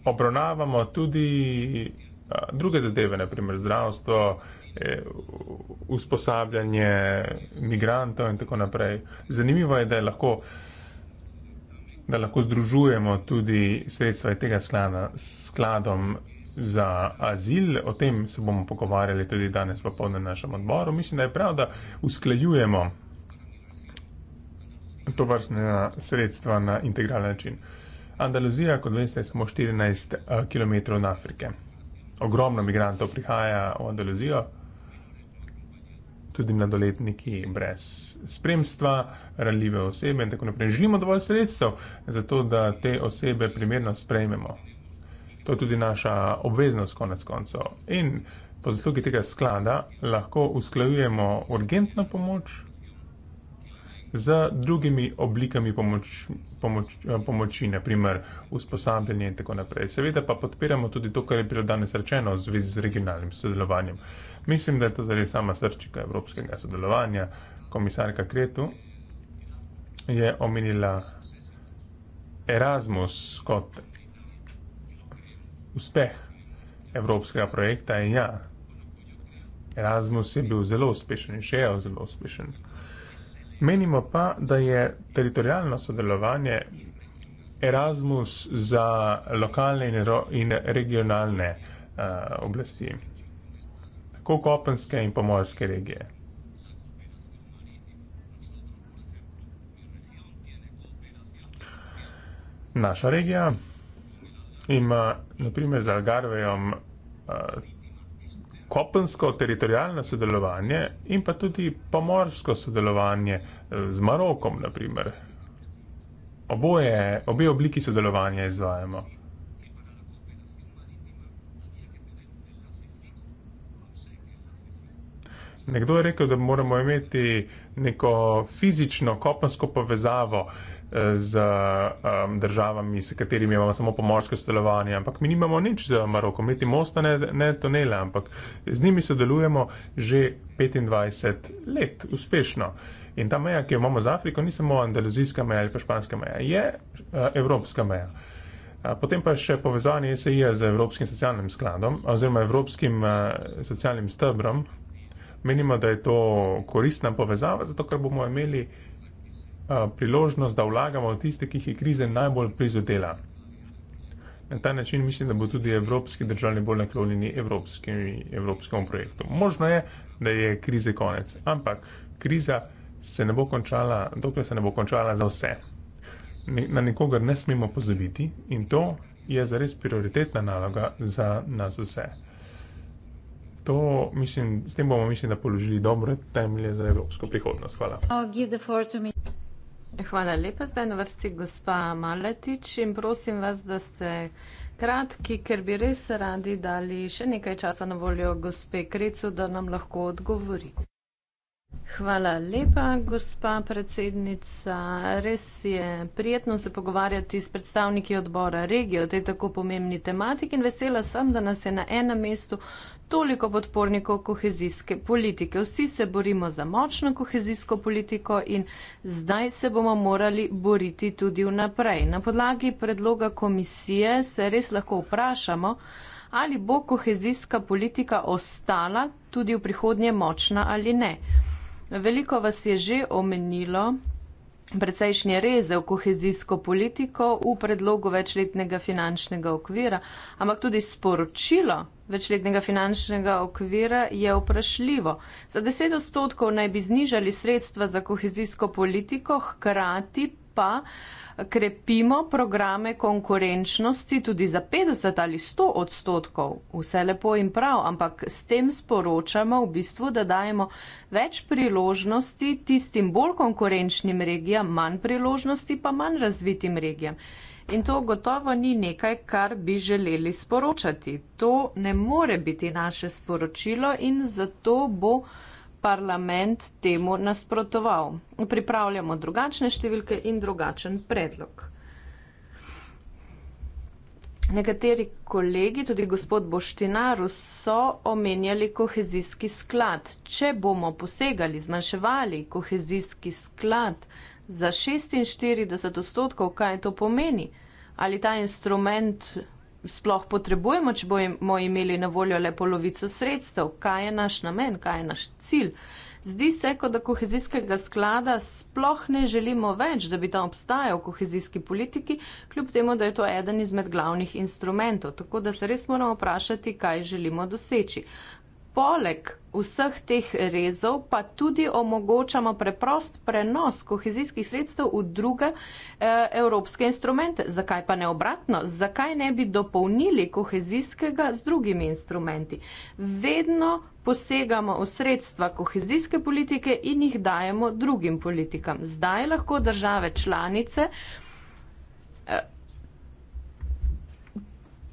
obravnavamo tudi uh, druge zadeve, naprimer zdravstvo, eh, usposabljanje migrantov in tako naprej. Zanimivo je, da, je lahko, da lahko združujemo tudi sredstva tega sklada s skladom za azil. O tem se bomo pogovarjali tudi danes v popoldne na našem odboru. Mislim, da je prav, da usklajujemo to vrstne sredstva na integralen način. Andaluzija, kot veste, smo 14 km od Afrike. Ogromno migrantov prihaja v Andaluzijo, tudi mladoletniki brez spremstva, raljive osebe in tako naprej. Želimo dovolj sredstev za to, da te osebe primerno sprejmemo. To je tudi naša obveznost konec koncev. In po zaslugi tega sklada lahko usklajujemo urgentno pomoč, z drugimi oblikami pomoč, pomoč, eh, pomoči, naprimer usposabljanje in tako naprej. Seveda pa podpiramo tudi to, kar je bilo danes rečeno v zvezi z regionalnim sodelovanjem. Mislim, da je to zares sama srčika evropskega sodelovanja. Komisarka Kretu je omenila Erasmus kot uspeh evropskega projekta in ja, Erasmus je bil zelo uspešen in še je zelo uspešen. Menimo pa, da je teritorijalno sodelovanje Erasmus za lokalne in, ro, in regionalne uh, oblasti, tako kopenske in pomorske regije. Naša regija ima, naprimer, z Algarvejem uh, eh, kopensko teritorijalno sodelovanje in pa tudi pomorsko sodelovanje eh, z Marokom, naprimer. Oboje, obe obliki sodelovanja izvajamo. Nekdo je rekel, da moramo imeti neko fizično kopensko povezavo, z um, državami, s katerimi imamo samo pomorsko sodelovanje, ampak mi nimamo nič z Marokom, niti mosta, ne, ne tunele, ampak z njimi sodelujemo že 25 let uspešno. In ta meja, ki jo imamo z Afriko, ni samo andaluzijska meja ali pa španska meja, je uh, evropska meja. Uh, potem pa še povezanje SEI-ja z Evropskim socialnim skladom oziroma Evropskim uh, socialnim stebrom. Menimo, da je to koristna povezava, zato ker bomo imeli uh, priložnost, da vlagamo v tiste, ki jih je krize najbolj prizadela. Na ta način mislim, da bo tudi evropski državni bolj naklonjeni evropskemu projektu. Možno je, da je krize konec, ampak kriza se ne bo končala, dokler se ne bo končala za vse. Na nikogar ne smemo pozabiti in to je zares prioritetna naloga za nas vse. To, mislim, s tem bomo, mislim, da položili dobre temelje za evropsko prihodnost. Hvala. Hvala lepa. Zdaj na vrsti gospa Maletič in prosim vas, da ste kratki, ker bi res radi dali še nekaj časa na voljo gospe Krecu, da nam lahko odgovori. Hvala lepa, gospa predsednica. Res je prijetno se pogovarjati s predstavniki odbora regije o tej tako pomembni tematiki in vesela sem, da nas je na enem mestu toliko podpornikov kohezijske politike. Vsi se borimo za močno kohezijsko politiko in zdaj se bomo morali boriti tudi vnaprej. Na podlagi predloga komisije se res lahko vprašamo, ali bo kohezijska politika ostala tudi v prihodnje močna ali ne. Veliko vas je že omenilo, precejšnje reze v kohezijsko politiko v predlogu večletnega finančnega okvira, ampak tudi sporočilo večletnega finančnega okvira je vprašljivo. Za deset odstotkov naj bi znižali sredstva za kohezijsko politiko, hkrati pa krepimo programe konkurenčnosti tudi za 50 ali 100 odstotkov. Vse lepo in prav, ampak s tem sporočamo v bistvu, da dajemo več priložnosti tistim bolj konkurenčnim regijam, manj priložnosti pa manj razvitim regijam. In to gotovo ni nekaj, kar bi želeli sporočati. To ne more biti naše sporočilo in zato bo parlament temu nasprotoval. Pripravljamo drugačne številke in drugačen predlog. Nekateri kolegi, tudi gospod Boštinar, so omenjali kohezijski sklad. Če bomo posegali, zmanjševali kohezijski sklad za 46 odstotkov, kaj to pomeni? Ali ta instrument sploh potrebujemo, če bomo imeli na voljo le polovico sredstev, kaj je naš namen, kaj je naš cilj. Zdi se, kot da kohezijskega sklada sploh ne želimo več, da bi tam obstajal v kohezijski politiki, kljub temu, da je to eden izmed glavnih instrumentov. Tako da se res moramo vprašati, kaj želimo doseči poleg vseh teh rezov pa tudi omogočamo preprost prenos kohezijskih sredstev v druge eh, evropske instrumente. Zakaj pa ne obratno? Zakaj ne bi dopolnili kohezijskega z drugimi instrumenti? Vedno posegamo v sredstva kohezijske politike in jih dajemo drugim politikam. Zdaj lahko države članice eh,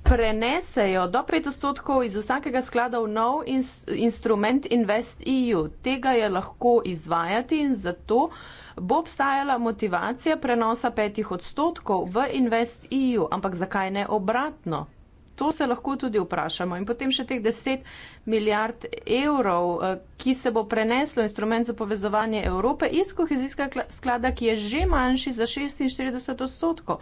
prenesejo do 5 odstotkov iz vsakega sklada v nov ins instrument Invest EU. Tega je lahko izvajati in zato bo obstajala motivacija prenosa 5 odstotkov v Invest EU. Ampak zakaj ne obratno? To se lahko tudi vprašamo. In potem še teh 10 milijard evrov, eh, ki se bo preneslo instrument za povezovanje Evrope iz kohezijskega sklada, ki je že manjši za 46 odstotkov.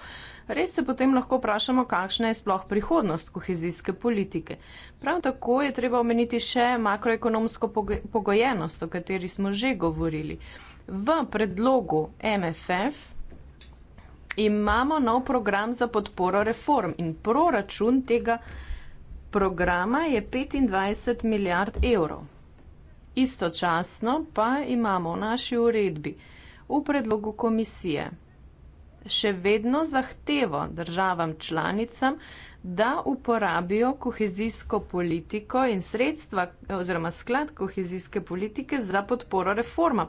Res se potem lahko vprašamo, kakšna je sploh prihodnost kohezijske politike. Prav tako je treba omeniti še makroekonomsko pogojenost, o kateri smo že govorili. V predlogu MFF imamo nov program za podporo reform in proračun tega programa je 25 milijard evrov. Istočasno pa imamo v naši uredbi, v predlogu komisije, še vedno zahtevo državam članicam, da uporabijo kohezijsko politiko in sredstva oziroma sklad kohezijske politike za podporo reformam.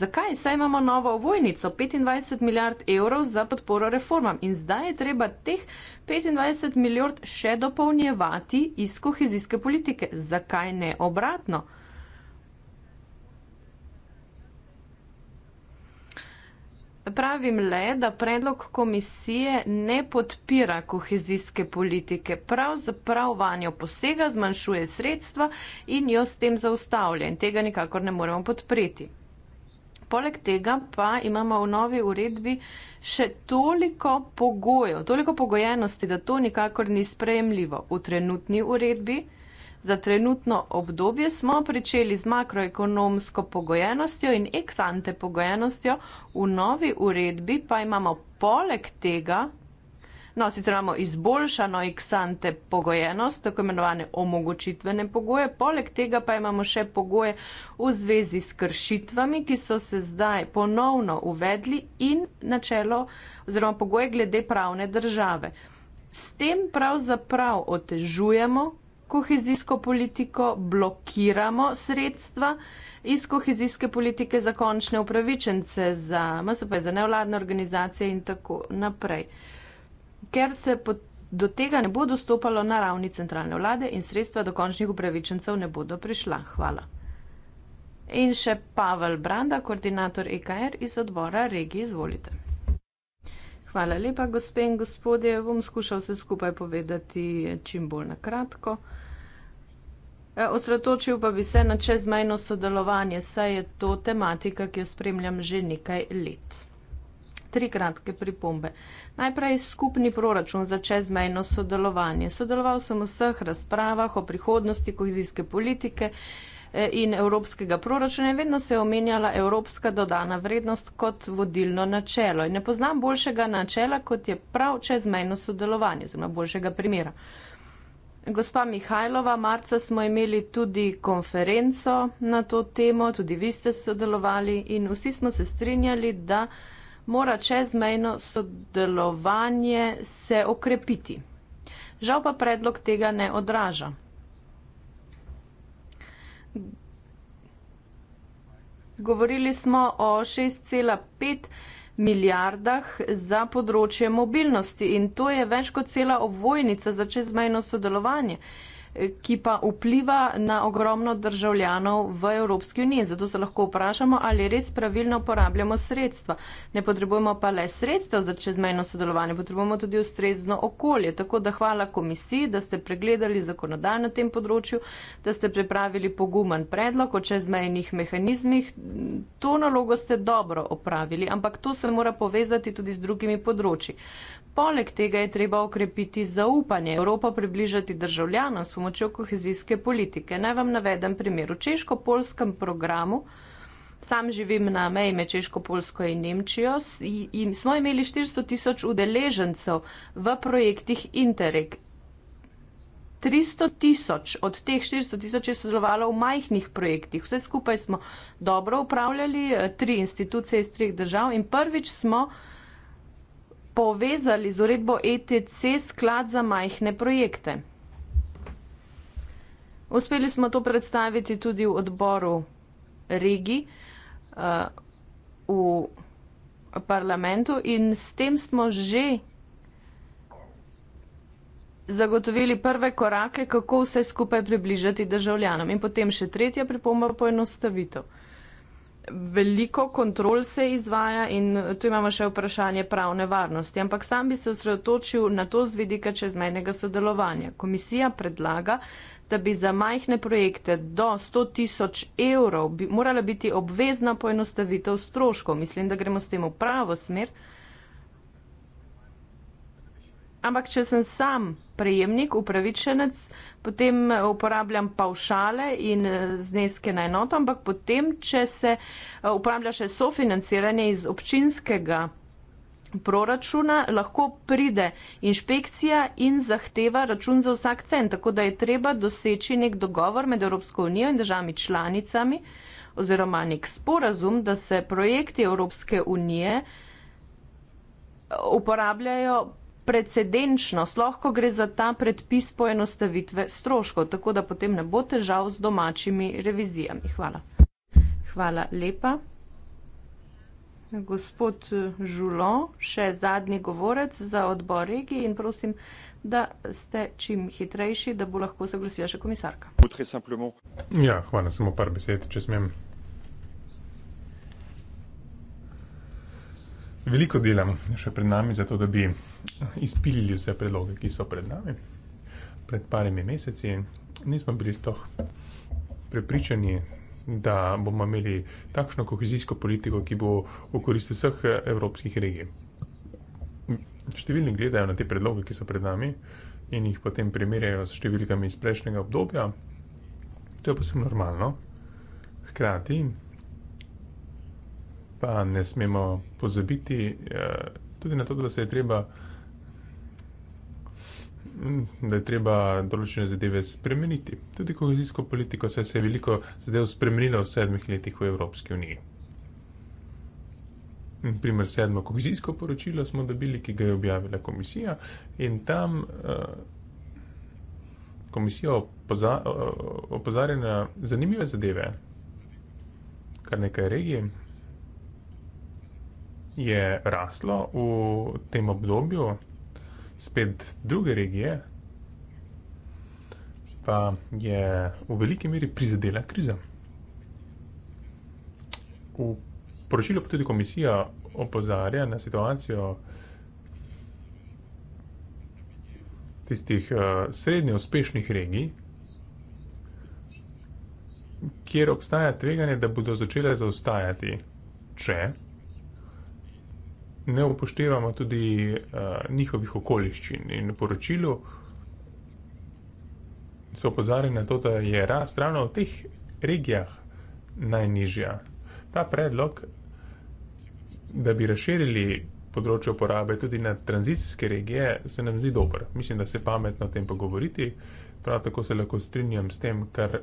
Zakaj? Saj imamo novo vojnico, 25 milijard evrov za podporo reformam in zdaj je treba teh 25 milijard še dopolnjevati iz kohezijske politike. Zakaj ne obratno? Pravim le, da predlog komisije ne podpira kohezijske politike, pravzaprav vanjo posega, zmanjšuje sredstva in jo s tem zaustavlja in tega nikakor ne moremo podpreti. Poleg tega pa imamo v novi uredbi še toliko pogojev, toliko pogojenosti, da to nikakor ni sprejemljivo. V trenutni uredbi Za trenutno obdobje smo pričeli z makroekonomsko pogojenostjo in ex ante pogojenostjo, v novi uredbi pa imamo poleg tega, no sicer imamo izboljšano ex ante pogojenost, tako imenovane omogočitvene pogoje, poleg tega pa imamo še pogoje v zvezi s kršitvami, ki so se zdaj ponovno uvedli in načelo oziroma pogoje glede pravne države. S tem pravzaprav otežujemo kohezijsko politiko, blokiramo sredstva iz kohezijske politike za končne upravičence, za MSP, za nevladne organizacije in tako naprej. Ker se pod, do tega ne bo dostopalo na ravni centralne vlade in sredstva do končnih upravičencev ne bodo prišla. Hvala. In še Pavel Branda, koordinator EKR iz odbora regij, izvolite. Hvala lepa, gospe in gospodje. Bom skušal vse skupaj povedati čim bolj na kratko. Eh, osredotočil pa bi se na čezmejno sodelovanje, saj je to tematika, ki jo spremljam že nekaj let. Tri kratke pripombe. Najprej skupni proračun za čezmejno sodelovanje. Sodeloval sem v vseh razpravah o prihodnosti kohezijske politike eh, in evropskega proračuna in vedno se je omenjala evropska dodana vrednost kot vodilno načelo. In ne poznam boljšega načela, kot je prav čezmejno sodelovanje, oziroma boljšega primera. Gospa Mihajlova, marca smo imeli tudi konferenco na to temo, tudi vi ste sodelovali in vsi smo se strinjali, da mora čezmejno sodelovanje se okrepiti. Žal pa predlog tega ne odraža. Govorili smo o 6,5 milijardah za področje mobilnosti in to je več kot cela ovojnica za čezmejno sodelovanje ki pa vpliva na ogromno državljanov v Evropski uniji. Zato se lahko vprašamo, ali res pravilno uporabljamo sredstva. Ne potrebujemo pa le sredstev za čezmejno sodelovanje, potrebujemo tudi ustrezno okolje. Tako da hvala komisiji, da ste pregledali zakonodaj na tem področju, da ste pripravili pogumen predlog o čezmejnih mehanizmih. To nalogo ste dobro opravili, ampak to se mora povezati tudi z drugimi področji. Poleg tega je treba okrepiti zaupanje Evropa približati državljanom s pomočjo kohezijske politike. Naj vam navedem primer. V češko-polskem programu, sam živim na meji med češko-polsko in Nemčijo, in smo imeli 400 tisoč udeležencev v projektih Interreg. 300 tisoč od teh 400 tisoč je sodelovalo v majhnih projektih. Vse skupaj smo dobro upravljali, eh, tri institucije iz treh držav in prvič smo povezali z uredbo ETC sklad za majhne projekte. Uspeli smo to predstaviti tudi v odboru regi eh, v parlamentu in s tem smo že zagotovili prve korake, kako vse skupaj približati državljanom. In potem še tretja pripomba poenostavitev veliko kontrol se izvaja in tu imamo še vprašanje pravne varnosti, ampak sam bi se osredotočil na to zvedika čezmejnega sodelovanja. Komisija predlaga, da bi za majhne projekte do 100 tisoč evrov bi, morala biti obvezna poenostavitev stroškov. Mislim, da gremo s tem v pravo smer. Ampak, če sem sam prejemnik, upravičenec, potem eh, uporabljam paušale in eh, zneske na enoto, ampak potem, če se eh, uporablja še sofinanciranje iz občinskega proračuna, lahko pride inšpekcija in zahteva račun za vsak cent. Tako da je treba doseči nek dogovor med Evropsko unijo in državami članicami oziroma nek sporazum, da se projekti Evropske unije uporabljajo precedenčno, lahko gre za ta predpis poenostavitve stroškov, tako da potem ne bo težav z domačimi revizijami. Hvala. Hvala lepa. Gospod eh, Žulo, še zadnji govorec za odbor regij in prosim, da ste čim hitrejši, da bo lahko zaglasila še komisarka. Ja, hvala, samo par besed, če smem. Veliko dela je še pred nami, zato da bi izpilili vse predloge, ki so pred nami. Pred parimi meseci nismo bili stoh prepričani, da bomo imeli takšno kohezijsko politiko, ki bo v korist vseh evropskih regij. Številni gledajo na te predloge, ki so pred nami in jih potem primerjajo s številkami iz prejšnjega obdobja. To je pa sem normalno. Hkrati pa ne smemo pozabiti eh, tudi na to, da se je treba, mm, da je treba določene zadeve spremeniti. Tudi kohezijsko politiko se je veliko zadev spremenilo v sedmih letih v Evropski uniji. Primer sedmo komisijsko poročilo smo dobili, ki ga je objavila komisija in tam uh, komisija opoza, opozarja na zanimive zadeve, kar nekaj regij, je raslo v tem obdobju, spet druge regije pa je v veliki meri prizadela kriza. V poročilu pa tudi komisija opozarja na situacijo tistih eh, srednje uspešnih regij, kjer obstaja tveganje, da bodo začele zaostajati, če ne upoštevamo tudi uh, njihovih okoliščin. In v poročilu so opozarjali na to, da je rast ravno v teh regijah najnižja. Ta predlog, da bi razširili področje uporabe tudi na tranzicijske regije, se nam zdi dober. Mislim, da se je pametno o tem pogovoriti. Prav tako se lahko strinjam s tem, kar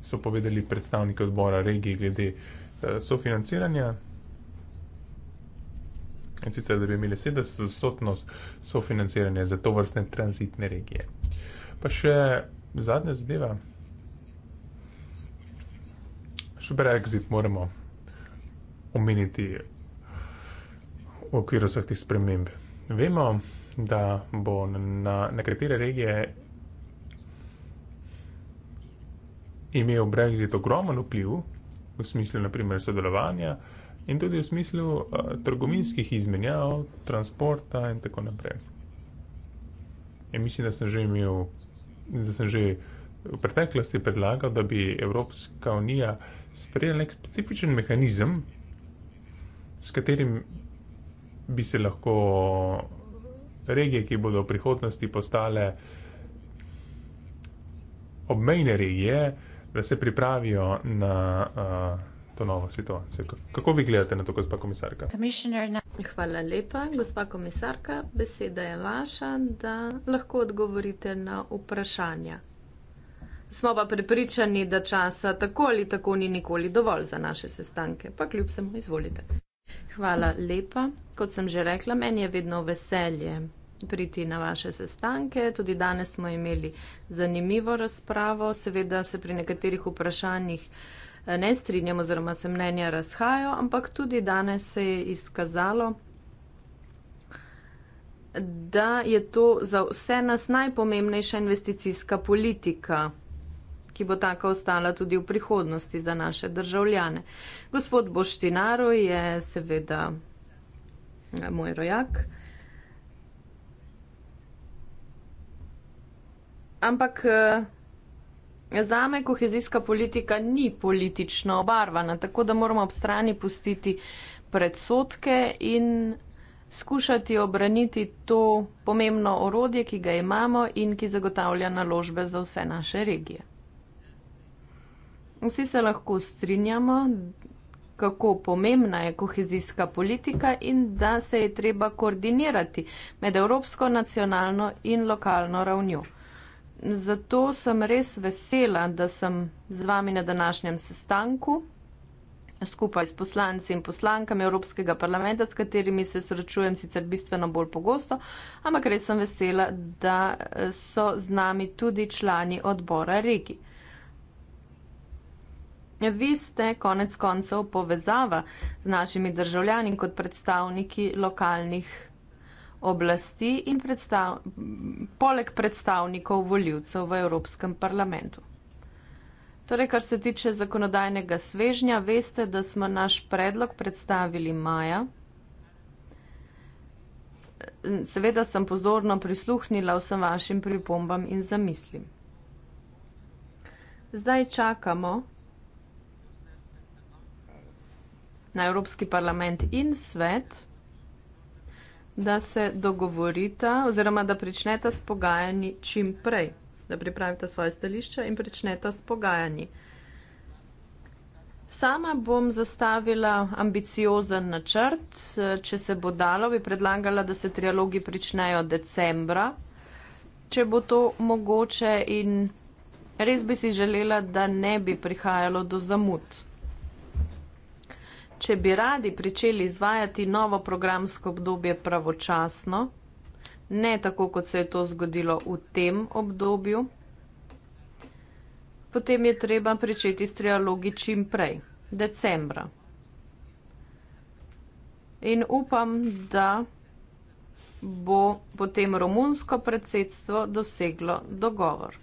so povedali predstavniki odbora regij glede uh, sofinanciranja in sicer da bi imeli 70-odstotno sofinanciranje za to vrstne transitne regije. Pa še zadnja zadeva, še brexit moramo omeniti v okviru vseh tih sprememb. Vemo, da bo na nekatere regije imel brexit ogromen vpliv v smislu naprimer sodelovanja, in tudi v smislu uh, trgovinskih izmenjav, transporta in tako naprej. In mislim, da sem že imel, da sem že v preteklosti predlagal, da bi Evropska unija sprejela nek specifičen mehanizem, s katerim bi se lahko regije, ki bodo v prihodnosti postale obmejne regije, da se pripravijo na. Uh, to novo situacijo. Kako vi gledate na to, gospa komisarka? Hvala lepa, gospa komisarka. Beseda je vaša, da lahko odgovorite na vprašanja. Smo pa prepričani, da časa tako ali tako ni nikoli dovolj za naše sestanke, pa kljub samo izvolite. Hvala lepa. Kot sem že rekla, meni je vedno veselje priti na vaše sestanke. Tudi danes smo imeli zanimivo razpravo. Seveda se pri nekaterih vprašanjih. Eh, ne strinjam, oziroma se mnenja razhajajo, ampak tudi danes se je izkazalo, da je to za vse nas najpomembnejša investicijska politika, ki bo taka ostala tudi v prihodnosti za naše državljane. Gospod Boštinaro je seveda eh, moj rojak. Ampak eh, Zame kohezijska politika ni politično obarvana, tako da moramo ob strani pustiti predsotke in skušati obraniti to pomembno orodje, ki ga imamo in ki zagotavlja naložbe za vse naše regije. Vsi se lahko strinjamo, kako pomembna je kohezijska politika in da se je treba koordinirati med evropsko, nacionalno in lokalno ravnjo zato sem res vesela, da sem z vami na današnjem sestanku skupaj s poslanci in poslankami Evropskega parlamenta, s katerimi se srečujem sicer bistveno bolj pogosto, ampak res sem vesela, da so z nami tudi člani odbora Regi. Vi ste konec koncev povezava z našimi državljani kot predstavniki lokalnih oblasti in predstav, poleg predstavnikov voljivcev v Evropskem parlamentu. Torej, kar se tiče zakonodajnega svežnja, veste, da smo naš predlog predstavili maja. Seveda sem pozorno prisluhnila vsem vašim pripombam in zamislim. Zdaj čakamo na Evropski parlament in svet da se dogovorita, oziroma da začneta s pogajanji čim prej, da pripravita svoje stališče in začneta s pogajanji. Sama bom zastavila ambiciozen načrt, če se bo dalo, bi predlagala, da se trialogi pričnejo decembra, če bo to mogoče in res bi si želela, da ne bi prihajalo do zamud če bi radi pričeli izvajati novo programsko obdobje pravočasno, ne tako, kot se je to zgodilo v tem obdobju, potem je treba pričeti s trialogi čim prej, decembra. In upam, da bo potem romunsko predsedstvo doseglo dogovor.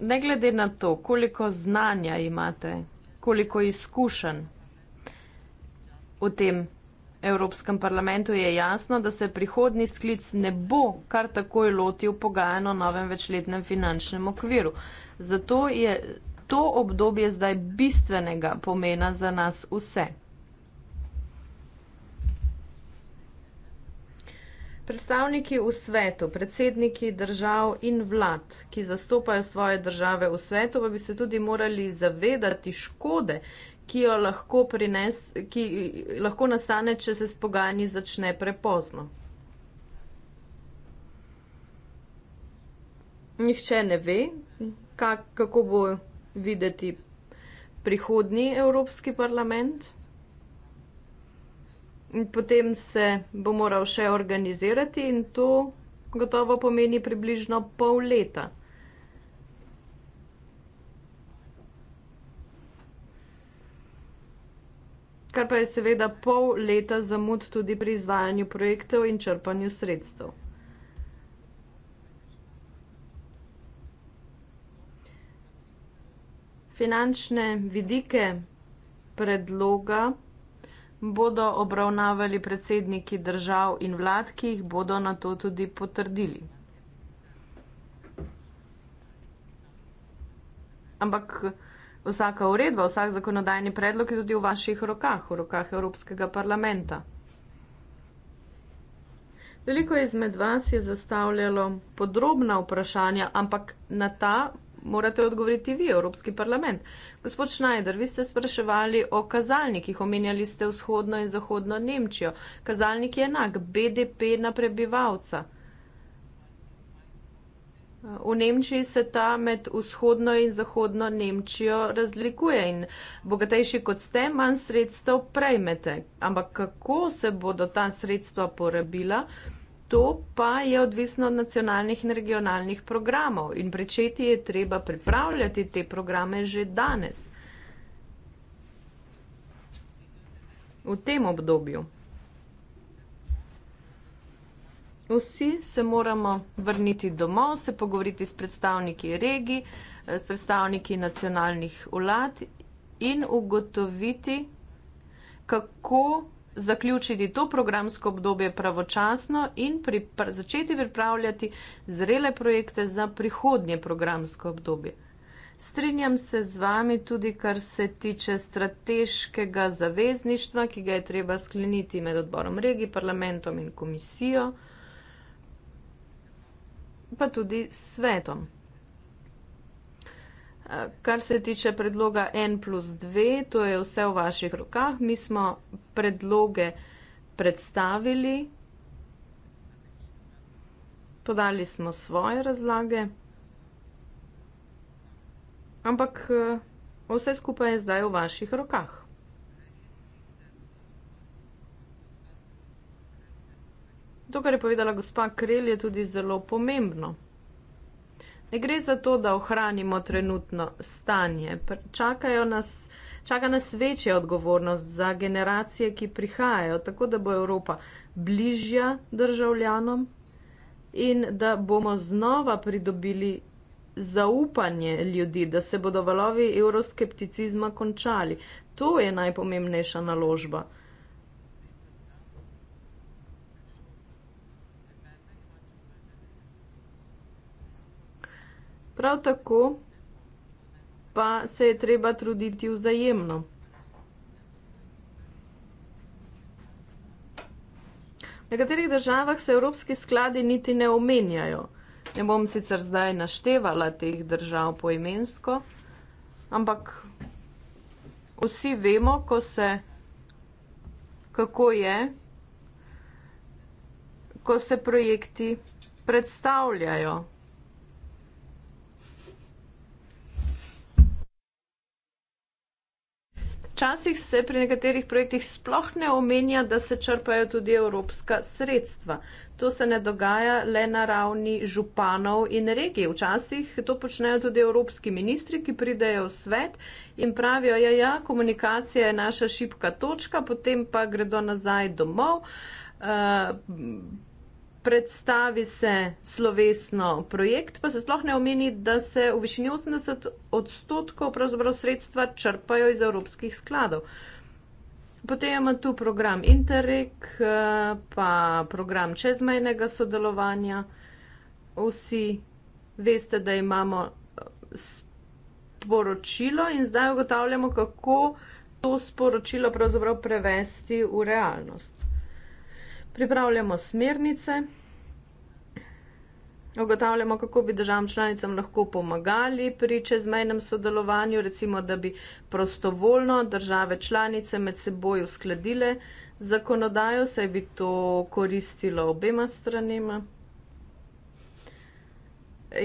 ne glede na to, koliko znanja imate, koliko izkušenj v tem Evropskem parlamentu, je jasno, da se prihodni sklic ne bo kar takoj lotil pogajanja o novem večletnem finančnem okviru. Zato je to obdobje zdaj bistvenega pomena za nas vse. Predstavniki v svetu, predsedniki držav in vlad, ki zastopajo svoje države v svetu, pa bi se tudi morali zavedati škode, ki jo lahko, prines, ki lahko nastane, če se spogajanje začne prepozno. Nihče ne ve, kak, kako bo videti prihodni Evropski parlament in potem se bo moral še organizirati, in to gotovo pomeni približno pol leta. Kar pa je seveda pol leta zamud tudi pri izvajanju projektov in črpanju sredstev. Finančne vidike predloga bodo obravnavali predsedniki držav in vlad, ki jih bodo na to tudi potrdili. Ampak vsaka uredba, vsak zakonodajni predlog je tudi v vaših rokah, v rokah Evropskega parlamenta. Veliko izmed vas je zastavljalo podrobna vprašanja, ampak na ta morate odgovoriti vi, Evropski parlament. Gospod Šnajder, vi ste spraševali o kazalnikih, omenjali ste vzhodno in zahodno Nemčijo. Kazalnik je enak, BDP na prebivalca. V Nemčiji se ta med vzhodno in zahodno Nemčijo razlikuje in bogatejši kot ste, manj sredstev prejmete. Ampak kako se bodo ta sredstva porabila? To pa je odvisno od nacionalnih in regionalnih programov in pričeti je treba pripravljati te programe že danes, v tem obdobju. Vsi se moramo vrniti domov, se pogovoriti s predstavniki regij, s predstavniki nacionalnih vlad in ugotoviti, kako zaključiti to programsko obdobje pravočasno in pri, pri, začeti pripravljati zrele projekte za prihodnje programsko obdobje. Strinjam se z vami tudi, kar se tiče strateškega zavezništva, ki ga je treba skleniti med odborom regi, parlamentom in komisijo, pa tudi svetom. Kar se tiče predloga N plus 2, to je vse v vaših rokah. Mi smo predloge predstavili, podali smo svoje razlage, ampak eh, vse skupaj je zdaj v vaših rokah. To, kar je povedala gospa Krel, je tudi zelo pomembno. Ne gre za to, da ohranimo trenutno stanje. Nas, čaka nas večja odgovornost za generacije, ki prihajajo, tako da bo Evropa bližja državljanom in da bomo znova pridobili zaupanje ljudi, da se bodo valovi evroskepticizma končali. To je najpomembnejša naložba. Prav tako pa se je treba truditi vzajemno. V nekaterih državah se evropski skladi niti ne omenjajo. Ne bom sicer zdaj naštevala teh držav poimensko, ampak vsi vemo, ko se, kako je, ko se projekti predstavljajo. Včasih se pri nekaterih projektih sploh ne omenja, da se črpajo tudi evropska sredstva. To se ne dogaja le na ravni županov in regij. Včasih to počnejo tudi evropski ministri, ki pridejo v svet in pravijo, ja, ja, komunikacija je naša šipka točka, potem pa gredo nazaj domov. Uh, predstavi se slovesno projekt, pa se sploh ne omeni, da se v višini 80 odstotkov sredstva črpajo iz evropskih skladov. Potem ima tu program Interreg, eh, pa program čezmejnega sodelovanja. Vsi veste, da imamo eh, sporočilo in zdaj ugotavljamo, kako to sporočilo prevesti v realnost pripravljamo smernice, ogotavljamo, kako bi državam članicam lahko pomagali pri čezmejnem sodelovanju, recimo, da bi prostovoljno države članice med seboj uskladile zakonodajo, saj bi to koristilo obema stranima.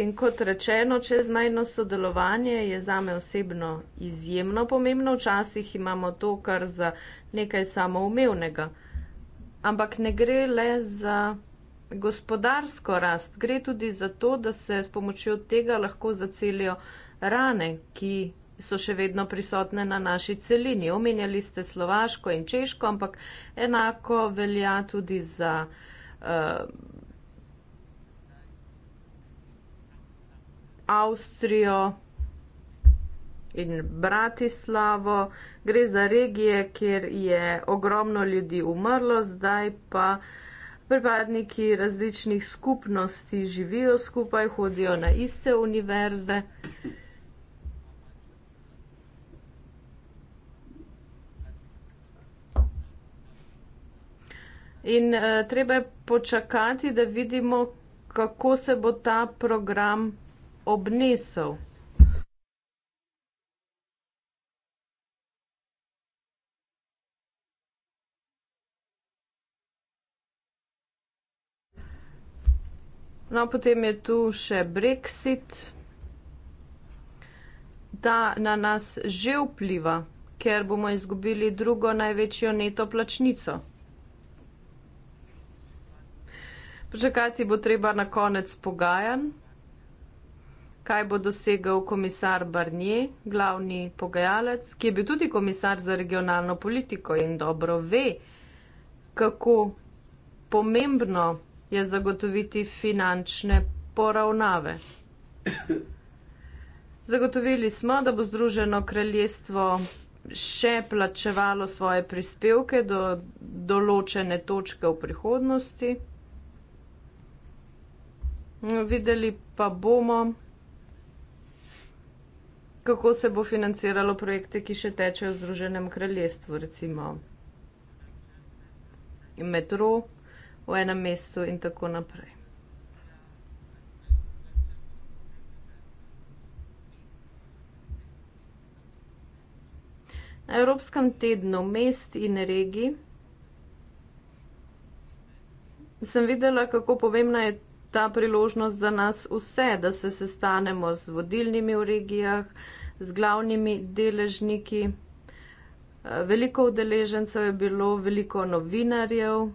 In kot rečeno, čezmejno sodelovanje je zame osebno izjemno pomembno. Včasih imamo to kar za nekaj samoumevnega ampak ne gre le za gospodarsko rast, gre tudi za to, da se s pomočjo tega lahko zacelijo rane, ki so še vedno prisotne na naši celini. Omenjali ste Slovaško in Češko, ampak enako velja tudi za. Uh, Avstrijo, in Bratislavo. Gre za regije, kjer je ogromno ljudi umrlo, zdaj pa pripadniki različnih skupnosti živijo skupaj, hodijo na iste univerze. In uh, treba je počakati, da vidimo, kako se bo ta program obnesel. No, potem je tu še Brexit, da na nas že vpliva, ker bomo izgubili drugo največjo neto plačnico. Počakati bo treba na konec pogajanj, kaj bo dosegal komisar Barnier, glavni pogajalec, ki je bil tudi komisar za regionalno politiko in dobro ve, kako pomembno je je zagotoviti finančne poravnave. Zagotovili smo, da bo Združeno kraljestvo še plačevalo svoje prispevke do določene točke v prihodnosti. Videli pa bomo, kako se bo financiralo projekte, ki še tečejo v Združenem kraljestvu, recimo metro v enem mestu in tako naprej. Na Evropskem tednu mest in regij sem videla, kako pomembna je ta priložnost za nas vse, da se sestanemo z vodilnimi v regijah, z glavnimi deležniki. Veliko udeležencev je bilo, veliko novinarjev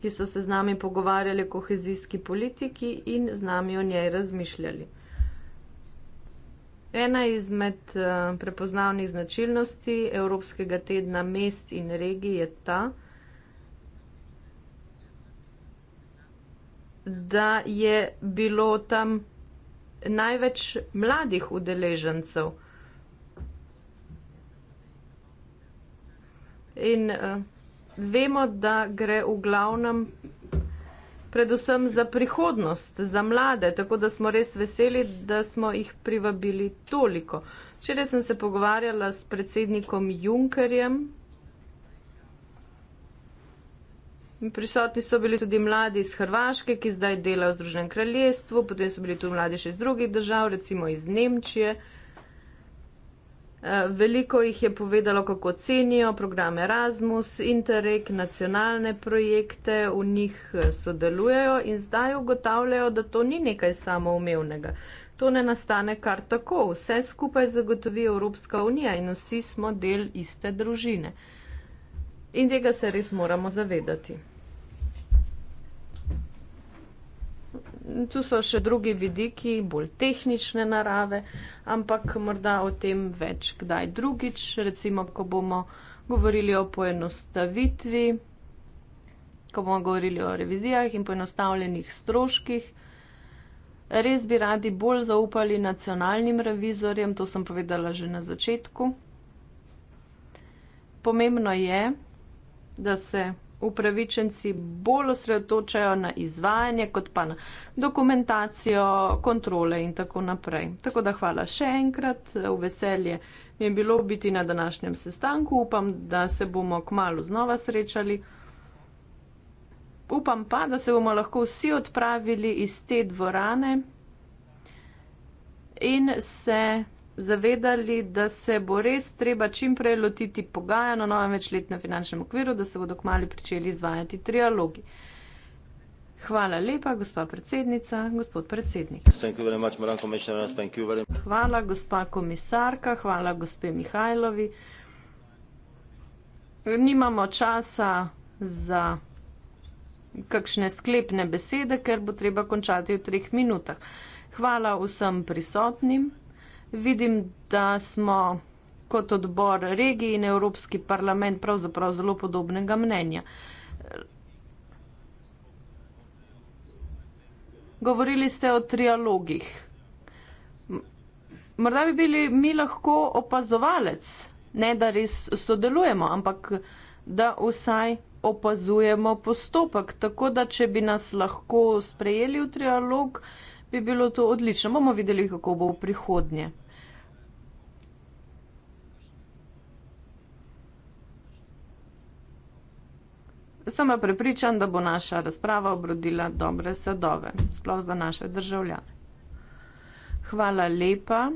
ki so se z nami pogovarjali kohezijski politiki in z nami o njej razmišljali. Ena izmed eh, prepoznavnih značilnosti Evropskega tedna mest in regij je ta, da je bilo tam največ mladih udeležencev. In eh, vemo, da gre v glavnem predvsem za prihodnost, za mlade, tako da smo res veseli, da smo jih privabili toliko. Včeraj sem se pogovarjala s predsednikom Junkerjem. Prisotni so bili tudi mladi iz Hrvaške, ki zdaj delajo v Združenem kraljestvu, potem so bili tudi mladi še iz drugih držav, recimo iz Nemčije. Uh, Eh, veliko jih je povedalo, kako cenijo program Erasmus, Interreg, nacionalne projekte, v njih eh, sodelujejo in zdaj ugotavljajo, da to ni nekaj samoumevnega. To ne nastane kar tako, vse skupaj zagotovi Evropska unija in vsi smo del iste družine. In tega se res moramo zavedati. tu so še drugi vidiki, bolj tehnične narave, ampak morda o tem več kdaj drugič, recimo, ko bomo govorili o poenostavitvi, ko bomo govorili o revizijah in poenostavljenih stroških. Res bi radi bolj zaupali nacionalnim revizorjem, to sem povedala že na začetku. Pomembno je, da se upravičenci bolj osredotočajo na izvajanje, kot pa na dokumentacijo, kontrole in tako naprej. Tako da hvala še enkrat, v veselje mi je bilo biti na današnjem sestanku, upam, da se bomo kmalo znova srečali. Upam pa, da se bomo lahko vsi odpravili iz te dvorane in se zavedali, da se bo res treba čim prej lotiti pogajanj o novem večletnem finančnem okviru, da se bodo kmali pričeli izvajati trialogi. Hvala lepa, gospa predsednica, gospod predsednik. Hvala, gospa komisarka, hvala, gospe Mihajlovi. Nimamo časa za kakšne sklepne besede, ker bo treba končati v treh minutah. Hvala vsem prisotnim vidim, da smo kot odbor regij in Evropski parlament pravzaprav zelo podobnega mnenja. Govorili ste o trialogih. Morda bi bili mi lahko opazovalec, ne da res sodelujemo, ampak da vsaj opazujemo postopek. Tako da, če bi nas lahko sprejeli v trialog, bi bilo to odlično. Bomo videli, kako bo v prihodnje. Sem pa prepričan, da bo naša razprava obrodila dobre sadove, sploh za naše državljane. Hvala lepa.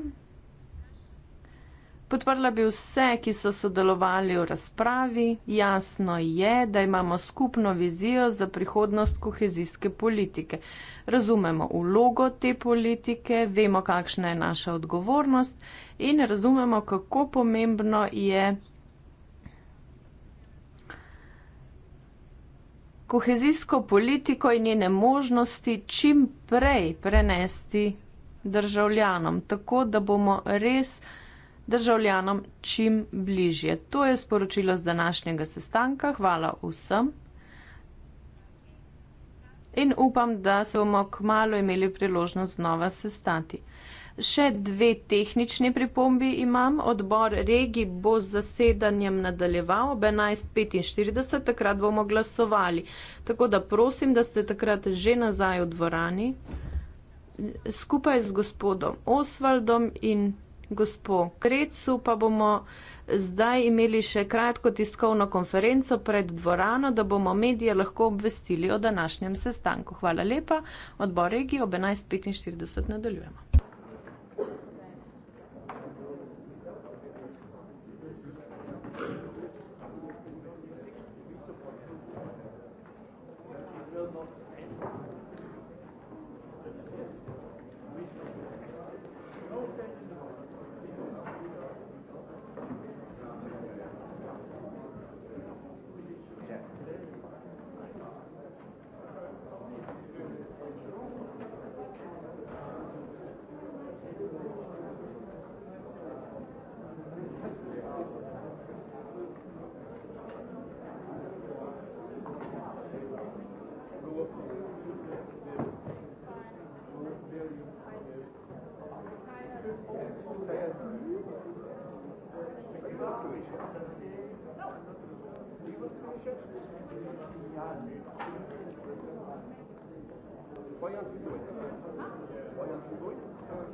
Podprla bi vse, ki so sodelovali v razpravi. Jasno je, da imamo skupno vizijo za prihodnost kohezijske politike. Razumemo ulogo te politike, vemo, kakšna je naša odgovornost in razumemo, kako pomembno je kohezijsko politiko in njene možnosti čim prej prenesti državljanom, tako da bomo res državljanom čim bližje. To je sporočilo z današnjega sestanka. Hvala vsem. In upam, da se bomo kmalo imeli priložnost znova sestati. Še dve tehnični pripombi imam. Odbor regi bo z zasedanjem nadaljeval ob 11.45, takrat bomo glasovali. Tako da prosim, da ste takrat že nazaj v dvorani skupaj z gospodom Osvaldom in gospod Krecu pa bomo zdaj imeli še kratko tiskovno konferenco pred dvorano, da bomo medije lahko obvestili o današnjem sestanku. Hvala lepa. Odbor regije ob 11.45 nadaljujemo.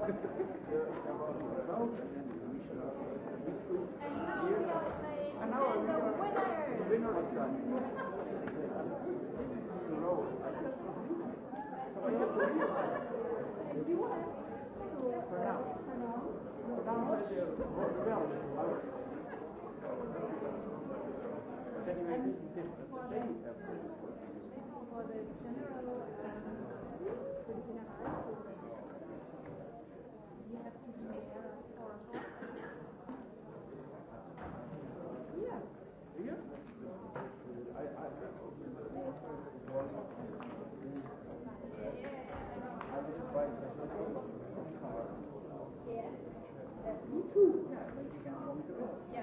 and for the general and the general Yeah. Me too. Yeah. Me too. yeah.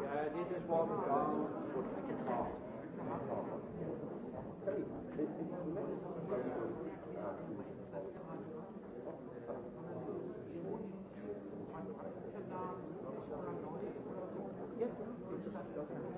Yeah, this is what we call for the car. Thank you.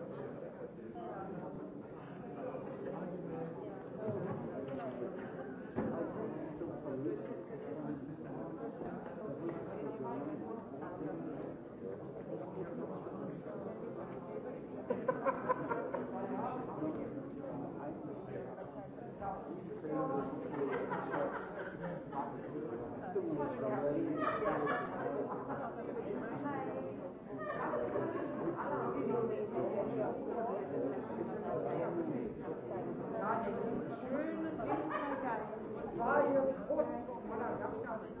Schönen Dienstag, Herr Geist. Freie Post. Meine Damen und Herren.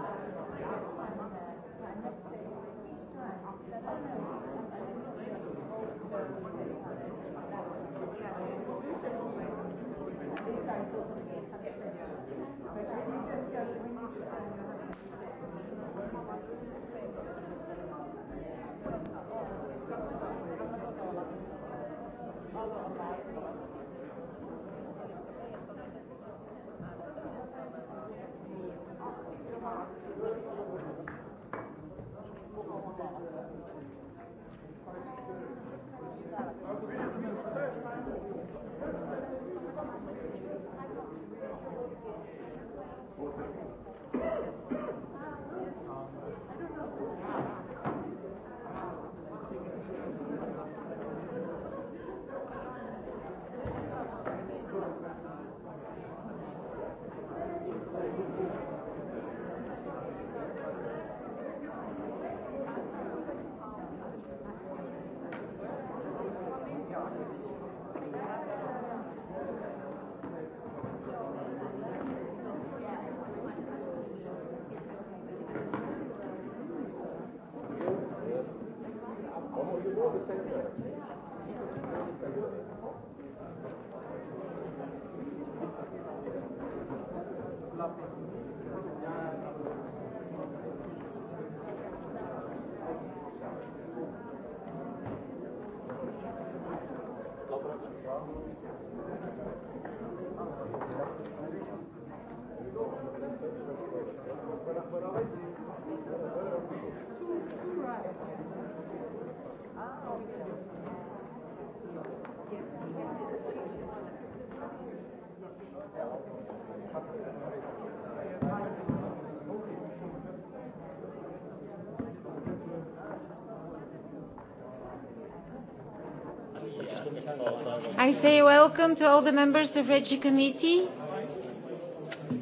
I say welcome to all the members of Reggie committee.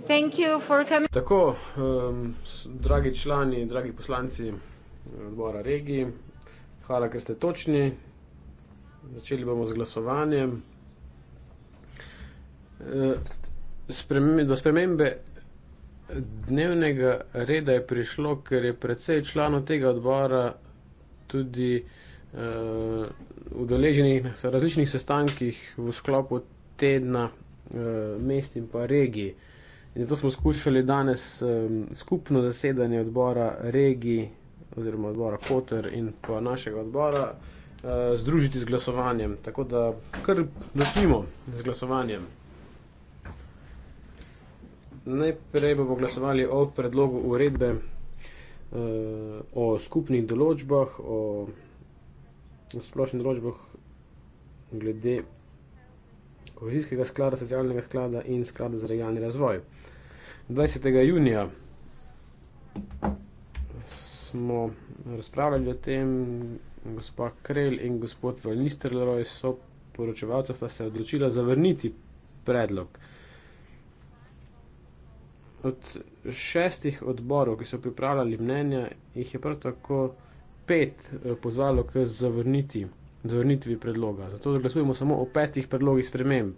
Thank you for coming. Tako, um, dragi člani, dragi poslanci eh, odbora regije. Hvala, ker ste točni. Začeli bomo z glasovanjem. Eh, do spremembe dnevnega reda je prišlo, ker je predvsej članov tega odbora tudi eh, udeleženih na različnih sestankih v sklopu tedna eh, mest in pa regiji. In zato smo skušali danes skupno zasedanje odbora regiji oziroma odbora Koter in pa našega odbora, uh, združiti z glasovanjem. Tako da kar začnimo z glasovanjem. Najprej bomo glasovali o predlogu uredbe uh, o skupnih določbah, o splošnih določbah glede kohezijskega sklada, socialnega sklada in sklada za realni razvoj. 20. junija smo razpravljali o tem, gospa Krejl in gospod Valnisterloj so poročevalce, sta se odločila zavrniti predlog. Od šestih odborov, ki so pripravljali mnenja, jih je prav tako pet eh, pozvalo k zavrniti, zavrnitvi predloga. Zato glasujemo samo o petih predlogih sprememb.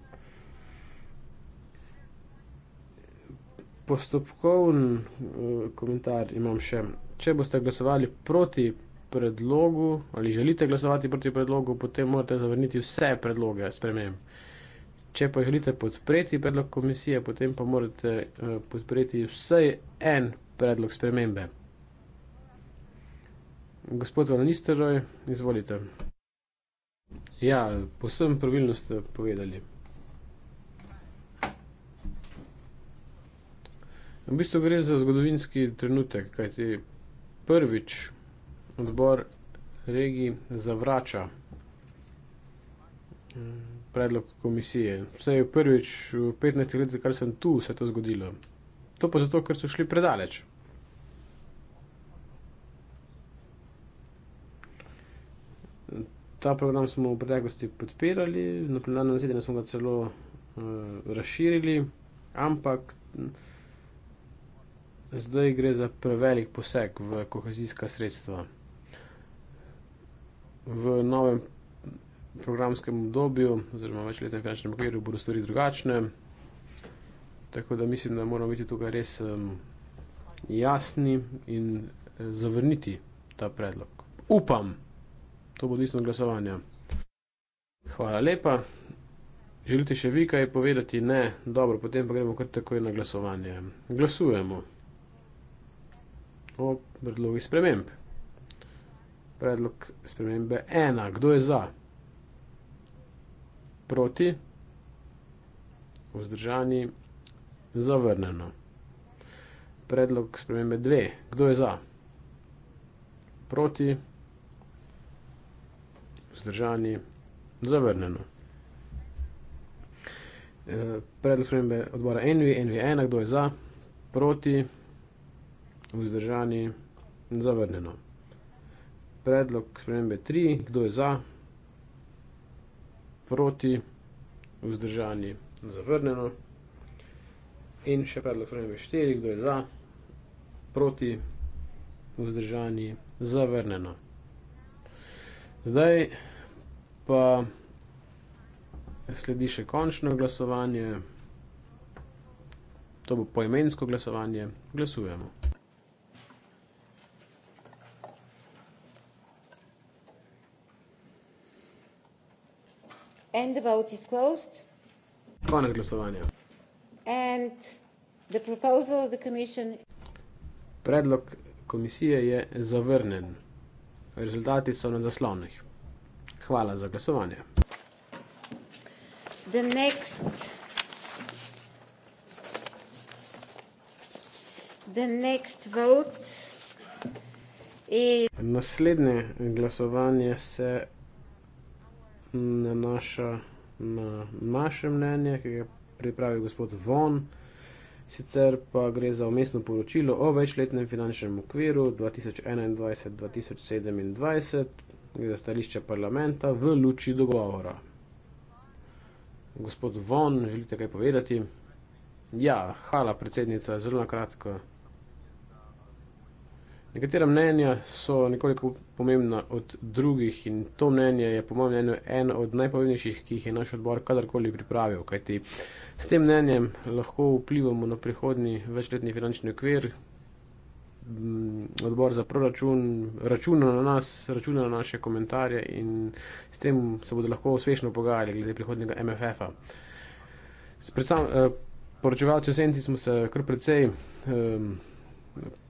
Postopkovni eh, komentar imam še. Če boste glasovali proti predlogu ali želite glasovati proti predlogu, potem morate zavrniti vse predloge sprememb. Če pa želite podpreti predlog komisije, potem pa morate uh, podpreti vsaj en predlog spremembe. Gospod Vanisteroj, izvolite. Ja, posebno pravilno ste povedali. V bistvu gre za zgodovinski trenutek, kajti prvič odbor regij zavrača mm, predlog komisije. Vse je prvič v 15 letih, kar sem tu, se to zgodilo. To pa zato, ker so šli predaleč. Ta program smo v preteklosti podpirali, na plenarnem zasedanju smo ga celo uh, razširili, ampak zdaj gre za prevelik poseg v kohezijska sredstva. V novem programskem obdobju, oziroma večletnem finančnem okviru, bodo stvari drugačne. Tako da mislim, da moramo biti tukaj res um, jasni in eh, zavrniti ta predlog. Upam, to bo odvisno od glasovanja. Hvala lepa. Želite še vi kaj povedati? Ne, dobro, potem pa gremo kar takoj na glasovanje. Glasujemo o predlogu sprememb. Predlog spremembe ena. Kdo je za? Proti? Vzdržani? Zavrneno. Predlog spremembe dve. Kdo je za? Proti? Vzdržani? Zavrneno. Eh, predlog spremembe odbora NV. NV ena. Kdo je za? Proti? Proti? vzdržani, zavrnjeno. Predlog spremembe 3, kdo je za, proti, vzdržani, zavrnjeno. In še predlog spremembe 4, kdo je za, proti, vzdržani, zavrnjeno. Zdaj pa sledi še končno glasovanje, to bo poimensko glasovanje, glasujemo. And the vote is closed. Konec glasovanja. And the proposal of the commission. Predlog komisije je zavrnen. Rezultati so na zaslonih. Hvala za glasovanje. The next The next vote is... Naslednje glasovanje se nanaša na naše mnenje, ki je pripravil gospod Von. Sicer pa gre za umestno poročilo o večletnem finančnem okviru 2021-2027, gre za stališče parlamenta v luči dogovora. Gospod Von, želite kaj povedati? Ja, hvala predsednica, zelo na kratko. Nekatera mnenja so nekoliko pomembna od drugih in to mnenje je po mojem mnenju eno od najpomembnejših, ki jih je naš odbor kadarkoli pripravil. Kajti s tem mnenjem lahko vplivamo na prihodni večletni finančni okvir, mm, odbor za proračun računa na nas, računa na naše komentarje in s tem se bodo lahko uspešno pogajali glede prihodnjega MFF-a. Eh, poročevalci v senci smo se kar precej. Um,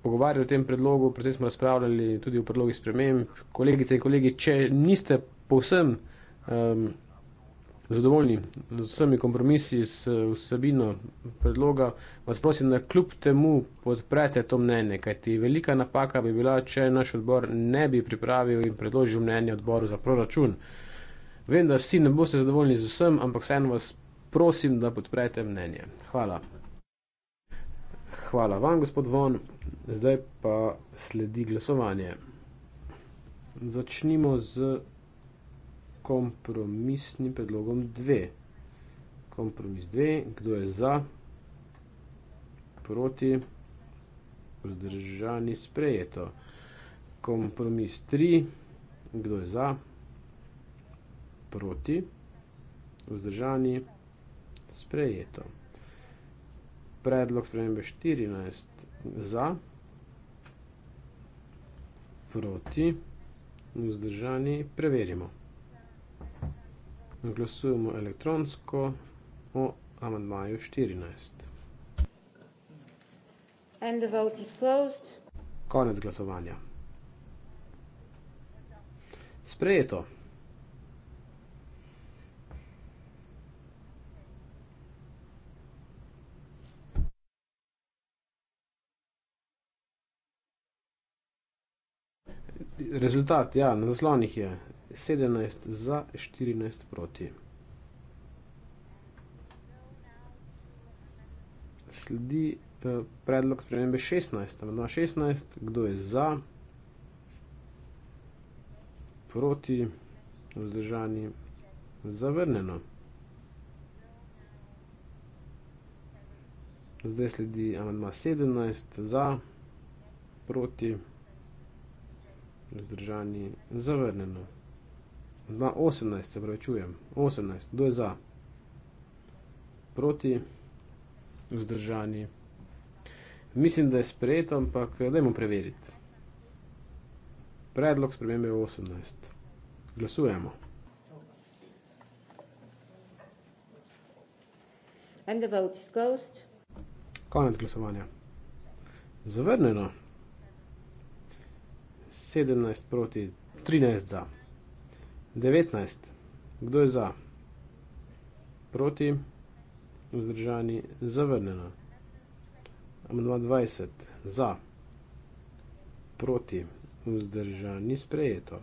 pogovarjali o tem predlogu, predtem smo razpravljali tudi o predlogih sprememb. Kolegice in kolegi, če niste povsem um, zadovoljni z vsemi kompromisi, z vsebino predloga, vas prosim, da kljub temu podprete to mnenje, kajti velika napaka bi bila, če naš odbor ne bi pripravil in predložil mnenje odboru za proračun. Vem, da vsi ne boste zadovoljni z vsem, ampak vseeno vas prosim, da podprete mnenje. Hvala hvala vam, gospod Von. Zdaj pa sledi glasovanje. Začnimo z kompromisnim predlogom 2. Kompromis 2, kdo je za, proti, vzdržani, sprejeto. Kompromis 3, kdo je za, proti, vzdržani, sprejeto predlog spremembe 14 za, proti, vzdržani, preverimo. Glasujemo elektronsko o amadmaju 14. And the vote is closed. Konec glasovanja. Sprejeto. rezultat, ja, na zlonih je 17 za 14 proti. Sledi eh, predlog spremembe 16, ali 16, kdo je za, proti, vzdržani, zavrnjeno. Zdaj sledi amandma 17 za, proti vzdržani, zavrnjeno. Ma 18, se pravi, čujem. 18, kdo je za? Proti, vzdržani. Mislim, da je sprejet, ampak eh, dajmo preveriti. Predlog spremembe je 18. Glasujemo. And the vote is closed. Konec glasovanja. Zavrnjeno. 17 proti 13 za. 19. Kdo je za? Proti. Vzdržani zavrnjeno. Amandma 20. Za. Proti. Vzdržani sprejeto.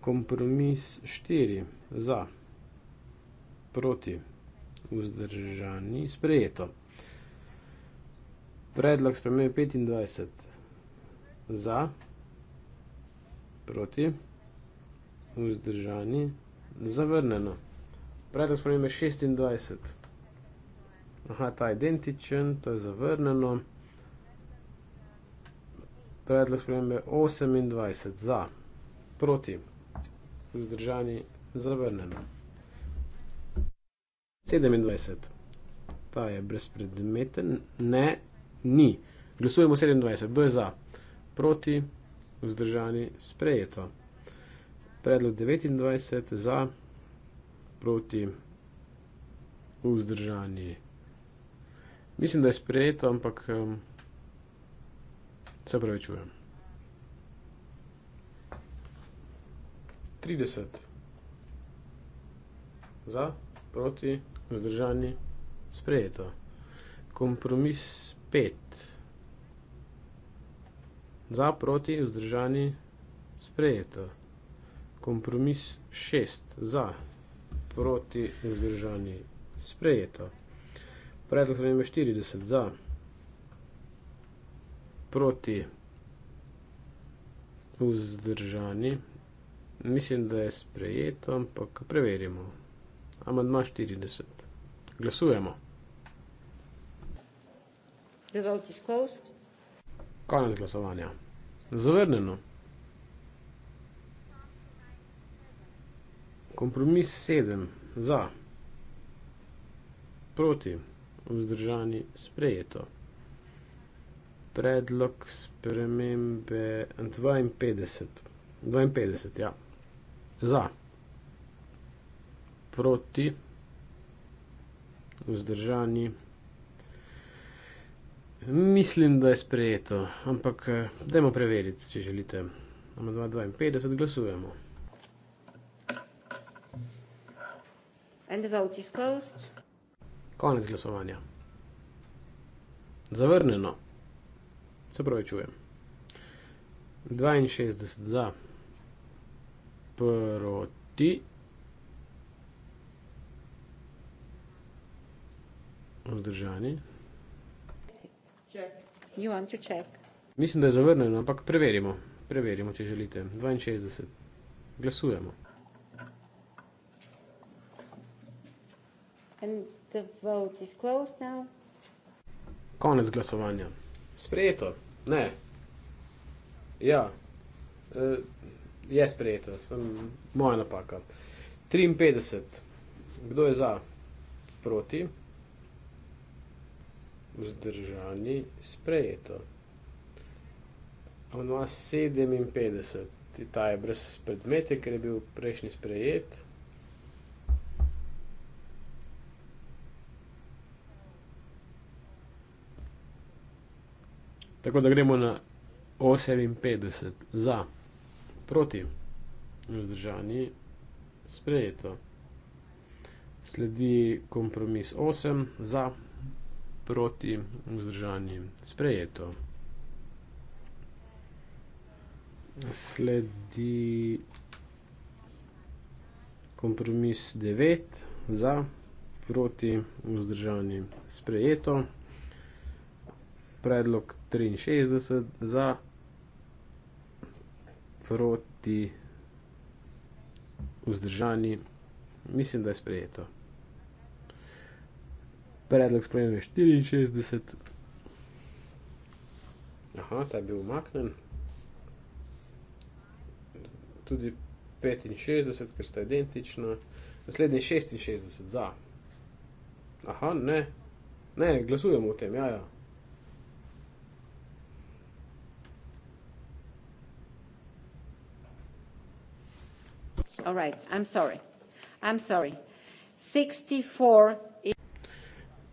Kompromis 4. Za. Proti. Vzdržani sprejeto. Predlog spremembe 25. Za. Proti. Vzdržani. Zavrnjeno. Predlog spremembe 26. Aha, ta identičen, to je zavrnjeno. Predlog spremembe 28. Za. Proti. Vzdržani. Zavrnjeno. 27. Ta je brezpredmeten. Ne. Ni. Glasujemo 27. Kdo je za? Proti vzdržani sprejeto. Predlog 29 za, proti vzdržani. Mislim, da je sprejeto, ampak se pravi čujem. 30 za, proti vzdržani sprejeto. Kompromis 5. 5 dva proti vzdržani sprejeto. Kompromis šest za proti vzdržani sprejeto. Predlog hranjeme 40 za proti vzdržani. Mislim, da je sprejeto, ampak preverimo. Amadma 40. Glasujemo. The vote is closed. Konec glasovanja. Zavrnjeno. Kompromis 7. Za. Proti. Vzdržani sprejeto. Predlog spremembe 52. 52, ja. Za. Proti. Vzdržani sprejeto. Mislim, da je sprejeto, ampak eh, dajmo preveriti, če želite. Amo 52 glasujemo. Konec glasovanja. Zavrnjeno. Se pravi, čujem. 62 za, proti. Vzdržani. You want to check? Mislim, da je zavrnjeno, ampak preverimo. Preverimo, če želite. 62. Glasujemo. And the vote is closed now. Konec glasovanja. Sprejeto. Ne. Ja. Uh, je sprejeto. Sem moja napaka. 53. Kdo je za? Proti vzdržani, sprejeto. On ima 57, ta je brez predmete, ker je bil prejšnji sprejet. Tako da gremo na 58 za, proti, vzdržani, sprejeto. Sledi kompromis 8 za, proti proti vzdržani sprejeto. Sledi kompromis 9 za proti vzdržani sprejeto. Predlog 63 za proti vzdržani mislim, da je sprejeto predlog spremembe 64. Aha, ta je bil umaknen. Tudi 65, ker sta identična. Naslednji 66 za. Aha, ne. Ne, glasujemo o tem, ja, ja. All right, I'm sorry. I'm sorry. 64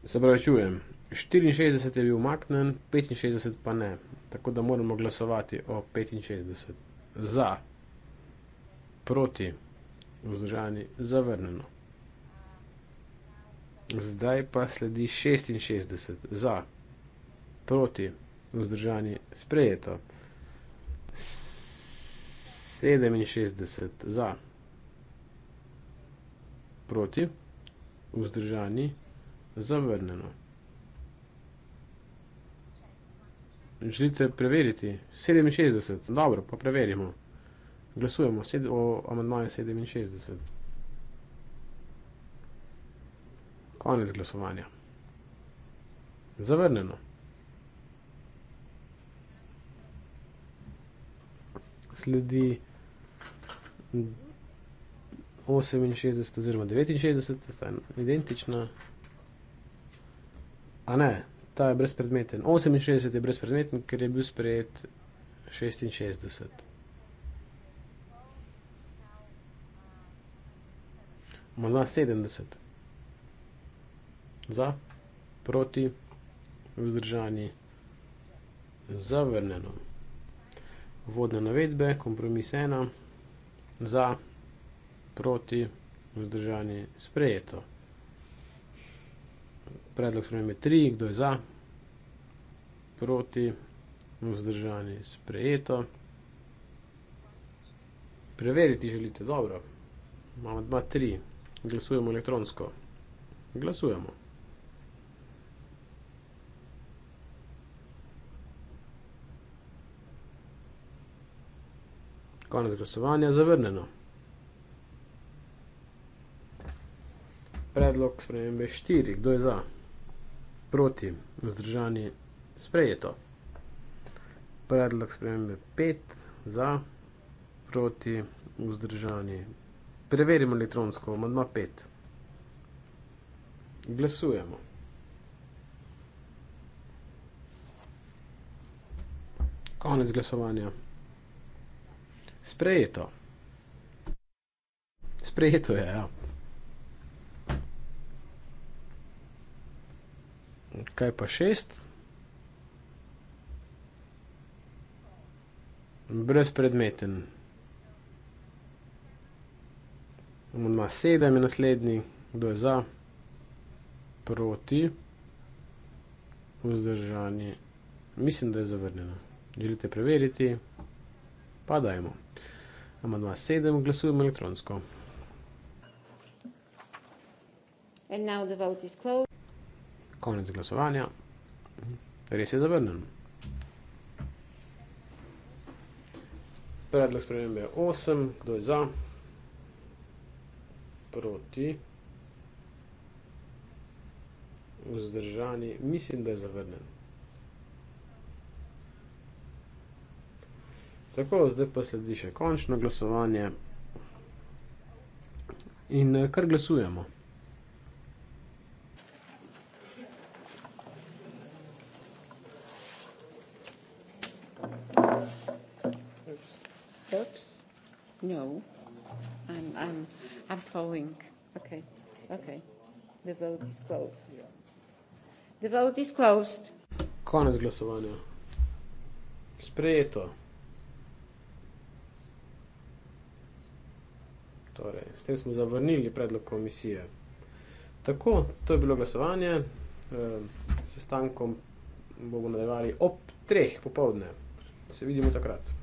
Se pravi, čujem. 64 je bil umaknen, 65 pa ne. Tako da moramo glasovati o 65. Za, proti, vzdržani, zavrnjeno. Zdaj pa sledi 66. Za, proti, vzdržani, sprejeto. 67. Za, proti, vzdržani, sprejeto. Zavrnjeno. Želite preveriti? 67. Dobro, pa preverimo. Glasujemo o amandmaju 67. Konec glasovanja. Zavrnjeno. Sledi 68 oziroma 69, sta identična. A ne, ta je brezpredmeten. 68 je brezpredmeten, ker je bil sprejet 66. Morda 70. Za, proti, vzdržani, zavrnjeno. Vodne navedbe, kompromis ena, za, proti, vzdržani, sprejeto predlog spremembe 3, kdo je za, proti, vzdržani, sprejeto. Preveriti želite, dobro. Imamo 2-3, glasujemo elektronsko. Glasujemo. Konec glasovanja, zavrneno. Predlog spremembe 4, kdo je za? proti, vzdržani sprejeto. Predlog spremembe 5 za, proti, vzdržani. Preverimo elektronsko, amadma 5. Glasujemo. Konec glasovanja. Sprejeto. Sprejeto je, ja. Kaj pa šest? Brezpredmeten. Amandma sedem je naslednji. Kdo je za? Proti. Vzdržanje. Mislim, da je zavrnjeno. Želite preveriti? Pa dajmo. Amandma sedem glasujemo elektronsko. And now the vote is closed konec glasovanja, res je zavrnjen. Predlog spremembe je 8, kdo je za, proti, vzdržani, mislim, da je zavrnjen. Tako, zdaj pa sledi še končno glasovanje in eh, kar glasujemo. Oops. No. I'm I'm I'm following. Okay. Okay. The vote is closed. The vote is closed. Konec glasovanja. Sprejeto. Torej, s tem smo zavrnili predlog komisije. Tako, to je bilo glasovanje. Ehm, sestankom bomo nadaljevali ob treh popovdne. Se vidimo takrat.